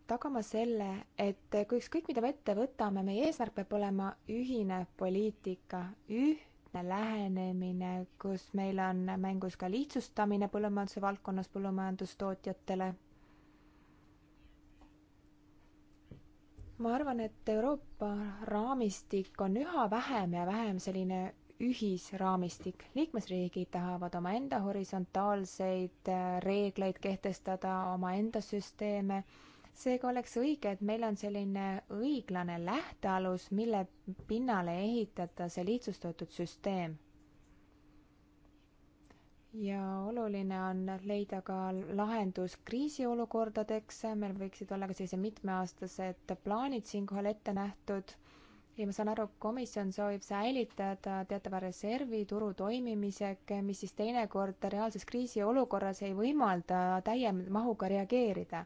tagama selle, et kui ükskõik, mida me ette võtame, meie eesmärk peab olema ühine poliitika, ühtne lähenemine, kus meil on mängus ka lihtsustamine põllumajanduse valdkonnas põllumajandustootjatele ma arvan, et Euroopa raamistik on üha vähem ja vähem selline ühisraamistik. liikmesriigid tahavad omaenda horisontaalseid äh, reegleid kehtestada, omaenda süsteeme. seega oleks õige, et meil on selline õiglane lähtealus, mille pinnale ehitada see lihtsustatud süsteem ja oluline on leida ka lahendus kriisiolukordadeks, meil võiksid olla ka sellised mitmeaastased plaanid siinkohal ette nähtud ja ma saan aru, komisjon soovib säilitada teatava reservi turu toimimisega, mis siis teinekord reaalses kriisiolukorras ei võimalda täie mahuga reageerida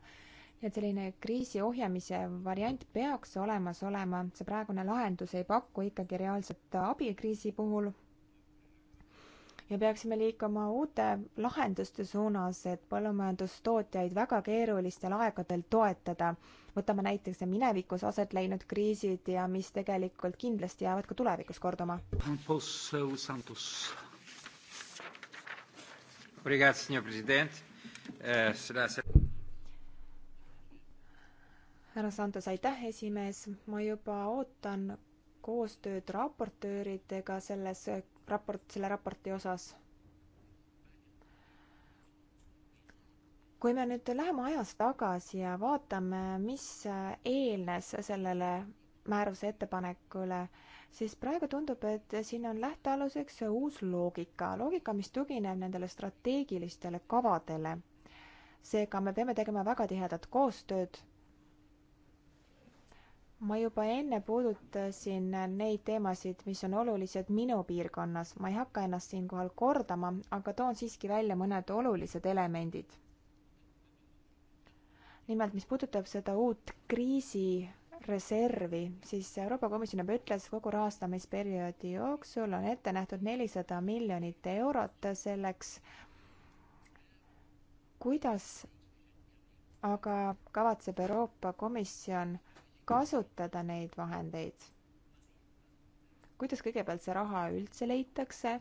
et selline kriisi ohjamise variant peaks olemas olema, see praegune lahendus ei paku ikkagi reaalset abi kriisi puhul ja peaksime liikuma uute lahenduste suunas, et põllumajandustootjaid väga keerulistel aegadel toetada. võtame näiteks minevikus aset läinud kriisid ja mis tegelikult kindlasti jäävad ka tulevikus korduma. Eh, härra Santos, aitäh, esimees, ma juba ootan koostööd raportööridega selles raport, selle raporti osas. kui me nüüd läheme ajas tagasi ja vaatame, mis eelnes sellele määruse ettepanekule, siis praegu tundub, et siin on lähtealuseks uus loogika, loogika, mis tugineb nendele strateegilistele kavadele. seega me peame tegema väga tihedat koostööd ma juba enne puudutasin neid teemasid, mis on olulised minu piirkonnas, ma ei hakka ennast siinkohal kordama, aga toon siiski välja mõned olulised elemendid. nimelt, mis puudutab seda uut kriisireservi, siis Euroopa Komisjon juba ütles, kogu rahastamisperioodi jooksul on ette nähtud nelisada miljonit eurot selleks, kuidas aga kavatseb Euroopa Komisjon kasutada neid vahendeid? kuidas kõigepealt see raha üldse leitakse?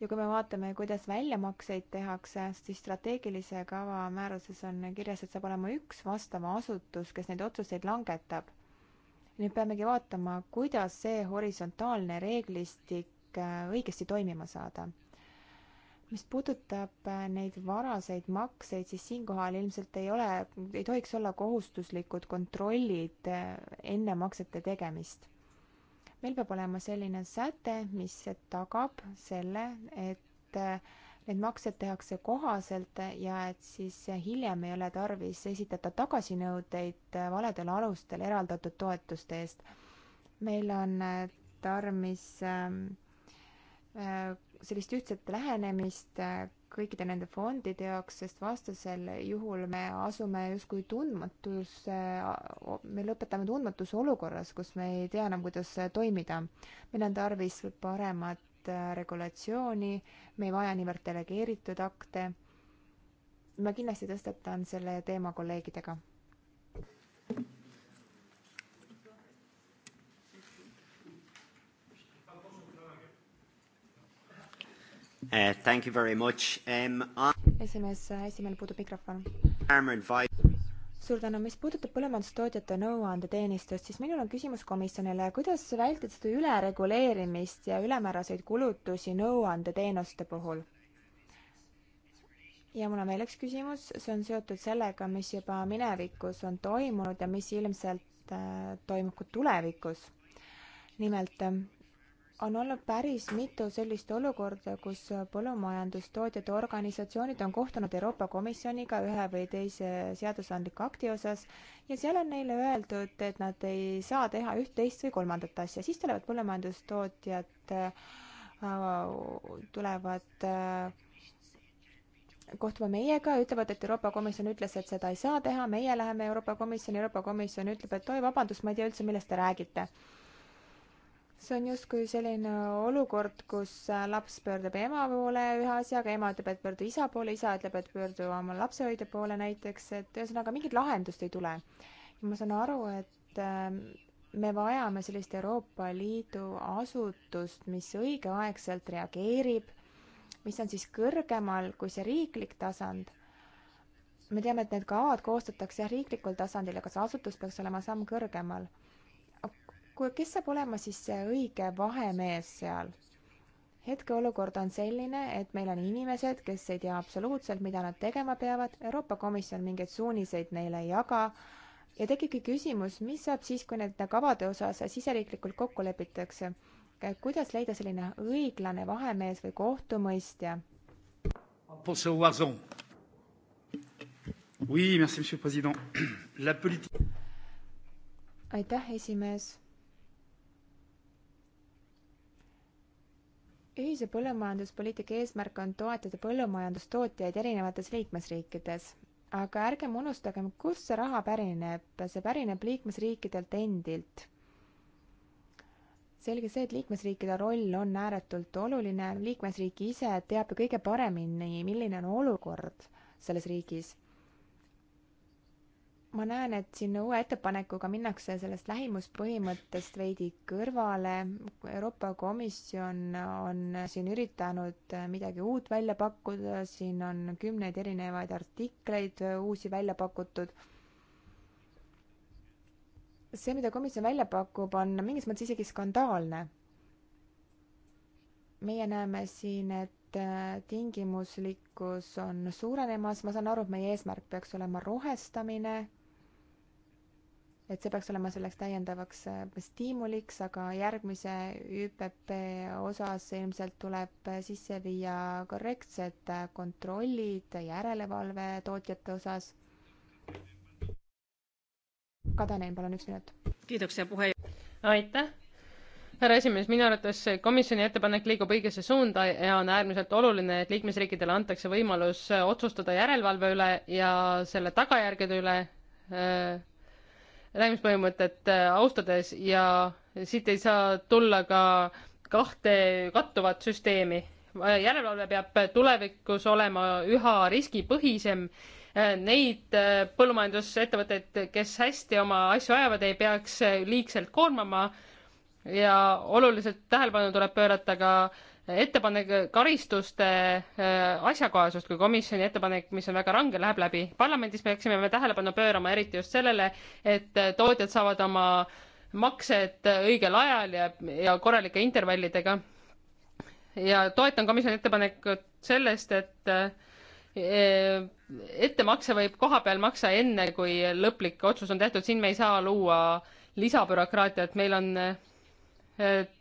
ja kui me vaatame, kuidas väljamakseid tehakse, siis strateegilise kava määruses on kirjas, et saab olema üks vastava asutus, kes neid otsuseid langetab. nüüd peamegi vaatama, kuidas see horisontaalne reeglistik äh, õigesti toimima saada mis puudutab äh, neid varaseid makseid, siis siinkohal ilmselt ei ole, ei tohiks olla kohustuslikud kontrollid äh, enne maksete tegemist. meil peab olema selline säte, mis tagab selle, et äh, need maksed tehakse kohaselt ja et siis hiljem ei ole tarvis esitada tagasinõudeid valedel alustel eraldatud toetuste eest. meil on tarvis ähm, sellist ühtset lähenemist äh, kõikide nende fondide jaoks, sest vastasel juhul me asume justkui tundmatus, äh, me lõpetame tundmatuse olukorras, kus me ei tea enam, kuidas äh, toimida. meil on tarvis paremat regulatsiooni, me ei vaja niivõrd delegeeritud akte. ma kindlasti tõstatan selle teema kolleegidega. Uh, thank you very much um,. esimees, äh, esimene puudub mikrofon. suur tänu, mis puudutab põllumajandustootjate nõuandeteenistust, siis minul on küsimus komisjonile, kuidas vältida seda ülereguleerimist ja ülemääraseid kulutusi nõuandeteenuste puhul? ja mul on veel üks küsimus, see on seotud sellega, mis juba minevikus on toimunud ja mis ilmselt äh, toimub ka tulevikus. nimelt on olnud päris mitu sellist olukorda, kus põllumajandustootjate organisatsioonid on kohtunud Euroopa Komisjoniga ühe või teise seadusandliku akti osas ja seal on neile öeldud, et nad ei saa teha üht, teist või kolmandat asja, siis tulevad põllumajandustootjad, äh, tulevad äh, kohtume meiega, ütlevad, et Euroopa Komisjon ütles, et seda ei saa teha, meie läheme Euroopa Komisjoni, Euroopa Komisjon ütleb, et oi, vabandust, ma ei tea üldse, millest te räägite see on justkui selline olukord, kus laps pöördub ema poole ühe asjaga, ema ütleb, et pöördu isa poole, isa ütleb, et pöördu oma lapsehoidja poole näiteks, et ühesõnaga mingit lahendust ei tule. ja ma saan aru, et ähm, me vajame sellist Euroopa Liidu asutust, mis õigeaegselt reageerib, mis on siis kõrgemal kui see riiklik tasand me teame, et need kavad koostatakse jah, riiklikul tasandil, aga see asutus peaks olema samm kõrgemal kui, kes saab olema siis see õige vahemees seal? hetkeolukord on selline, et meil on inimesed, kes ei tea absoluutselt, mida nad tegema peavad, Euroopa Komisjon mingeid suuniseid neile ei jaga ja tekibki küsimus, mis saab siis, kui nende kavade osas siseriiklikult kokku lepitakse. kuidas leida selline õiglane vahemees või kohtumõistja? aitäh, esimees ühise põllumajanduspoliitika eesmärk on toetada põllumajandustootjaid erinevates liikmesriikides, aga ärgem unustagem, kust see raha pärineb, see pärineb liikmesriikidelt endilt selge see, et liikmesriikide roll on ääretult oluline, liikmesriik ise teab ju kõige paremini, milline on olukord selles riigis ma näen, et siin uue ettepanekuga minnakse sellest lähimuspõhimõttest veidi kõrvale. Euroopa Komisjon on siin üritanud midagi uut välja pakkuda, siin on kümneid erinevaid artikleid uusi välja pakutud. see, mida komisjon välja pakub, on mingis mõttes isegi skandaalne. meie näeme siin, et et tingimuslikkus on suurenemas, ma saan aru, et meie eesmärk peaks olema rohestamine, et see peaks olema selleks täiendavaks äh, stiimuliks, aga järgmise ÜPP osas ilmselt tuleb äh, sisse viia korrektsed äh, kontrollid järelevalve tootjate osas. Kadanen, palun üks minut. kiitoksia, puhe. aitäh, härra esimees, minu arvates komisjoni ettepanek liigub õigesse suunda ja on äärmiselt oluline, et liikmesriikidele antakse võimalus otsustada järelevalve üle ja selle tagajärgede üle äh, läbimispõhimõtet äh, austades ja siit ei saa tulla ka kahte kattuvat süsteemi. Äh, järelevalve peab tulevikus olema üha riskipõhisem. Äh, neid põllumajandusettevõtteid, kes hästi oma asju ajavad, ei peaks liigselt koormama ja oluliselt tähelepanu tuleb pöörata ka ettepanek karistuste äh, asjakohasust, kui komisjoni ettepanek, mis on väga range, läheb läbi. parlamendis peaksime me tähelepanu pöörama eriti just sellele, et äh, tootjad saavad oma maksed äh, õigel ajal ja, ja korralike intervallidega. ja toetan komisjoni ettepanekut sellest, et ettemakse võib koha peal maksa enne, kui lõplik otsus on tehtud, siin me ei saa luua lisabürokraatiat, meil on äh,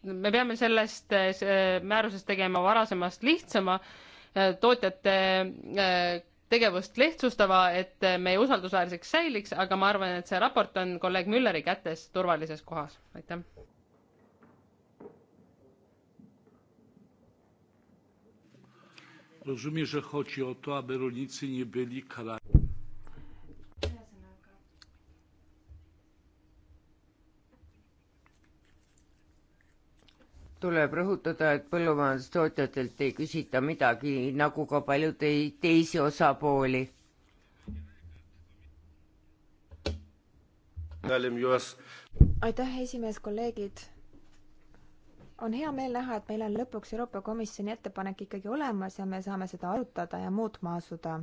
me peame sellest eh, määrusest tegema varasemast lihtsama, eh, tootjate eh, tegevust lihtsustava, et meie usaldusväärseks säiliks, aga ma arvan, et see raport on kolleeg Mülleri kätes turvalises kohas, aitäh. Rozumiem, że chodzi o to, aby rolnicy nie byli karani. tuleb rõhutada, et põllumajandustootjatelt ei küsita midagi, nagu ka paljud ei, teisi osapooli. aitäh, esimees, kolleegid. on hea meel näha, et meil on lõpuks Euroopa Komisjoni ettepanek ikkagi olemas ja me saame seda arutada ja muutma asuda.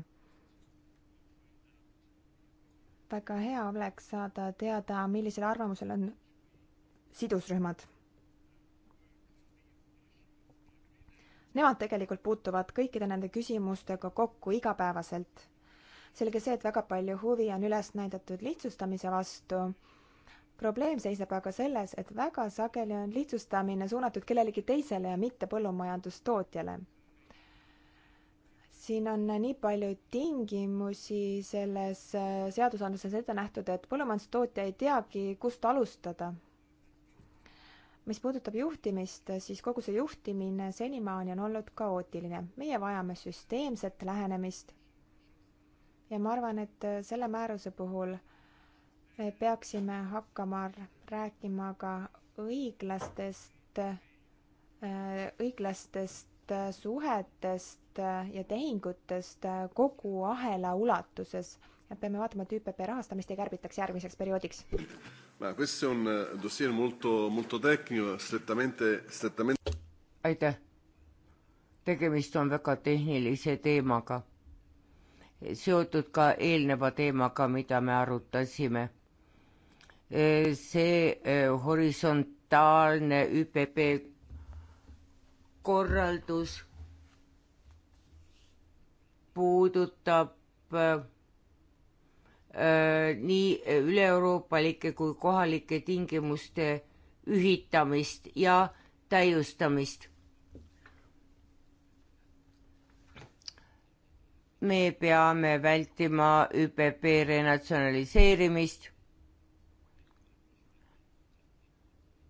väga hea oleks saada teada, millisel arvamusel on sidusrühmad Nemad tegelikult puutuvad kõikide nende küsimustega kokku igapäevaselt. selge see, et väga palju huvi on üles näidatud lihtsustamise vastu. probleem seisneb aga selles, et väga sageli on lihtsustamine suunatud kellelegi teisele ja mitte põllumajandustootjale. siin on nii palju tingimusi selles äh, seadusandluses ette nähtud, et põllumajandustootja ei teagi, kust alustada mis puudutab juhtimist, siis kogu see juhtimine senimaani on olnud kaootiline. meie vajame süsteemset lähenemist. ja ma arvan, et selle määruse puhul me peaksime hakkama rääkima ka õiglastest, õiglastest suhetest ja tehingutest kogu ahela ulatuses. peame vaatama, et ÜPP rahastamist ei kärbitaks järgmiseks perioodiks ma questo è un eh, dossier molto, molto tecnico, strettamente, strettamente. aitäh. tegemist on väga tehnilise teemaga, seotud ka eelneva teemaga, mida me arutasime. Eh, see eh, horisontaalne ÜPP korraldus puudutab Äh, nii üleeuroopalike kui kohalike tingimuste ühitamist ja täiustamist. me peame vältima ÜPP renatsionaliseerimist.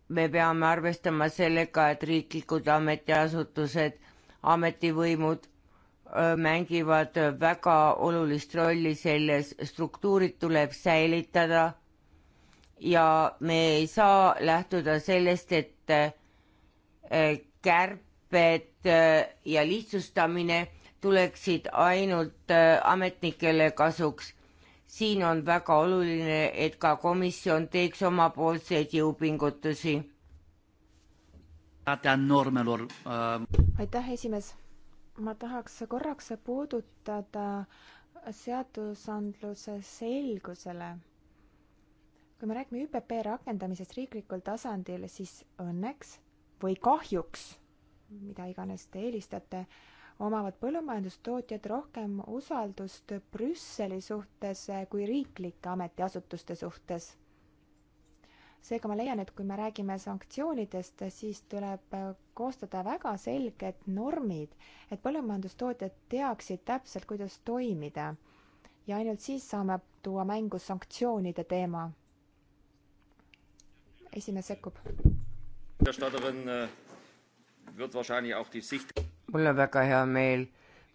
me peame arvestama sellega, et riiklikud ametiasutused, ametivõimud Äh, mängivad väga olulist rolli selles, struktuurid tuleb säilitada ja me ei saa lähtuda sellest, et äh, kärped äh, ja lihtsustamine tuleksid ainult ametnikele kasuks. siin on väga oluline, et ka komisjon teeks omapoolseid jõupingutusi. aitäh, esimees ma tahaks korraks puudutada seadusandluse selgusele. kui me räägime ÜPP rakendamisest riiklikul tasandil, siis õnneks või kahjuks, mida iganes te eelistate, omavad põllumajandustootjad rohkem usaldust Brüsseli suhtes kui riiklike ametiasutuste suhtes seega ma leian, et kui me räägime sanktsioonidest, siis tuleb koostada väga selged normid, et põllumajandustootjad teaksid täpselt, kuidas toimida. ja ainult siis saame tuua mängu sanktsioonide teema. esimees sekkub. Äh, mul on väga hea meel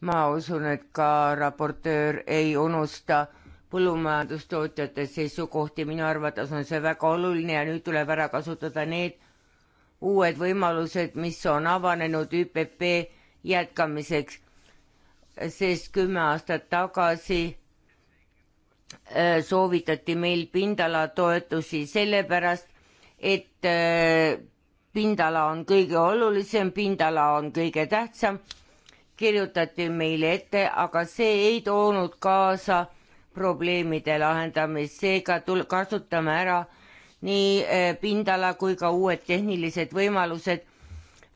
ma usun, et ka raportöör ei unusta põllumajandustootjate seisukohti, minu arvates on see väga oluline ja nüüd tuleb ära kasutada need uued võimalused, mis on avanenud ÜPP jätkamiseks, sest kümme aastat tagasi äh, soovitati meil pindalatoetusi sellepärast, et äh, pindala on kõige olulisem, pindala on kõige tähtsam, kirjutati meile ette, aga see ei toonud kaasa probleemide lahendamist, seega tul-, kasutame ära nii eh, pindala kui ka uued tehnilised võimalused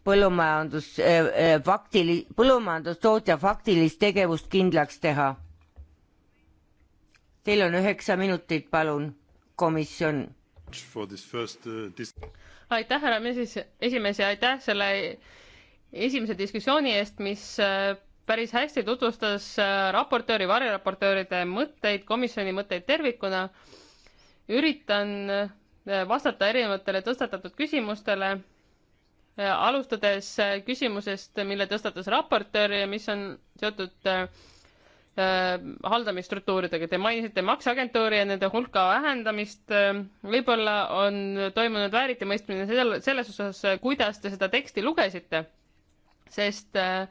põllumajandus eh, eh, faktili-, põllumajandustootja faktilist tegevust kindlaks teha. Teil on üheksa minutit, palun, komisjon. Uh, aitäh, härra esimees ja aitäh selle esimese diskussiooni eest, mis päris hästi tutvustas äh, raportööri, variraportööride mõtteid, komisjoni mõtteid tervikuna. üritan äh, vastata erinevatele tõstatatud küsimustele, äh, alustades küsimusest, mille tõstatas raportöör ja mis on seotud haldamisstruktuuridega. Te mainisite makseagentuuri ja nende hulka vähendamist. võib-olla on toimunud vääritimõistmine selles osas, kuidas te seda teksti lugesite, sest äh,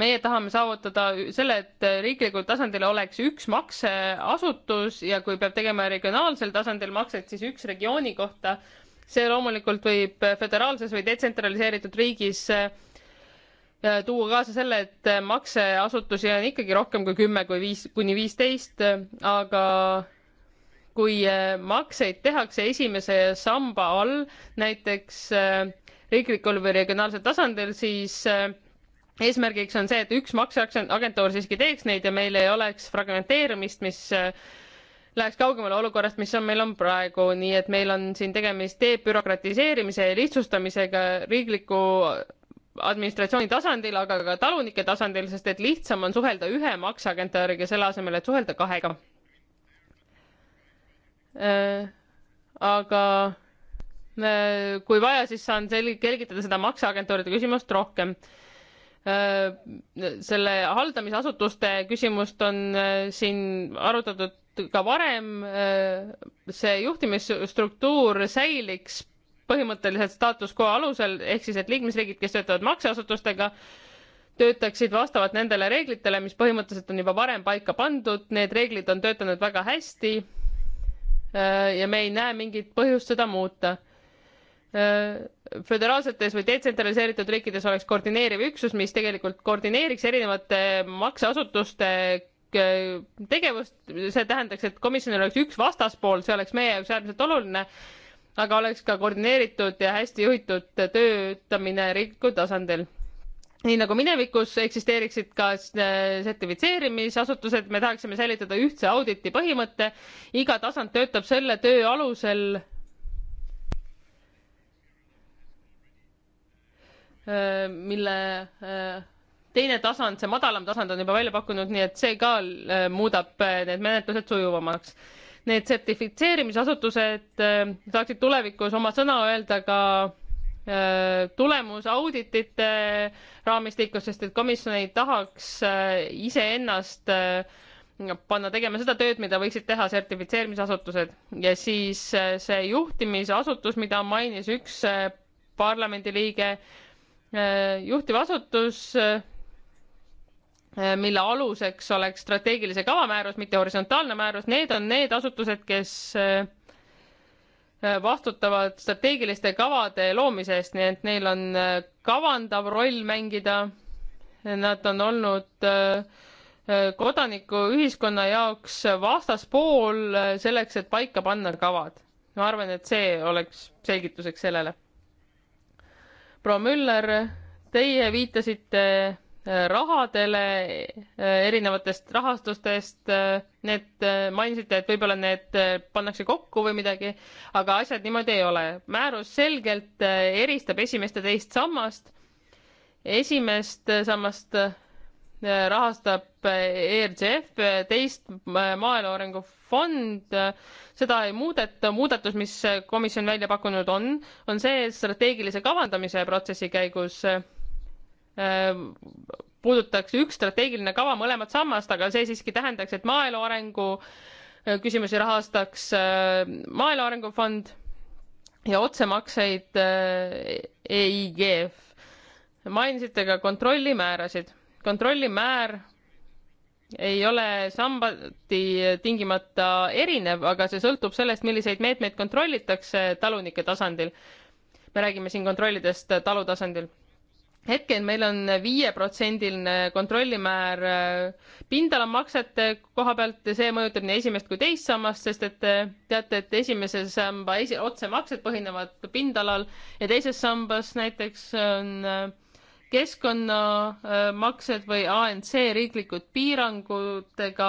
meie tahame saavutada selle, et riiklikul tasandil oleks üks makseasutus ja kui peab tegema regionaalsel tasandil makset, siis üks regiooni kohta. see loomulikult võib föderaalses või detsentraliseeritud riigis äh, tuua kaasa selle, et makseasutusi on ikkagi rohkem kui kümme kui viis kuni viisteist, aga kui äh, makseid tehakse esimese samba all, näiteks äh, riiklikul või regionaalsel tasandil, siis eesmärgiks on see, et üks makseagentuur siiski teeks neid ja meil ei oleks fragmenteerumist, mis äh, läheks kaugemale olukorrast, mis on, meil on praegu, nii et meil on siin tegemist debürokratiseerimise ja lihtsustamisega riikliku administratsiooni tasandil, aga ka talunike tasandil, sest et lihtsam on suhelda ühe makseagentuuriga selle asemel, et suhelda kahega. Äh, aga äh, kui vaja, siis saan selgitada seda makseagentuuride küsimust rohkem Äh, selle haldamisasutuste küsimust on äh, siin arutatud ka varem, äh, see juhtimisstruktuur säiliks põhimõtteliselt status quo alusel, ehk siis et liikmesriigid, kes töötavad makseasutustega, töötaksid vastavalt nendele reeglitele, mis põhimõtteliselt on juba varem paika pandud, need reeglid on töötanud väga hästi ja me ei näe mingit põhjust seda muuta Äh, föderaalsetes või detsentraliseeritud riikides oleks koordineeriv üksus, mis tegelikult koordineeriks erinevate makseasutuste äh, tegevust, see tähendaks, et komisjonil oleks üks vastaspool, see oleks meie jaoks äärmiselt oluline, aga oleks ka koordineeritud ja hästi juhitud töötamine riiklikul tasandil. nii nagu minevikus eksisteeriksid ka äh, sertifitseerimisasutused, me tahaksime säilitada ühtse auditi põhimõtte, iga tasand töötab selle töö alusel, mille teine tasand, see madalam tasand on juba välja pakkunud, nii et see ka muudab need menetlused sujuvamaks. Need sertifitseerimisasutused saaksid tulevikus oma sõna öelda ka tulemusauditite raamistikus, sest et komisjon ei tahaks iseennast panna tegema seda tööd, mida võiksid teha sertifitseerimisasutused ja siis see juhtimisasutus, mida mainis üks parlamendiliige, Äh, juhtiv asutus, äh, mille aluseks oleks strateegilise kava määrus, mitte horisontaalne määrus, need on need asutused, kes äh, vastutavad strateegiliste kavade loomise eest, nii et neil on kavandav roll mängida. Nad on olnud kodanikuühiskonna jaoks vastaspool selleks, et paika panna kavad. ma arvan, et see oleks selgituseks sellele proua Müller, teie viitasite äh, rahadele äh, erinevatest rahastustest, äh, need mainisite, et võib-olla need pannakse kokku või midagi, aga asjad niimoodi ei ole. määrus selgelt eristab esimest ja teist sammast. esimest sammast rahastab ERCF, teist äh, Maaelu Arengu Fond, seda ei muudeta, muudatus, mis komisjon välja pakkunud on, on see strateegilise kavandamise protsessi käigus äh, puudutaks üks strateegiline kava mõlemat sammast, aga see siiski tähendaks, et maaelu arengu äh, küsimusi rahastaks Maaelu Arengu Fond ja otsemakseid EIGF. mainisite ka kontrollimäärasid kontrollimäär ei ole sambati tingimata erinev, aga see sõltub sellest, milliseid meetmeid kontrollitakse talunike tasandil. me räägime siin kontrollidest talu tasandil. hetkel meil on viieprotsendiline kontrollimäär äh, pindalamaksete koha pealt ja see mõjutab nii esimest kui teist sammast, sest et äh, teate, et esimese samba esi-, otsemaksed põhinevad pindalal ja teises sambas näiteks on äh, keskkonnamaksed või ANC riiklikud piirangutega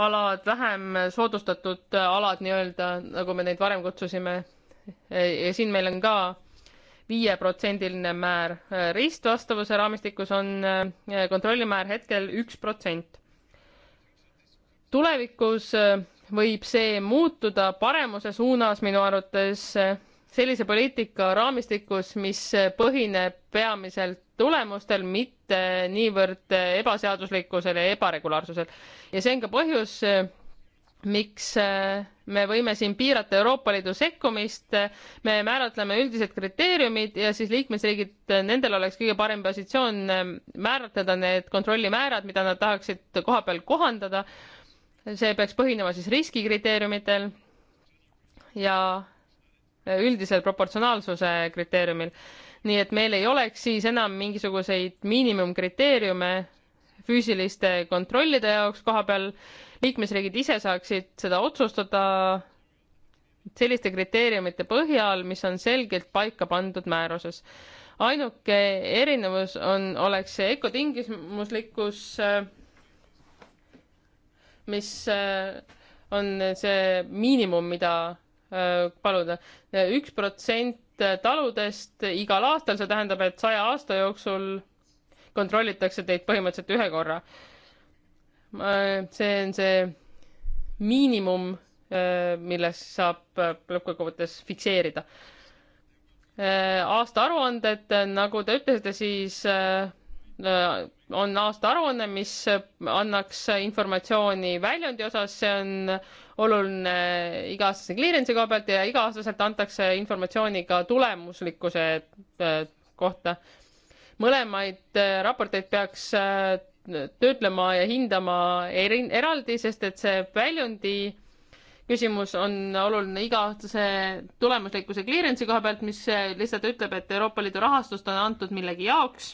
alad, vähem soodustatud alad nii-öelda, nagu me neid varem kutsusime. ja siin meil on ka viieprotsendiline määr. ristvastavuse raamistikus on äh, kontrollimäär hetkel üks protsent. tulevikus äh, võib see muutuda paremuse suunas minu arvates äh, sellise poliitika raamistikus, mis põhineb peamiselt tulemustel, mitte niivõrd ebaseaduslikkusel ja ebaregulaarsusel. ja see on ka põhjus, miks äh, me võime siin piirata Euroopa Liidu sekkumist, me määratleme üldised kriteeriumid ja siis liikmesriigid, nendel oleks kõige parem positsioon äh, määratleda need kontrollimäärad, mida nad tahaksid koha peal kohandada. see peaks põhinema siis riskikriteeriumitel ja üldisel proportsionaalsuse kriteeriumil nii et meil ei oleks siis enam mingisuguseid miinimumkriteeriume füüsiliste kontrollide jaoks koha peal, liikmesriigid ise saaksid seda otsustada selliste kriteeriumite põhjal, mis on selgelt paika pandud määruses. ainuke erinevus on, oleks see ökotingimuslikkus, mis äh, on see miinimum, mida äh, paluda. üks protsent taludest igal aastal, see tähendab, et saja aasta jooksul kontrollitakse teid põhimõtteliselt ühe korra. see on see miinimum, äh, milles saab äh, lõppkokkuvõttes fikseerida. Äh, aastaaruanded, nagu te ütlesite, siis on aastaaruanne, mis annaks informatsiooni väljundi osas, see on oluline iga-aastase clearance'i koha pealt ja iga-aastaselt antakse informatsiooni ka tulemuslikkuse äh, kohta. mõlemaid äh, raporteid peaks äh, töötlema ja hindama eri, eraldi, sest et see väljundi küsimus on oluline iga-aastase tulemuslikkuse clearance'i koha pealt, mis lihtsalt ütleb, et Euroopa Liidu rahastust on antud millegi jaoks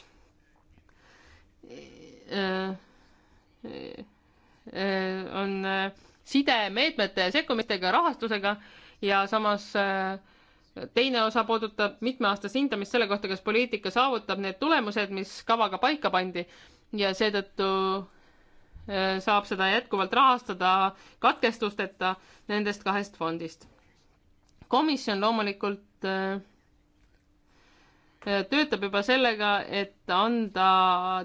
Äh, äh, äh, on sidemeetmete ja sekkumistega, rahastusega ja samas teine osa puudutab mitmeaastast hindamist selle kohta, kas poliitika saavutab need tulemused, mis kavaga paika pandi ja seetõttu saab seda jätkuvalt rahastada katkestusteta nendest kahest fondist. komisjon loomulikult äh, töötab juba sellega, et anda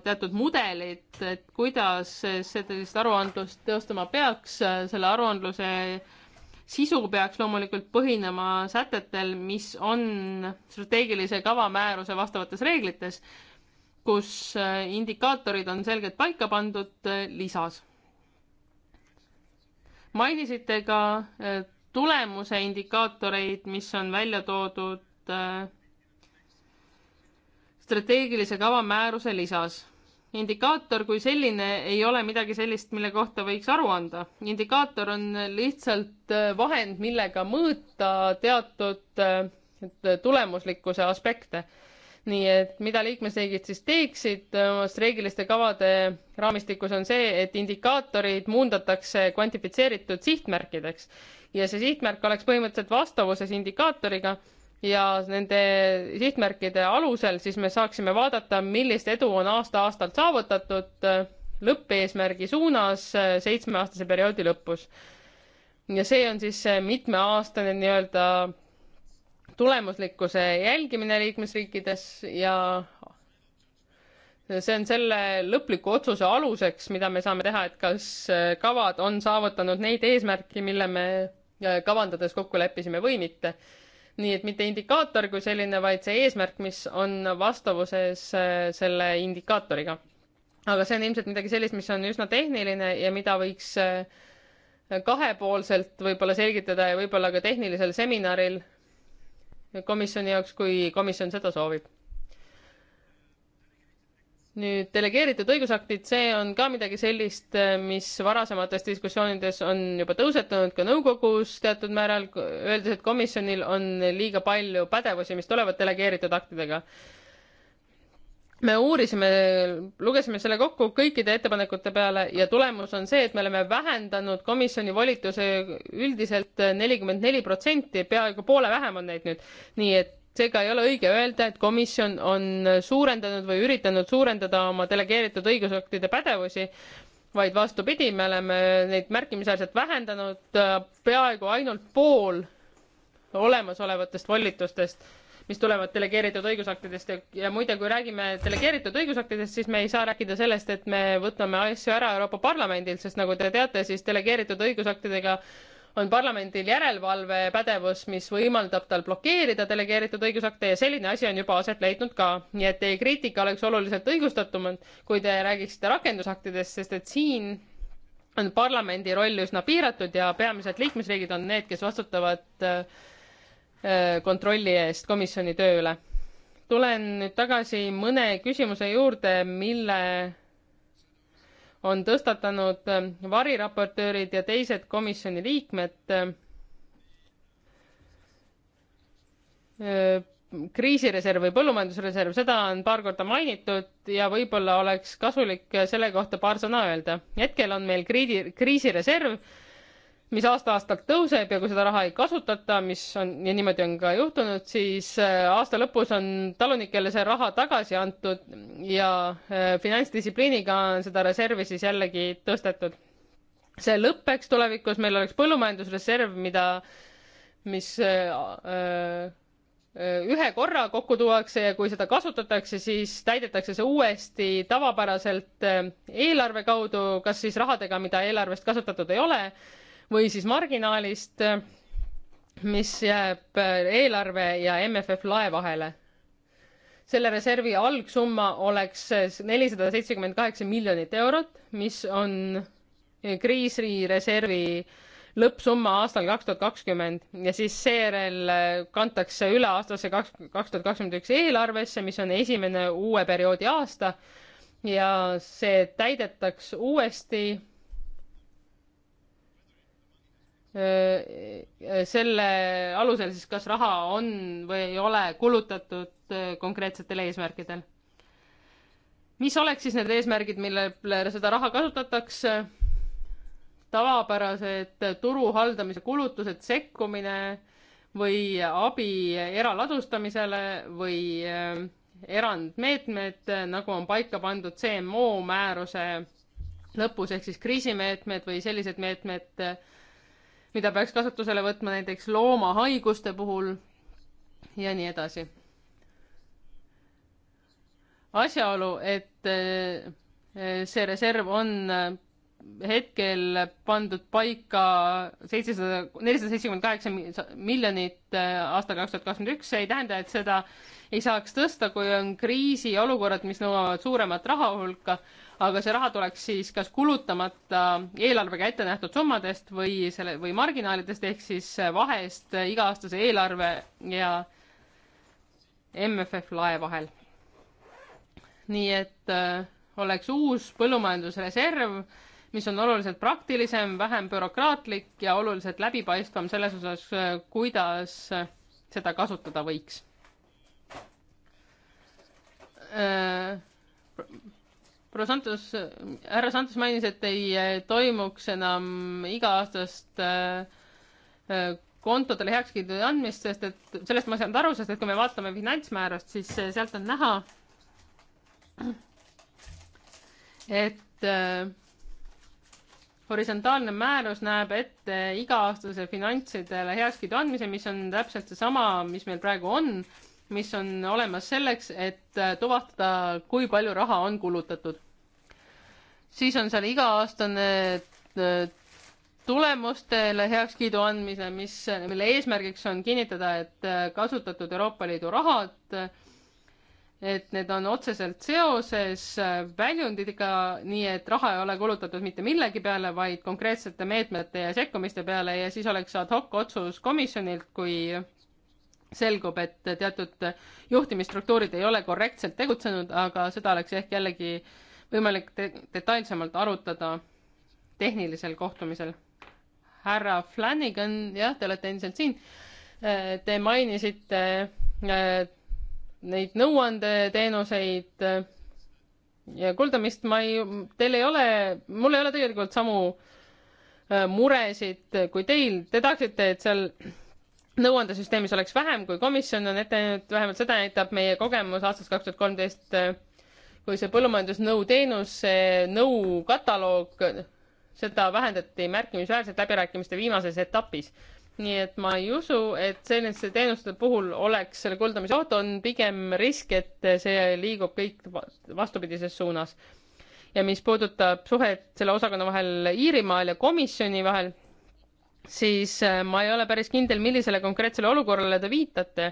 teatud mudelid, et kuidas sellist aruandlust teostama peaks, selle aruandluse sisu peaks loomulikult põhinema sätetel, mis on strateegilise kava määruse vastavates reeglites, kus indikaatorid on selgelt paika pandud lisas. mainisite ka tulemuse indikaatoreid, mis on välja toodud strateegilise kava määruse lisas. indikaator kui selline ei ole midagi sellist, mille kohta võiks aru anda. indikaator on lihtsalt äh, vahend, millega mõõta teatud äh, tulemuslikkuse aspekte. nii et mida liikmesriigid siis teeksid oma äh, strateegiliste kavade raamistikus on see, et indikaatorid muundatakse kvantifitseeritud sihtmärkideks ja see sihtmärk oleks põhimõtteliselt vastavuses indikaatoriga ja nende sihtmärkide alusel, siis me saaksime vaadata, millist edu on aasta-aastalt saavutatud äh, lõppeesmärgi suunas äh, seitsmeaastase perioodi lõpus. ja see on siis see mitmeaastane nii-öelda tulemuslikkuse jälgimine liikmesriikides ja see on selle lõpliku otsuse aluseks, mida me saame teha, et kas äh, kavad on saavutanud neid eesmärki, mille me kavandades kokku leppisime või mitte nii et mitte indikaator kui selline, vaid see eesmärk, mis on vastavuses äh, selle indikaatoriga. aga see on ilmselt midagi sellist, mis on üsna tehniline ja mida võiks äh, kahepoolselt võib-olla selgitada ja võib-olla ka tehnilisel seminaril komisjoni jaoks, kui komisjon seda soovib nüüd delegeeritud õigusaktid, see on ka midagi sellist, äh, mis varasemates diskussioonides on juba tõusetunud ka nõukogus teatud määral, öeldes, et komisjonil on liiga palju pädevusi, mis tulevad delegeeritud aktidega. me uurisime, lugesime selle kokku kõikide ettepanekute peale ja tulemus on see, et me oleme vähendanud komisjoni volituse üldiselt äh, nelikümmend neli protsenti, peaaegu poole vähem on neid nüüd, nii et seega ei ole õige öelda, et komisjon on suurendanud või üritanud suurendada oma delegeeritud õigusaktide pädevusi, vaid vastupidi, me oleme neid märkimisväärselt vähendanud äh, peaaegu ainult pool olemasolevatest volitustest, mis tulevad delegeeritud õigusaktidest ja, ja muide, kui räägime delegeeritud õigusaktidest, siis me ei saa rääkida sellest, et me võtame asju ära Euroopa Parlamendilt, sest nagu te teate, siis delegeeritud õigusaktidega äh, on parlamendil järelevalvepädevus, mis võimaldab tal blokeerida delegeeritud õigusakte ja selline asi on juba aset leidnud ka. nii et teie kriitika oleks oluliselt õigustatum, kui te räägiksite rakendusaktidest, sest et siin on parlamendi roll üsna piiratud ja peamiselt liikmesriigid on need, kes vastutavad äh, äh, kontrolli eest komisjoni töö üle. tulen nüüd tagasi mõne küsimuse juurde, mille on tõstatanud ähm, variraportöörid ja teised komisjoni liikmed ähm, äh, kriisireserv või põllumajandusreserv, seda on paar korda mainitud ja võib-olla oleks kasulik äh, selle kohta paar sõna öelda. hetkel on meil kriidi, kriisireserv mis aasta-aastalt tõuseb ja kui seda raha ei kasutata, mis on ja niimoodi on ka juhtunud, siis äh, aasta lõpus on talunikele see raha tagasi antud ja äh, finantsdistsipliiniga on seda reservi siis jällegi tõstetud. see lõpeks tulevikus, meil oleks põllumajandusreserv, mida, mis öö, äh, ühe korra kokku tuuakse ja kui seda kasutatakse, siis täidetakse see uuesti tavapäraselt eelarve kaudu, kas siis rahadega, mida eelarvest kasutatud ei ole või siis marginaalist, mis jääb äh, eelarve ja MFF lae vahele. selle reservi algsumma oleks äh, nelisada seitsekümmend kaheksa miljonit eurot, mis on äh, kriisireservi lõppsumma aastal kaks tuhat kakskümmend ja siis seejärel kantakse üle aastasse kaks, kaks tuhat kakskümmend üks eelarvesse, mis on esimene uue perioodi aasta ja see täidetaks uuesti selle alusel siis, kas raha on või ei ole kulutatud konkreetsetel eesmärkidel. mis oleks siis need eesmärgid, millele seda raha kasutatakse? tavapärased turu haldamise kulutused, sekkumine või abi eraladustamisele või erandmeetmed, nagu on paika pandud CMO määruse lõpus, ehk siis kriisimeetmed või sellised meetmed, mida peaks kasutusele võtma näiteks loomahaiguste puhul ja nii edasi. asjaolu, et eh, see reserv on eh, hetkel pandud paika seitsesada, nelisada seitsekümmend kaheksa miljonit eh, aastal kaks tuhat kakskümmend üks, see ei tähenda, et seda ei saaks tõsta, kui on kriisiolukorrad, mis nõuavad suuremat raha hulka, aga see raha tuleks siis kas kulutamata eelarvega ette nähtud summadest või selle või marginaalidest ehk siis vahest iga-aastase eelarve ja MFF lae vahel. nii et öö, äh, oleks uus põllumajandusreserv, mis on oluliselt praktilisem, vähem bürokraatlik ja oluliselt läbipaistvam selles osas, kuidas seda kasutada võiks äh, proua Santos, härra Santos mainis, et ei eh, toimuks enam iga-aastast eh, eh, kontodele heakskiidu andmist, sest et sellest ma ei saanud aru, sest et kui me vaatame finantsmäärast, siis sealt on näha, et horisontaalne määrus näeb ette iga-aastase finantsidele heakskiidu andmise, mis on täpselt seesama, mis meil praegu on mis on olemas selleks, et äh, tuvastada, kui palju raha on kulutatud. siis on seal iga-aastane äh, tulemustele heakskiidu andmise, mis, mille eesmärgiks on kinnitada, et äh, kasutatud Euroopa Liidu rahad, et need on otseselt seoses väljundiga, nii et raha ei ole kulutatud mitte millegi peale, vaid konkreetsete meetmete ja sekkumiste peale ja siis oleks ad hoc otsus komisjonilt, kui selgub, et teatud juhtimisstruktuurid ei ole korrektselt tegutsenud, aga seda oleks ehk jällegi võimalik te detailsemalt arutada tehnilisel kohtumisel. härra Flanagan, jah, te olete endiselt siin. Äh, te mainisite äh, neid nõuandeteenuseid äh, ja kuldamist ma ei, teil ei ole, mul ei ole tegelikult samu muresid kui teil, te tahaksite, et seal nõuandesüsteemis oleks vähem, kui komisjon on ette näinud, vähemalt seda näitab meie kogemus aastast kaks tuhat kolmteist, kui see põllumajandusnõu teenus, see nõu kataloog, seda vähendati märkimisväärselt läbirääkimiste viimases etapis. nii et ma ei usu, et selliste teenuste puhul oleks selle kuldamise oht, on pigem risk, et see liigub kõik vastupidises suunas. ja mis puudutab suhet selle osakonna vahel Iirimaal ja komisjoni vahel, siis äh, ma ei ole päris kindel, millisele konkreetsele olukorrale te viitate.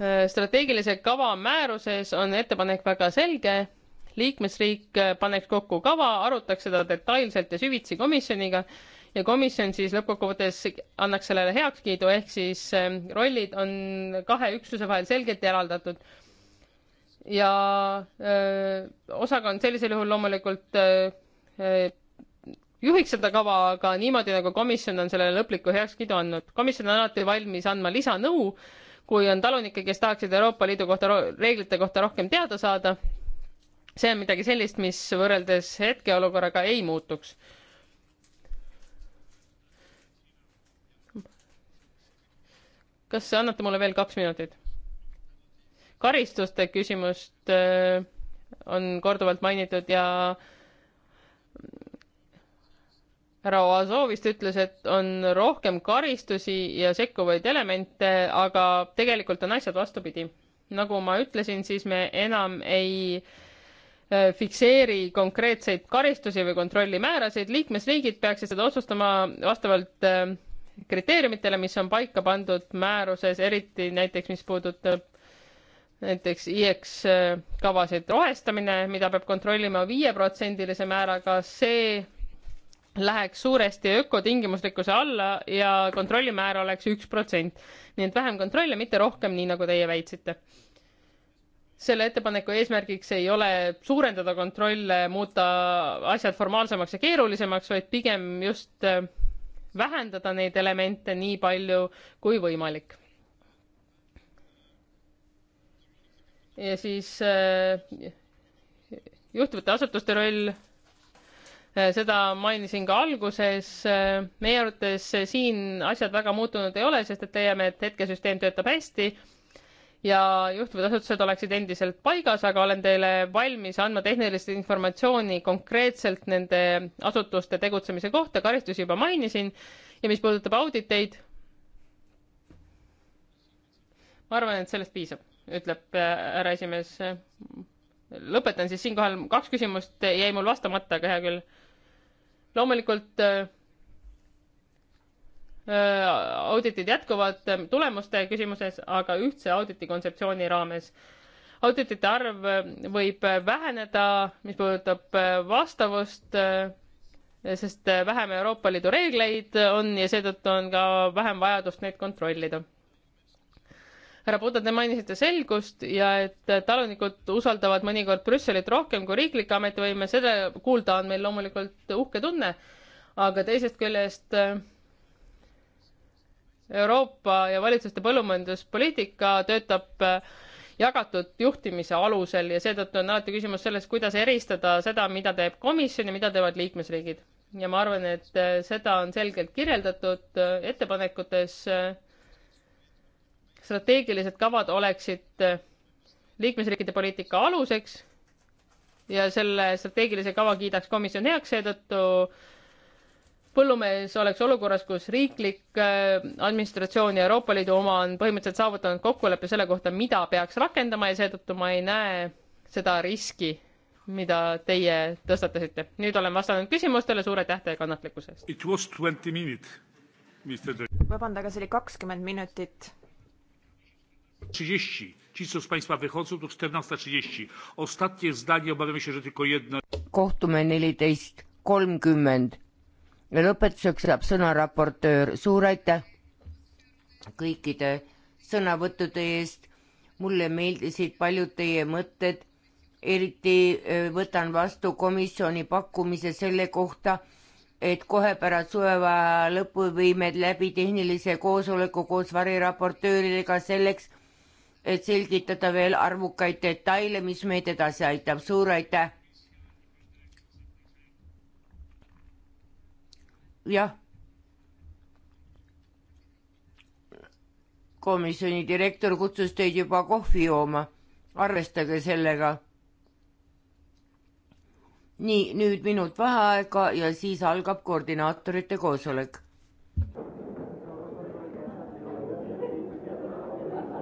Äh, strateegilise kava määruses on ettepanek väga selge, liikmesriik äh, paneks kokku kava, arutaks seda detailselt ja süvitsi komisjoniga ja komisjon siis lõppkokkuvõttes annaks sellele heakskiidu, ehk siis rollid on kahe üksuse vahel selgelt eraldatud ja öö, osakond sellisel juhul loomulikult öö, juhiks seda kava, aga niimoodi, nagu komisjon on sellele lõpliku heakskiidu andnud. komisjon on alati valmis andma lisanõu, kui on talunikke, kes tahaksid Euroopa Liidu kohta, reeglite kohta rohkem teada saada. see on midagi sellist, mis võrreldes hetkeolukorraga ei muutuks. kas annate mulle veel kaks minutit? karistuste küsimust äh, on korduvalt mainitud ja äh, härra Oazov vist ütles, et on rohkem karistusi ja sekkuvaid elemente, aga tegelikult on asjad vastupidi. nagu ma ütlesin, siis me enam ei äh, fikseeri konkreetseid karistusi või kontrollimäärasid, liikmesriigid peaksid seda otsustama vastavalt äh, kriteeriumitele, mis on paika pandud määruses, eriti näiteks, mis puudutab näiteks IX äh, kavasid rohestamine, mida peab kontrollima viieprotsendilise määraga, see läheks suuresti ökotingimuslikkuse alla ja kontrollimäär oleks üks protsent. nii et vähem kontrolle, mitte rohkem, nii nagu teie väitsite. selle ettepaneku eesmärgiks ei ole suurendada kontrolle, muuta asjad formaalsemaks ja keerulisemaks, vaid pigem just äh, vähendada neid elemente nii palju kui võimalik. ja siis äh, juhtuvate asutuste roll Äh, seda mainisin ka alguses, äh, meie arvates siin asjad väga muutunud ei ole, sest et leiame, et hetkesüsteem töötab hästi ja juhtivad asutused oleksid endiselt paigas, aga olen teile valmis andma tehnilist informatsiooni konkreetselt nende asutuste tegutsemise kohta, karistusi juba mainisin ja mis puudutab auditeid, ma arvan, et sellest piisab, ütleb äh, härra esimees. lõpetan siis siinkohal, kaks küsimust jäi mul vastamata, aga hea küll loomulikult äh, äh, auditid jätkuvad ähm, tulemuste küsimuses, aga ühtse auditi kontseptsiooni raames. auditite arv äh, võib väheneda, mis puudutab vastavust, sest vähem Euroopa Liidu reegleid on ja seetõttu on ka vähem vajadust neid kontrollida härra Puda, te mainisite selgust ja et talunikud usaldavad mõnikord Brüsselit rohkem kui riiklikke ametivõime, seda kuulda on meil loomulikult uhke tunne, aga teisest küljest äh, Euroopa ja valitsuste põllumajanduspoliitika töötab äh, jagatud juhtimise alusel ja seetõttu on alati küsimus selles, kuidas eristada seda, mida teeb komisjon ja mida teevad liikmesriigid. ja ma arvan, et äh, seda on selgelt kirjeldatud ettepanekutes strateegilised kavad oleksid äh, liikmesriikide poliitika aluseks ja selle strateegilise kava kiidaks komisjon heaks, seetõttu põllumees oleks olukorras, kus riiklik äh, administratsioon ja Euroopa Liidu oma on põhimõtteliselt saavutanud kokkuleppe selle kohta, mida peaks rakendama ja seetõttu ma ei näe seda riski, mida teie tõstatasite. nüüd olen vastanud küsimustele, suur aitäh teie kannatlikkuse eest! vabandage, see oli kakskümmend minutit kohtume neliteist kolmkümmend ja lõpetuseks saab sõna raportöör, suur aitäh kõikide sõnavõttude eest. mulle meeldisid paljud teie mõtted, eriti eh, võtan vastu komisjoni pakkumise selle kohta, et kohe pärast suvevaheaja lõppu viime läbi tehnilise koosoleku koos variraportööridega selleks, et selgitada veel arvukaid detaile, mis meid edasi aitab. suur aitäh. jah. komisjoni direktor kutsus teid juba kohvi jooma. arvestage sellega. nii, nüüd minut vaheaega ja siis algab koordinaatorite koosolek